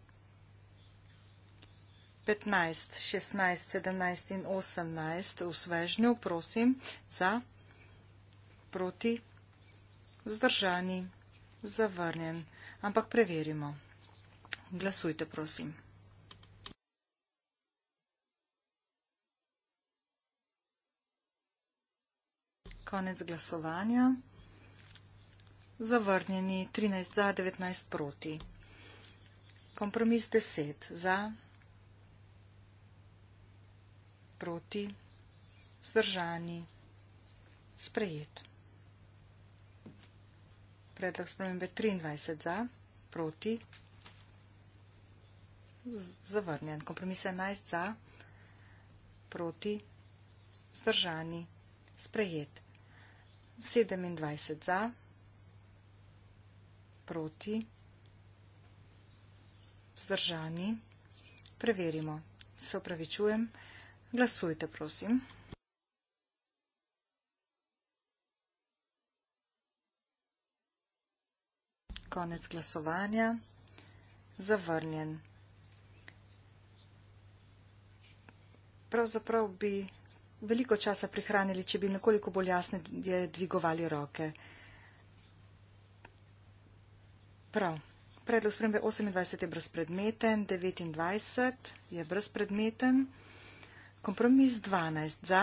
15, 16, 17 in 18 v svežnju, prosim, za, proti, vzdržani, zavrnjen. Zavrnjen. Ampak preverimo. Glasujte, prosim. Konec glasovanja. Zavrnjeni 13 za, 19 proti. Kompromis 10 za, proti, zdržani, sprejet. Predlog spremembe 23 za, proti, zavrnjen. Kompromis 11 za, proti, zdržani, sprejet. 27 za, proti, zdržani, preverimo. Se opravičujem, glasujte prosim. konec glasovanja, zavrnjen. Pravzaprav bi veliko časa prihranili, če bi nekoliko bolj jasne dvigovali roke. Prav. Predlog spremembe 28 je brezpredmeten, 29 je brezpredmeten, kompromis 12 za,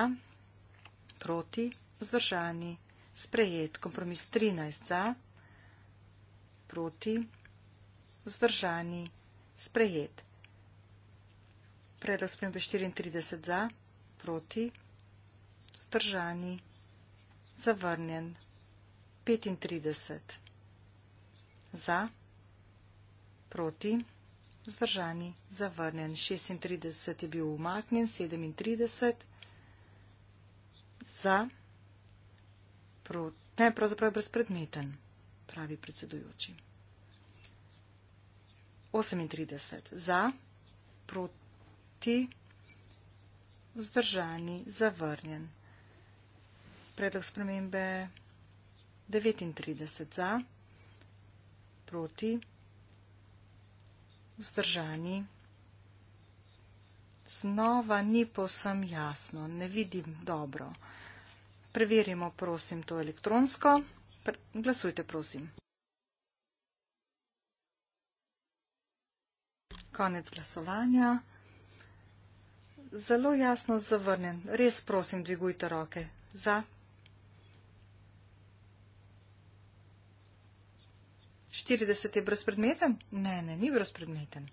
proti, vzdržani, sprejet, kompromis 13 za, proti, vzdržani, sprejet. Predlog spremembe 34 za, proti, vzdržani, zavrnjen, 35 za, proti, vzdržani, zavrnjen, 36 je bil umaknjen, 37 za, proti, ne, pravzaprav je brezpredmeten pravi predsedujoči. 38 za, proti, vzdržani, zavrnjen. Predlog spremembe 39 za, proti, vzdržani. Znova ni povsem jasno, ne vidim dobro. Preverimo, prosim, to elektronsko. Glasujte, prosim. Konec glasovanja. Zelo jasno zavrnen. Res prosim, dvigujte roke. Za. Štirideset je brezpredmeten? Ne, ne, ni brezpredmeten.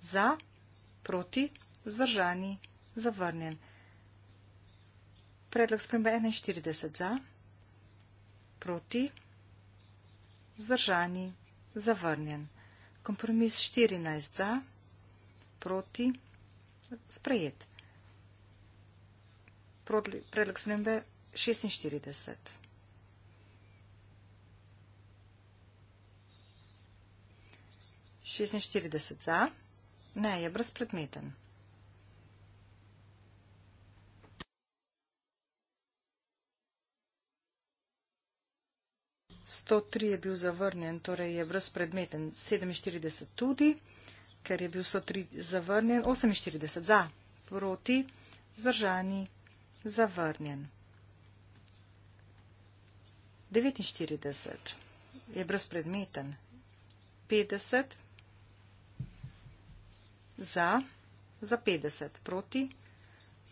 Za, proti, vzdržani, zavrnen. Predlog spremembe 41 za proti, vzdržani, zavrnjen. Kompromis 14 za, proti, sprejet. Predlog spremembe 46. Šestinštirideset za, ne, je brezpredmeten. 103 je bil zavrnjen, torej je brezpredmeten. 47 tudi, ker je bil 103 zavrnjen. 48 za, proti, zdržani, zavrnjen. 49 je brezpredmeten. 50 za, za 50 proti,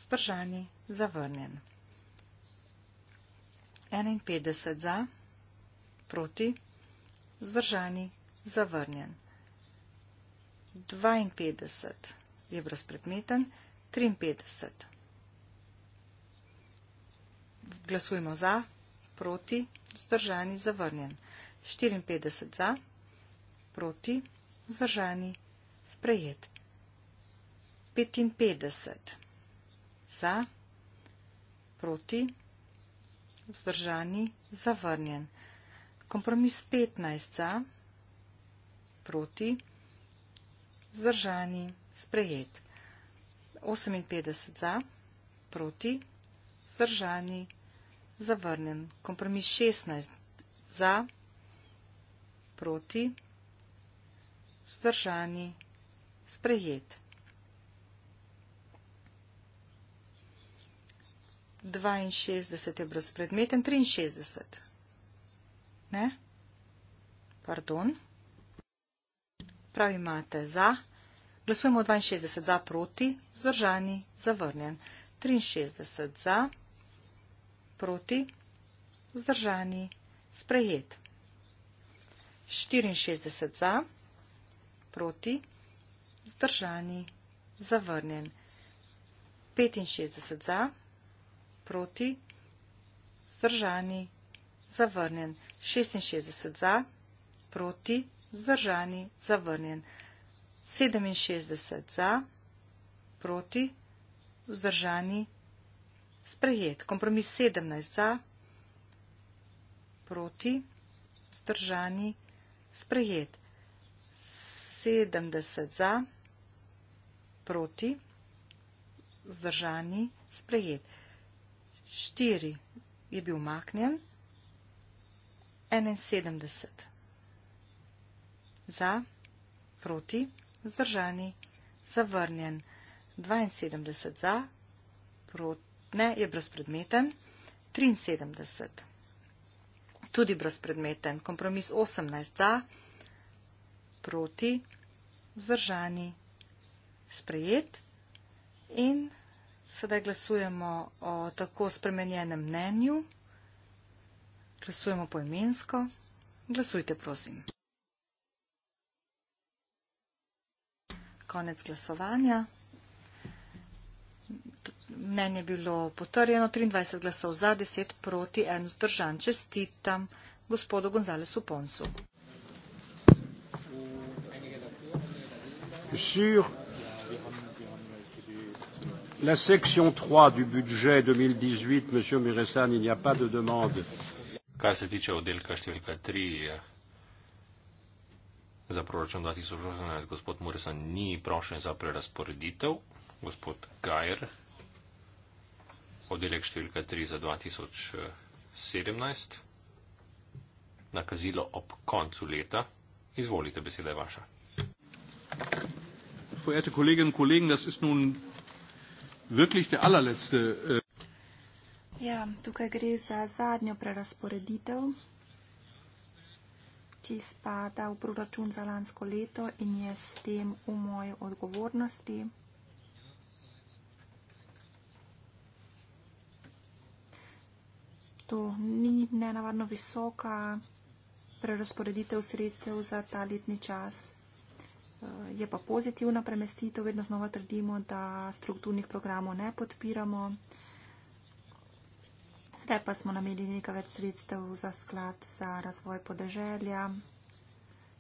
zdržani, zavrnjen. 51 za proti, vzdržani, zavrnjen. 52 je brezpredmeten, 53. Glasujemo za, proti, vzdržani, zavrnjen. 54 za, proti, vzdržani, sprejet. 55 za, proti, vzdržani, zavrnjen. Kompromis 15 za, proti, vzdržani, sprejet. 58 za, proti, vzdržani, zavrnen. Kompromis 16 za, proti, vzdržani, sprejet. 62 je brezpredmeten, 63. Ne? Pardon. Prav imate za. Glasujemo 62 za, proti, vzdržani, zavrnjen. 63 za, proti, vzdržani, sprejet. 64 za, proti, vzdržani, zavrnjen. 65 za, proti, vzdržani, zavrnjen zavrnjen. 66 za, proti, vzdržani, zavrnjen. 67 za, proti, vzdržani, sprejet. Kompromis 17 za, proti, vzdržani, sprejet. 70 za, proti, vzdržani, sprejet. 4 je bil umaknjen. 71. Za, proti, vzdržani, zavrnjen. 72 za, proti, ne, je brezpredmeten. 73. Tudi brezpredmeten. Kompromis 18 za, proti, vzdržani, sprejet. In sedaj glasujemo o tako spremenjenem mnenju. Glasujemo poimensko. Glasujte, prosim. Konec glasovanja. Mnenje je bilo potrjeno. 23 glasov za, 10 proti, 1 zdržan. Čestitam gospodu Gonzalesu Poncu. Sur la section 3 du budget 2018, M. Muresan, il n'y a pas de demande. Kar se tiče oddelka številka 3 za proračun 2018, gospod Muresan ni prošen za prerasporeditev, gospod Gajer, oddelek številka 3 za 2017, nakazilo ob koncu leta. Izvolite, beseda je vaša. Verehrte Kolleginnen und Kollegen, das ist nun wirklich der allerletzte. Äh Ja, tukaj gre za zadnjo prerasporeditev, ki spada v proračun za lansko leto in je s tem v moji odgovornosti. To ni nenavadno visoka prerasporeditev sredstev za ta letni čas. Eh, je pa pozitivna premestitev, vedno znova trdimo, da strukturnih programov ne podpiramo. Sedaj pa smo namenili nekaj več sredstev za sklad za razvoj podeželja.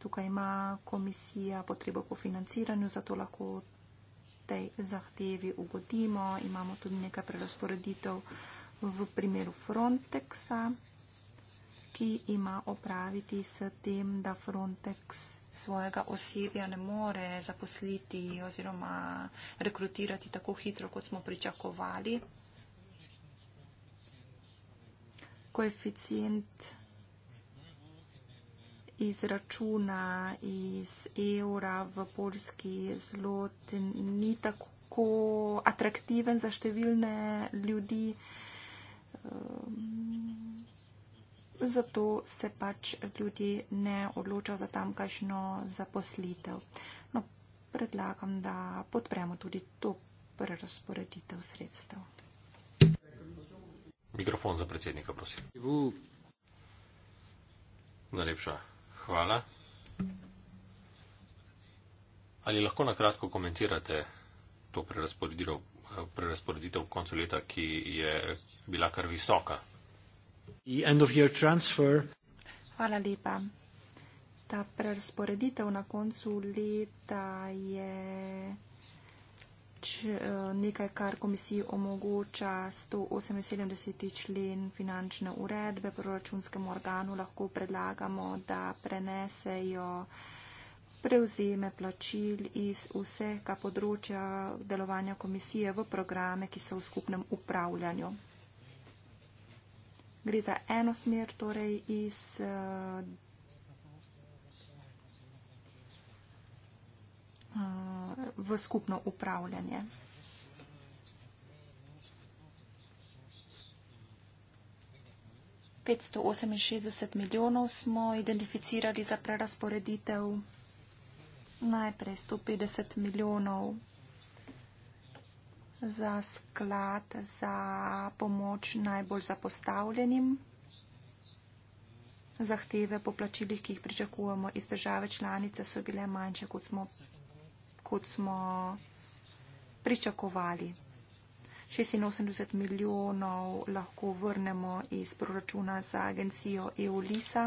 Tukaj ima komisija potrebo po financiranju, zato lahko tej zahtevi ugodimo. Imamo tudi nekaj prerasporeditev v primeru Frontexa, ki ima opraviti s tem, da Frontex svojega osebja ne more zaposliti oziroma rekrutirati tako hitro, kot smo pričakovali. koeficient izračuna iz evra v polski zlot ni tako atraktiven za številne ljudi. Ehm, zato se pač ljudje ne odločajo za tamkajšno zaposlitev. No, predlagam, da podpremo tudi to prerasporeditev sredstev. Mikrofon za predsednika, prosim. Najlepša hvala. Ali lahko na kratko komentirate to prerasporeditev, prerasporeditev v koncu leta, ki je bila kar visoka? Hvala lepa. Ta prerasporeditev na koncu leta je pač nekaj, kar komisiji omogoča 178. člen finančne uredbe proračunskem organu, lahko predlagamo, da prenesejo prevzeme plačil iz vsega področja delovanja komisije v programe, ki so v skupnem upravljanju. Gre za eno smer, torej iz eh, Uh, v skupno upravljanje. Petsto oseminšestdeset milijonov smo identificirali za prerasporeditev, najprej sto petdeset milijonov za sklad za pomoč najbolj zapostavljenim, zahteve po plačilih, ki jih pričakujemo iz države članice, so bile manjše, kot smo kot smo pričakovali. 86 milijonov lahko vrnemo iz proračuna za agencijo EULISA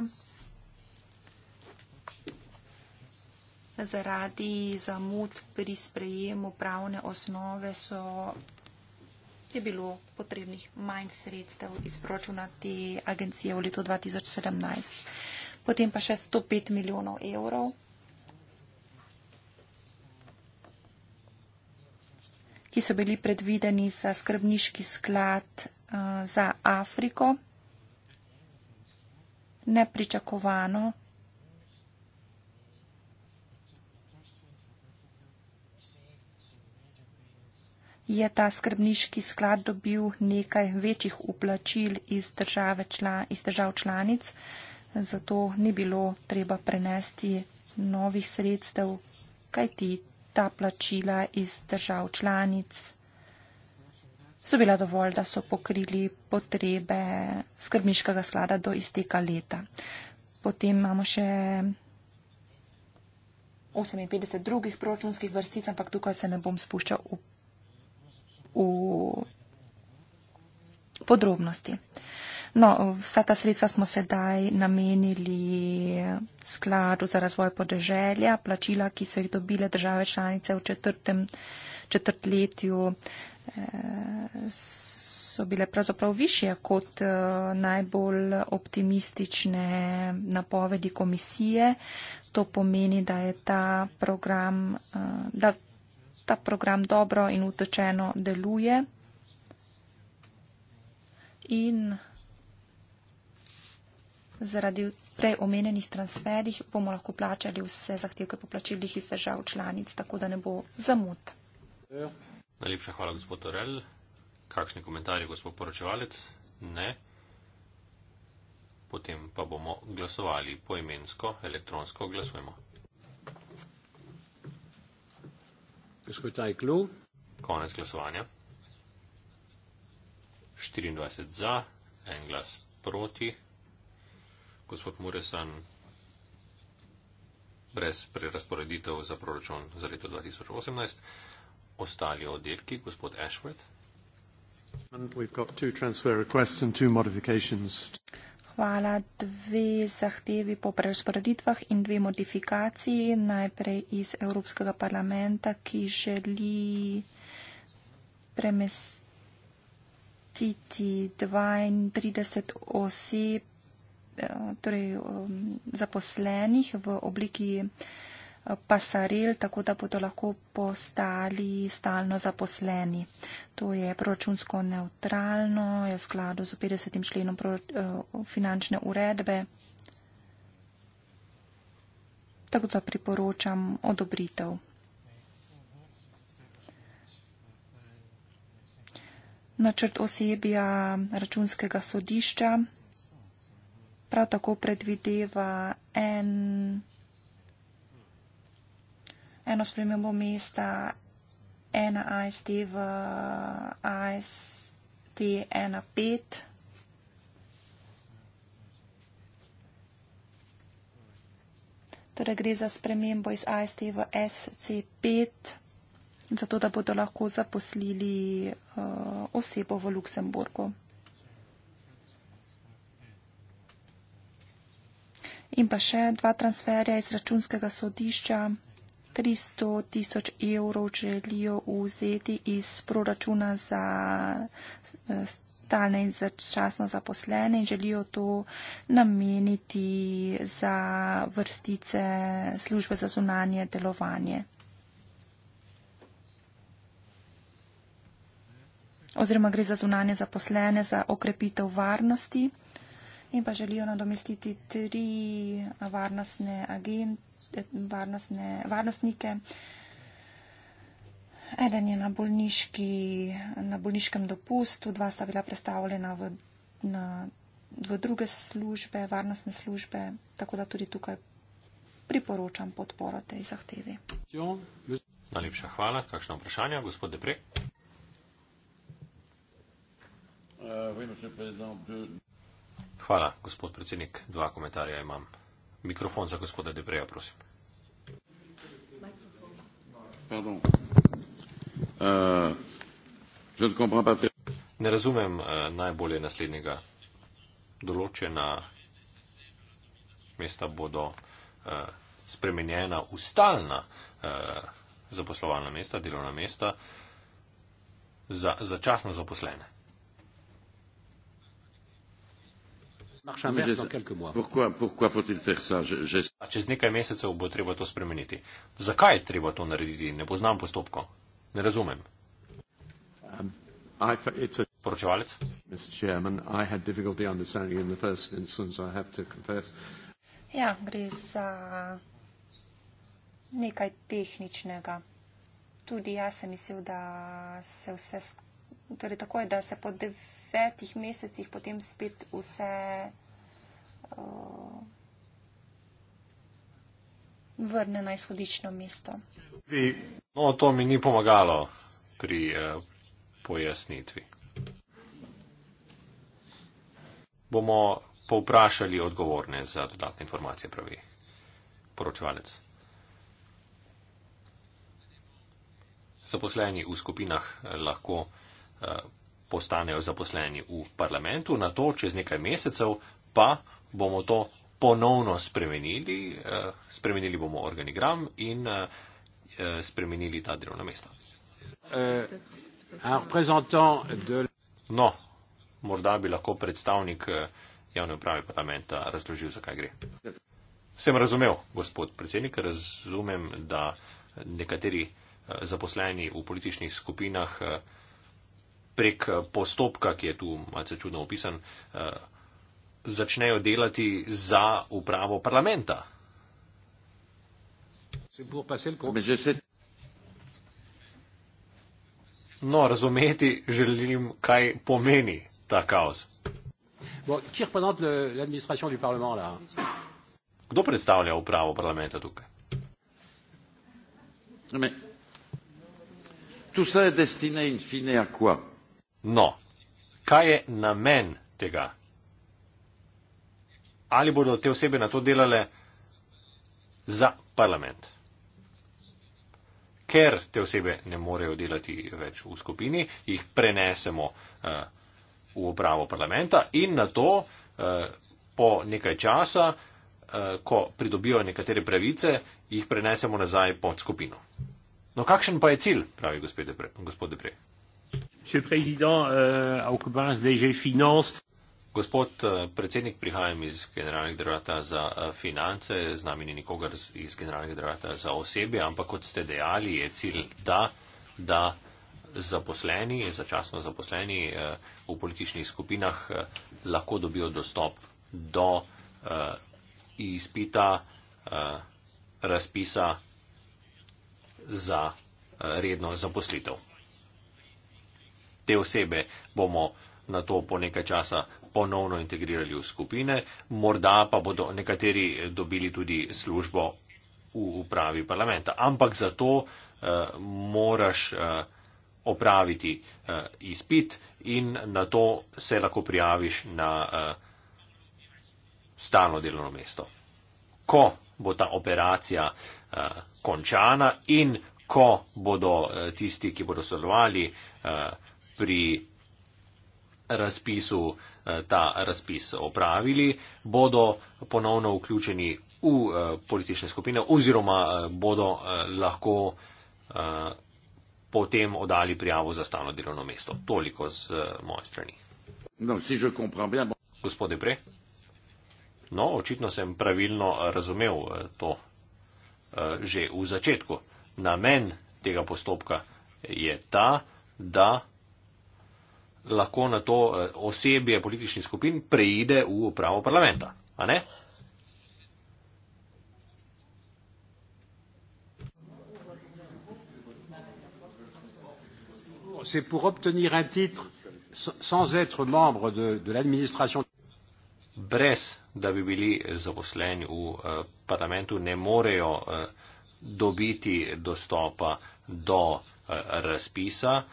zaradi zamud pri sprejemu pravne osnove so je bilo potrebnih manj sredstev iz proračuna te agencije v letu 2017. Potem pa še 105 milijonov evrov ki so bili predvideni za skrbniški sklad eh, za Afriko. Nepričakovano. je ta skrbniški sklad dobil nekaj večjih uplačil iz, član, iz držav članic, zato ni bilo treba prenesti novih sredstev, kaj ti ta plačila iz držav članic so bila dovolj, da so pokrili potrebe skrbniškega sklada do izteka leta. Potem imamo še 58 drugih proračunskih vrstic, ampak tukaj se ne bom spuščal v, v podrobnosti. No, vsa ta sredstva smo sedaj namenili skladu za razvoj podeželja, plačila, ki so jih dobile države članice v četrtem četrtletju, eh, so bile pravzaprav više kot eh, najbolj optimistične napovedi komisije. To pomeni, da je ta program, eh, da ta program dobro in utečeno deluje. In zaradi prej omenjenih transferjih bomo lahko plačali vse zahtevke po plačilih iz držav članic, tako da ne bo zamud. Najlepša hvala, gospod Torel. Kakšni komentarji, gospod poročevalec? Ne. Potem pa bomo glasovali poimensko, elektronsko glasujemo. Gospod Tajklu. Konec glasovanja. 24 za, en glas proti gospod Muresan brez prerasporeditev za proračun za leto 2018. Ostali oddelki, gospod Ashworth. Hvala. Dve zahtevi po prerasporeditvah in dve modifikaciji. Najprej iz Evropskega parlamenta, ki želi premestiti 32 oseb Eh, torej, eh, zaposlenih v obliki eh, pasarel, tako da bodo lahko postali stalno zaposleni. To je proračunsko neutralno, je v skladu z 50. členom finančne uredbe. Tako da priporočam odobritev. Načrt osebja računskega sodišča prav tako predvideva en, eno spremembo mesta, ena IST v IST 1.5. Torej gre za spremembo iz IST v SC5, zato da bodo lahko zaposlili uh, osebo v Luksemburgu. in pa še dva transferja iz računskega sodišča. 300 tisoč evrov želijo vzeti iz proračuna za stalne in začasno zaposlene in želijo to nameniti za vrstice službe za zunanje delovanje. Oziroma gre za zunanje zaposlene za okrepitev varnosti in pa želijo nadomestiti tri varnostne agente, varnostne, varnostnike. Eden je na, bolniški, na bolniškem dopustu, dva sta bila predstavljena v, na, v druge službe, varnostne službe, tako da tudi tukaj priporočam podporo tej zahtevi. Najlepša hvala. Kakšno vprašanje, gospod Deprej? Uh, Hvala, gospod predsednik. Dva komentarja imam. Mikrofon za gospoda Debreja, prosim. Uh, ne razumem uh, najbolje naslednjega. Določena mesta bodo uh, spremenjena v stalna uh, zaposlovalna mesta, delovna mesta za začasno zaposlene. Pourquoi, pourquoi faut-il faire ça je, je... A čez nekaj mesecev bo treba to spremeniti. Zakaj je treba to narediti? Ne poznam postopka. Ne razumem. Um, Poročevalec? Ja, gre za nekaj tehničnega. Tudi jaz sem mislil, da se vse, torej tako je, da se podev petih mesecih potem spet vse uh, vrne na izhodično mesto. No, to mi ni pomagalo pri uh, pojasnitvi. Bomo povprašali odgovorne za dodatne informacije, pravi poročevalec. Zaposleni v skupinah eh, lahko uh, postanejo zaposleni v parlamentu, na to čez nekaj mesecev pa bomo to ponovno spremenili, eh, spremenili bomo organigram in eh, eh, spremenili ta delovna mesta. No, morda bi lahko predstavnik javne uprave parlamenta razložil, zakaj gre. Sem razumel, gospod predsednik, razumem, da nekateri zaposleni v političnih skupinah prek postopka, ki je tu malce čudno opisan, eh, začnejo delati za upravo parlamenta. No, razumeti želim, kaj pomeni ta kaos. Kdo predstavlja upravo parlamenta tukaj? Tout ça est destiné, in fine, à quoi? No, kaj je namen tega? Ali bodo te osebe na to delale za parlament? Ker te osebe ne morejo delati več v skupini, jih prenesemo uh, v upravo parlamenta in na to uh, eh, po nekaj časa, uh, ko pridobijo nekatere pravice, jih prenesemo nazaj pod skupino. No, kakšen pa je cilj, pravi gospod Depre? Euh, Gospod eh, predsednik, prihajam iz generalnega drata za eh, finance, z nami ni nikogar iz generalnega drata za osebje, ampak kot ste dejali, je cilj ta, da zaposleni, začasno zaposleni eh, v političnih skupinah lahko dobijo dostop do izpita, razpisa za redno zaposlitev te osebe bomo na to po nekaj časa ponovno integrirali v skupine, morda pa bodo nekateri dobili tudi službo v upravi parlamenta. Ampak za to eh, moraš eh, opraviti eh, izpit in na to se lahko prijaviš na eh, stalno delovno mesto. Ko bo ta operacija eh, končana in ko bodo eh, tisti, ki bodo sodelovali, eh, pri razpisu eh, ta razpis opravili, bodo ponovno vključeni v eh, politične skupine oziroma eh, bodo lahko potem odali prijavo za stalno delovno mesto. Toliko z moje strani. No, Gospode Pre? No, očitno sem pravilno razumel to že v začetku. Namen tega postopka je ta, da lahko na to eh, osebje političnih skupin preide v upravo parlamenta. C'est pour obtenir un titre sans être membre de, de l'administration. Brez da bi bili zaposleni v eh, parlamentu, ne morejo eh, dobiti dostopa do razpisa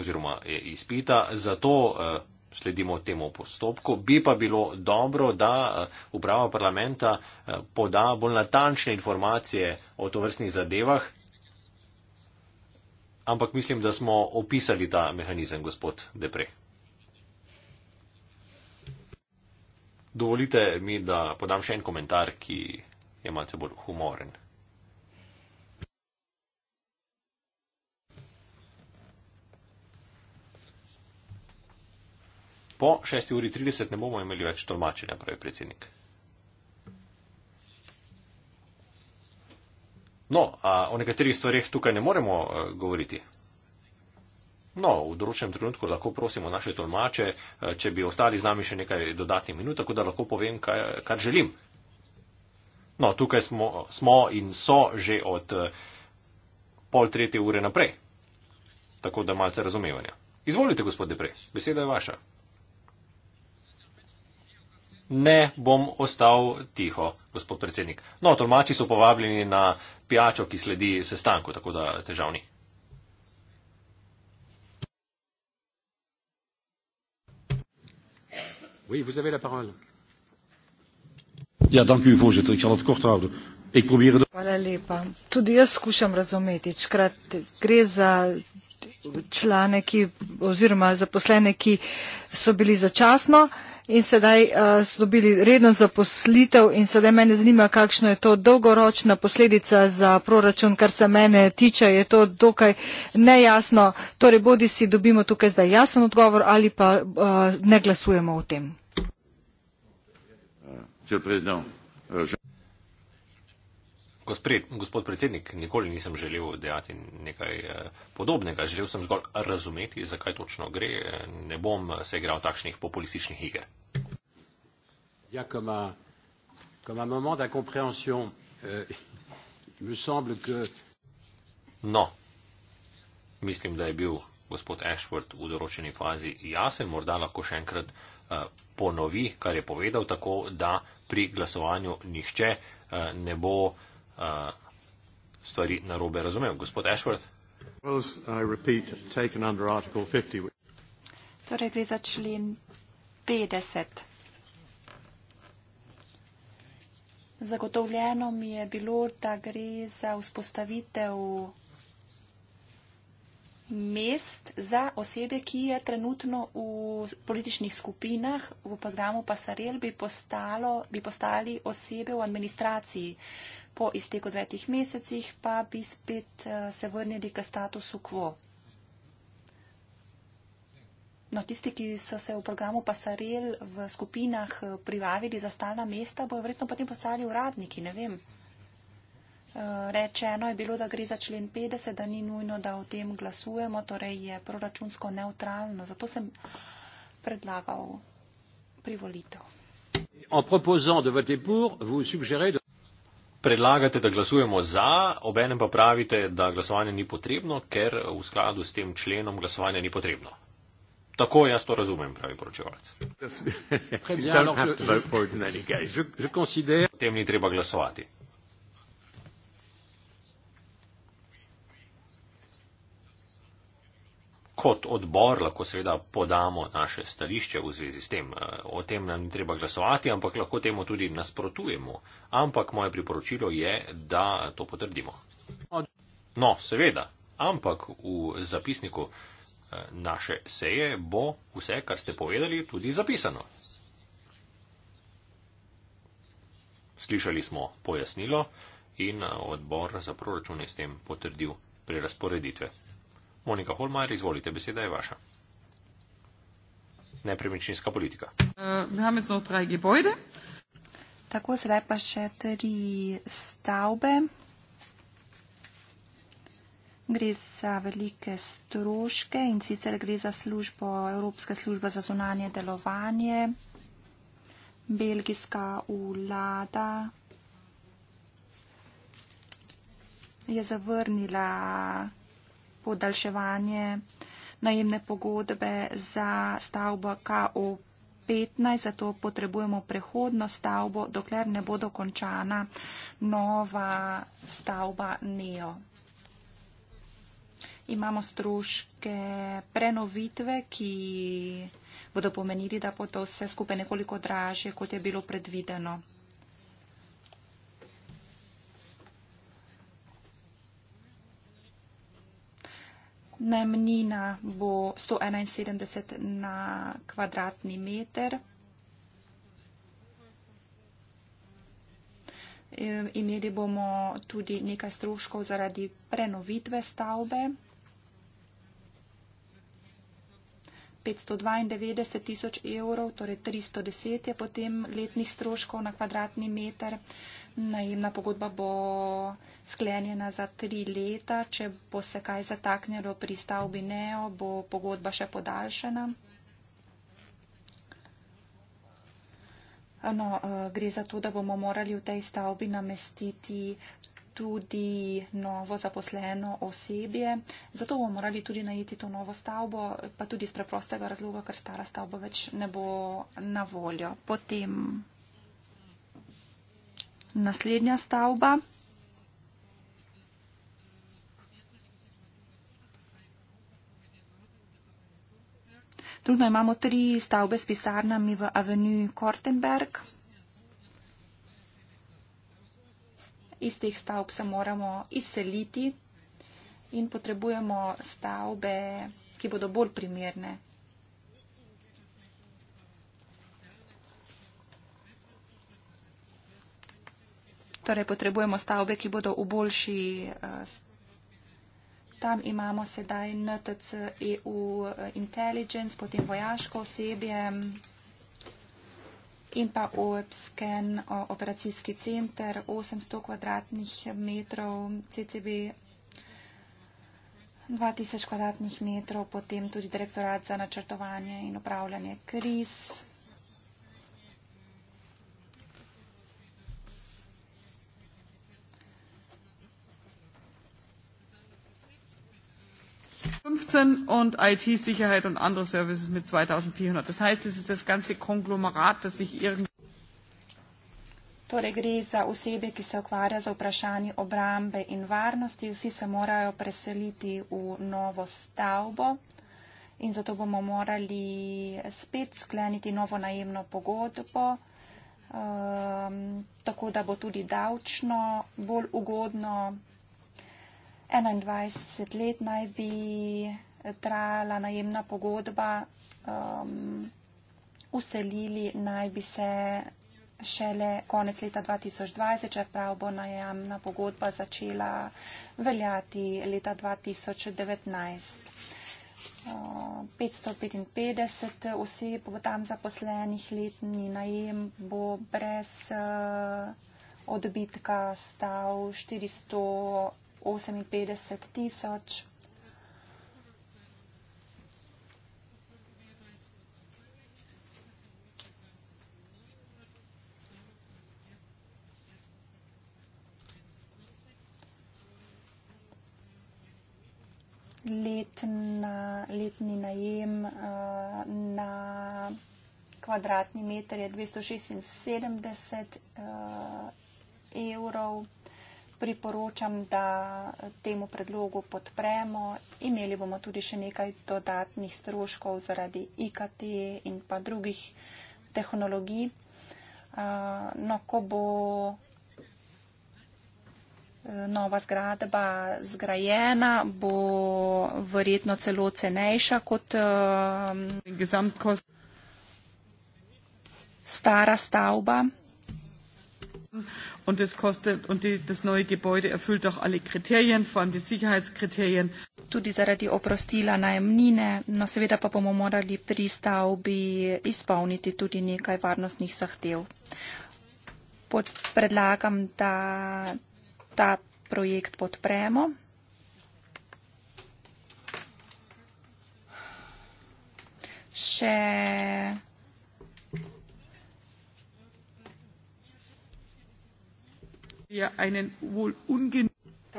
oziroma izpita, zato eh, sledimo temu postopku. Bi pa bilo dobro, da eh, uprava parlamenta eh, poda bolj natančne informacije o tovrstnih zadevah. Ampak mislim, da smo opisali ta mehanizem, gospod Depre. Dovolite mi, da podam še en komentar, ki je malce bolj humoren. po 6.30 ne bomo imeli več tolmačenja, pravi predsednik. No, a o nekaterih stvarih tukaj ne moremo eh, govoriti. No, v določenem trenutku lahko prosimo naše tolmače, eh, če bi ostali z nami še nekaj dodatnih minut, tako da lahko povem, kaj, kar želim. No, tukaj smo, smo in so že od eh, pol tretje ure naprej. Tako da malce razumevanja. Izvolite, gospod Deprej, beseda je vaša ne bom ostal tiho, gospod predsednik. No, tolmači so povabljeni na pijačo, ki sledi sestanku, tako da težav ni. Ja, danki, vožitelj, če lahko kratko odgovorim. Probiru... Hvala lepa. Tudi jaz skušam razumeti, krat gre za člane, ki, oziroma zaposlene, ki so bili začasno in sedaj uh, so dobili redno zaposlitev in sedaj mene zanima, kakšno je to dolgoročna posledica za proračun, kar se mene tiče, je to dokaj nejasno. Torej, bodi si dobimo tukaj zdaj jasen odgovor ali pa uh, ne glasujemo o tem. Uh, Gospred, gospod predsednik, nikoli nisem želel dejati nekaj eh, podobnega. Želel sem zgolj razumeti, zakaj točno gre. Ne bom se igral takšnih populističnih iger. Ja, koma, koma moment da komprehension, eh, me semble, ke... No, mislim, da je bil gospod Ashford v določeni fazi jasen, morda lahko še enkrat eh, ponovi, kar je povedal, tako da pri glasovanju nihče eh, ne bo stvari na robe razumel. Gospod Ashworth. Torej gre za člen 50. Zagotovljeno mi je bilo, da gre za vzpostavitev mest za osebe, ki je trenutno v političnih skupinah v programu Pasarel, bi, postalo, bi postali osebe v administraciji. Uh, po izteku dvetih mesecih pa bi spet eh, se vrnili k statusu quo. No, tisti, ki so se v programu pasarel v skupinah eh, privavili za stalna mesta, bojo verjetno potem postali uradniki, ne vem. Eh, rečeno je bilo, da gre za člen 50, da ni nujno, da o tem glasujemo, torej je proračunsko neutralno. Zato sem predlagal privolitev. En proposant de voter pour, vous suggérez de predlagate, da glasujemo za, obenem pa pravite, da glasovanje ni potrebno, ker v skladu s tem členom glasovanje ni potrebno. Tako jaz to razumem, pravi poročevalec. Potem ni treba glasovati. kot odbor lahko seveda podamo naše stališče v zvezi s tem. Eh, o tem nam ni treba glasovati, ampak lahko temu tudi nasprotujemo. Ampak moje priporočilo je, da to potrdimo. No, seveda, ampak v zapisniku eh, naše seje bo vse, kar ste povedali, tudi zapisano. Slišali smo pojasnilo in eh, odbor za proračune s tem potrdil prerasporeditve. Monika Holmajer, izvolite, beseda je vaša. Nepremičninska politika. Eh, Tako, sedaj pa še tri stavbe. Gre za velike stroške in sicer gre za službo Evropska služba za zunanje delovanje, belgijska vlada. Je zavrnila podaljševanje najemne pogodbe za stavbo KO15, zato potrebujemo prehodno stavbo, dokler ne bo dokončana nova stavba NEO. Imamo stroške prenovitve, ki bodo pomenili, da bo to vse skupaj nekoliko dražje, kot je bilo predvideno. Najemnina bo 171 na kvadratni meter. Imeli bomo tudi nekaj stroškov zaradi prenovitve stavbe. 592 tisoč evrov, torej 310 je potem letnih stroškov na kvadratni meter. Najemna pogodba bo sklenjena za tri leta, če bo se kaj zataknjalo pri stavbi Neo, bo pogodba še podaljšana. No, eh, gre za to, da bomo morali v tej stavbi namestiti tudi novo zaposleno osebje. Zato bomo morali tudi najeti to novo stavbo, pa tudi iz preprostega razloga, ker stara stavba več ne bo na voljo. Potem naslednja stavba. Trudno imamo tri stavbe s pisarnami v Avenue Kortenberg. iz teh stavb se moramo izseliti in potrebujemo stavbe, ki bodo bolj primerne. Torej, potrebujemo stavbe, ki bodo v boljši. Eh, tam imamo sedaj NTC EU eh, Intelligence, potem vojaško osebje in pa OEPSCAN operacijski center, 800 kvadratnih metrov, CCB 2000 kvadratnih metrov, potem tudi direktorat za načrtovanje in upravljanje kriz. 15 und IT-Sicherheit und andere Services mit 2400. Das heißt, es ist das ganze Konglomerat, das sich irgendwie. Torej gre za osebe, ki se ukvarja z vprašanji obrambe in varnosti. Vsi se morajo preseliti v novo stavbo in zato bomo morali spet skleniti novo najemno pogodbo, um, tako da bo tudi davčno bolj ugodno 21 let naj bi trajala najemna pogodba, um, uselili naj bi se šele konec leta 2020, čeprav bo najemna pogodba začela veljati leta 2019. 555 uh, oseb bo tam zaposlenih, letni najem bo brez uh, odbitka stal 400 58 tisoč. Letna, letni najem uh, na kvadratni meter je 276 uh, eh, evrov priporočam, da temu predlogu podpremo. Imeli bomo tudi še nekaj dodatnih stroškov zaradi IKT in pa drugih tehnologij. No, ko bo e, nova zgradba zgrajena, bo verjetno celo cenejša kot e, stara stavba und es kostet und die, das neue Gebäude erfüllt auch alle Kriterien, vor allem die Sicherheitskriterien. Tudi zaradi oprostila najemnine, no seveda pa bomo morali pri stavbi izpolniti tudi nekaj varnostnih zahtev. Pod, predlagam, da ta projekt podpremo. Še Ja,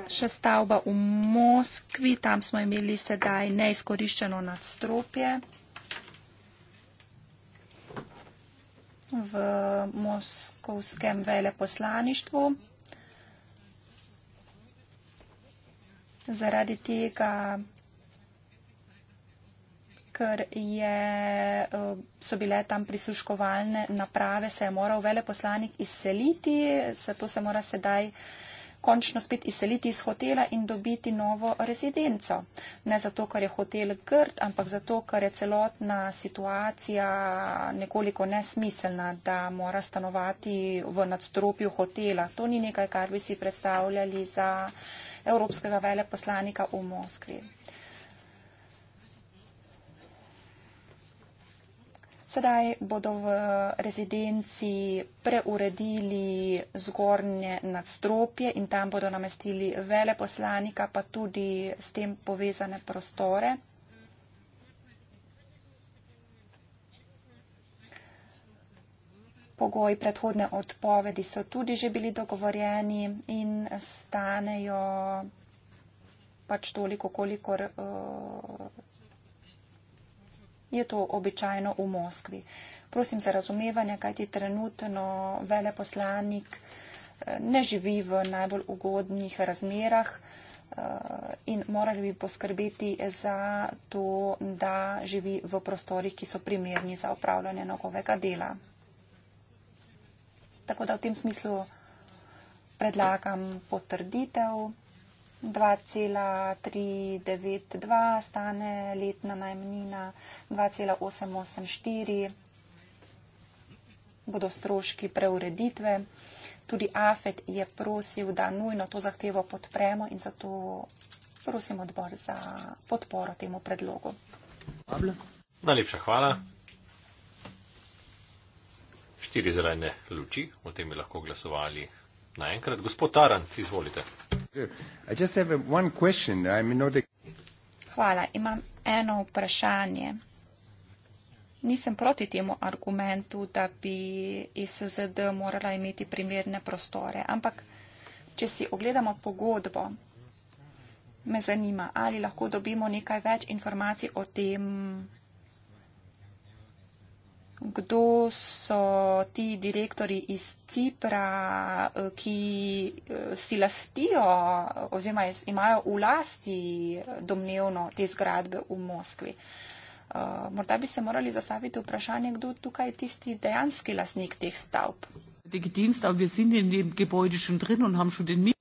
Še stavba v Moskvi, tam smo imeli sedaj neizkoriščeno nadstropje. v moskovskem veleposlaništvu. Zaradi tega ker je, eh, so bile tam prisluškovalne naprave, se je moral veleposlanik izseliti, zato se mora sedaj končno spet izseliti iz hotela in dobiti novo rezidenco. Ne zato, ker je hotel grd, ampak zato, ker je celotna situacija nekoliko nesmiselna, da mora stanovati v nadstropju hotela. To ni nekaj, kar bi si predstavljali za evropskega veleposlanika v Moskvi. Sedaj bodo v rezidenci preuredili zgornje nadstropje in tam bodo namestili veleposlanika, pa tudi s tem povezane prostore. Pogoji predhodne odpovedi so tudi že bili dogovorjeni in stanejo pač toliko, kolikor. Uh, je to običajno v Moskvi. Prosim za razumevanje, kajti trenutno veleposlanik eh, ne živi v najbolj ugodnih razmerah eh, in morali bi poskrbeti za to, da živi v prostorih, ki so primerni za upravljanje njegovega dela. Tako da v tem smislu predlagam potrditev. 2,392 stane letna najmnina, 2,884 bodo stroški preureditve. Tudi AFET je prosil, da nujno to zahtevo podpremo in zato prosim odbor za podporo temu predlogu. Najlepša hvala. Štiri zelene luči, o tem bi lahko glasovali naenkrat. Gospod Tarant, izvolite. Hvala. Imam eno vprašanje. Nisem proti temu argumentu, da bi ISZD morala imeti primerne prostore, ampak če si ogledamo pogodbo, me zanima, ali lahko dobimo nekaj več informacij o tem, kdo so ti direktori iz Cipra, eh, ki eh, si lastijo oziroma imajo v lasti eh, domnevno te zgradbe v Moskvi. Morda bi se morali zastaviti vprašanje, kdo tukaj je tisti dejanski lasnik teh stavb. Die Gedienstaufwirsinnen in dem Gebäude schon drin und haben schon den Mieter.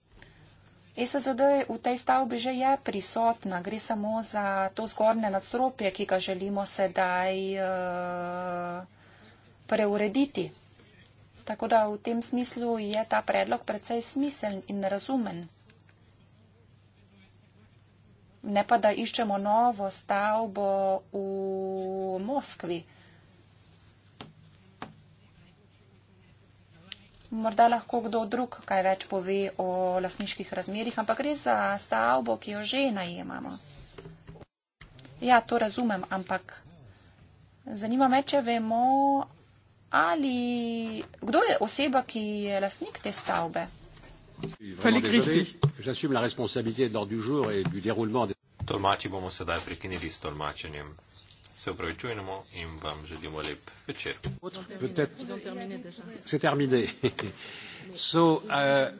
SSD v tej stavbi že je prisotna, gre samo za to zgornje nadstropje, ki ga želimo sedaj eh, preurediti. Tako da v tem smislu je ta predlog predvsej smiseln in razumen. Ne pa, da iščemo novo stavbo v Moskvi. morda lahko kdo drug kaj več pove o lasniških razmerih, ampak gre za stavbo, ki jo že najemamo. Ja, to razumem, ampak zanima me, če vemo, ali kdo je oseba, ki je lasnik te stavbe. Tolmači bomo sedaj prekinili s tolmačenjem se opravičujemo in vam želimo lep večer. C'est terminé. so, uh,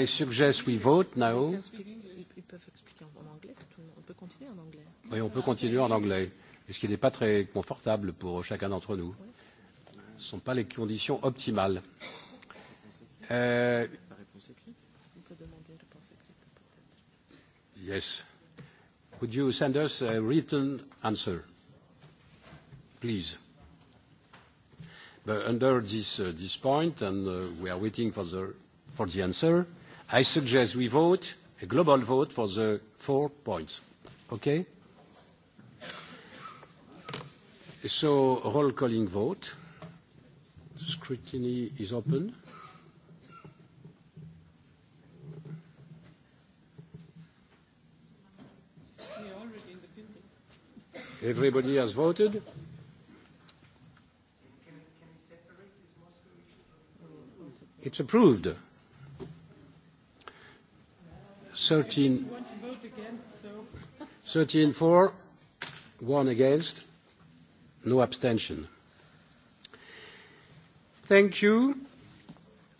I suggest we vote now. Oui, on peut continuer en anglais, ce qui n'est pas très confortable pour chacun d'entre nous. Ce ne sont pas les conditions optimales. Euh, yes. Would you send us a written answer, please. But under this uh, point, and uh, we are waiting for the answer, I suggest we vote a global vote for the four points. Okay? So roll calling vote. Scrutiny is open. everybody has voted. It's approved. 13, 13 4, 1 against, no abstention. Thank you.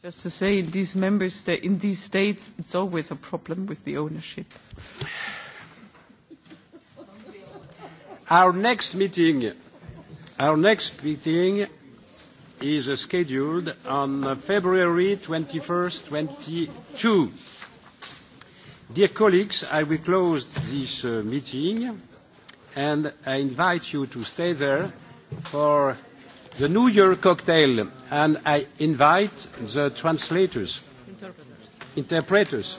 Just to say, in these member states, in these states, it's always a problem with the ownership. Our next meeting, our next meeting is scheduled on February 21st, 2022. Dear colleagues, I will close this uh, meeting, and I invite you to stay there for the New Year cocktail, and I invite the translators. Interpreters. Interpreters.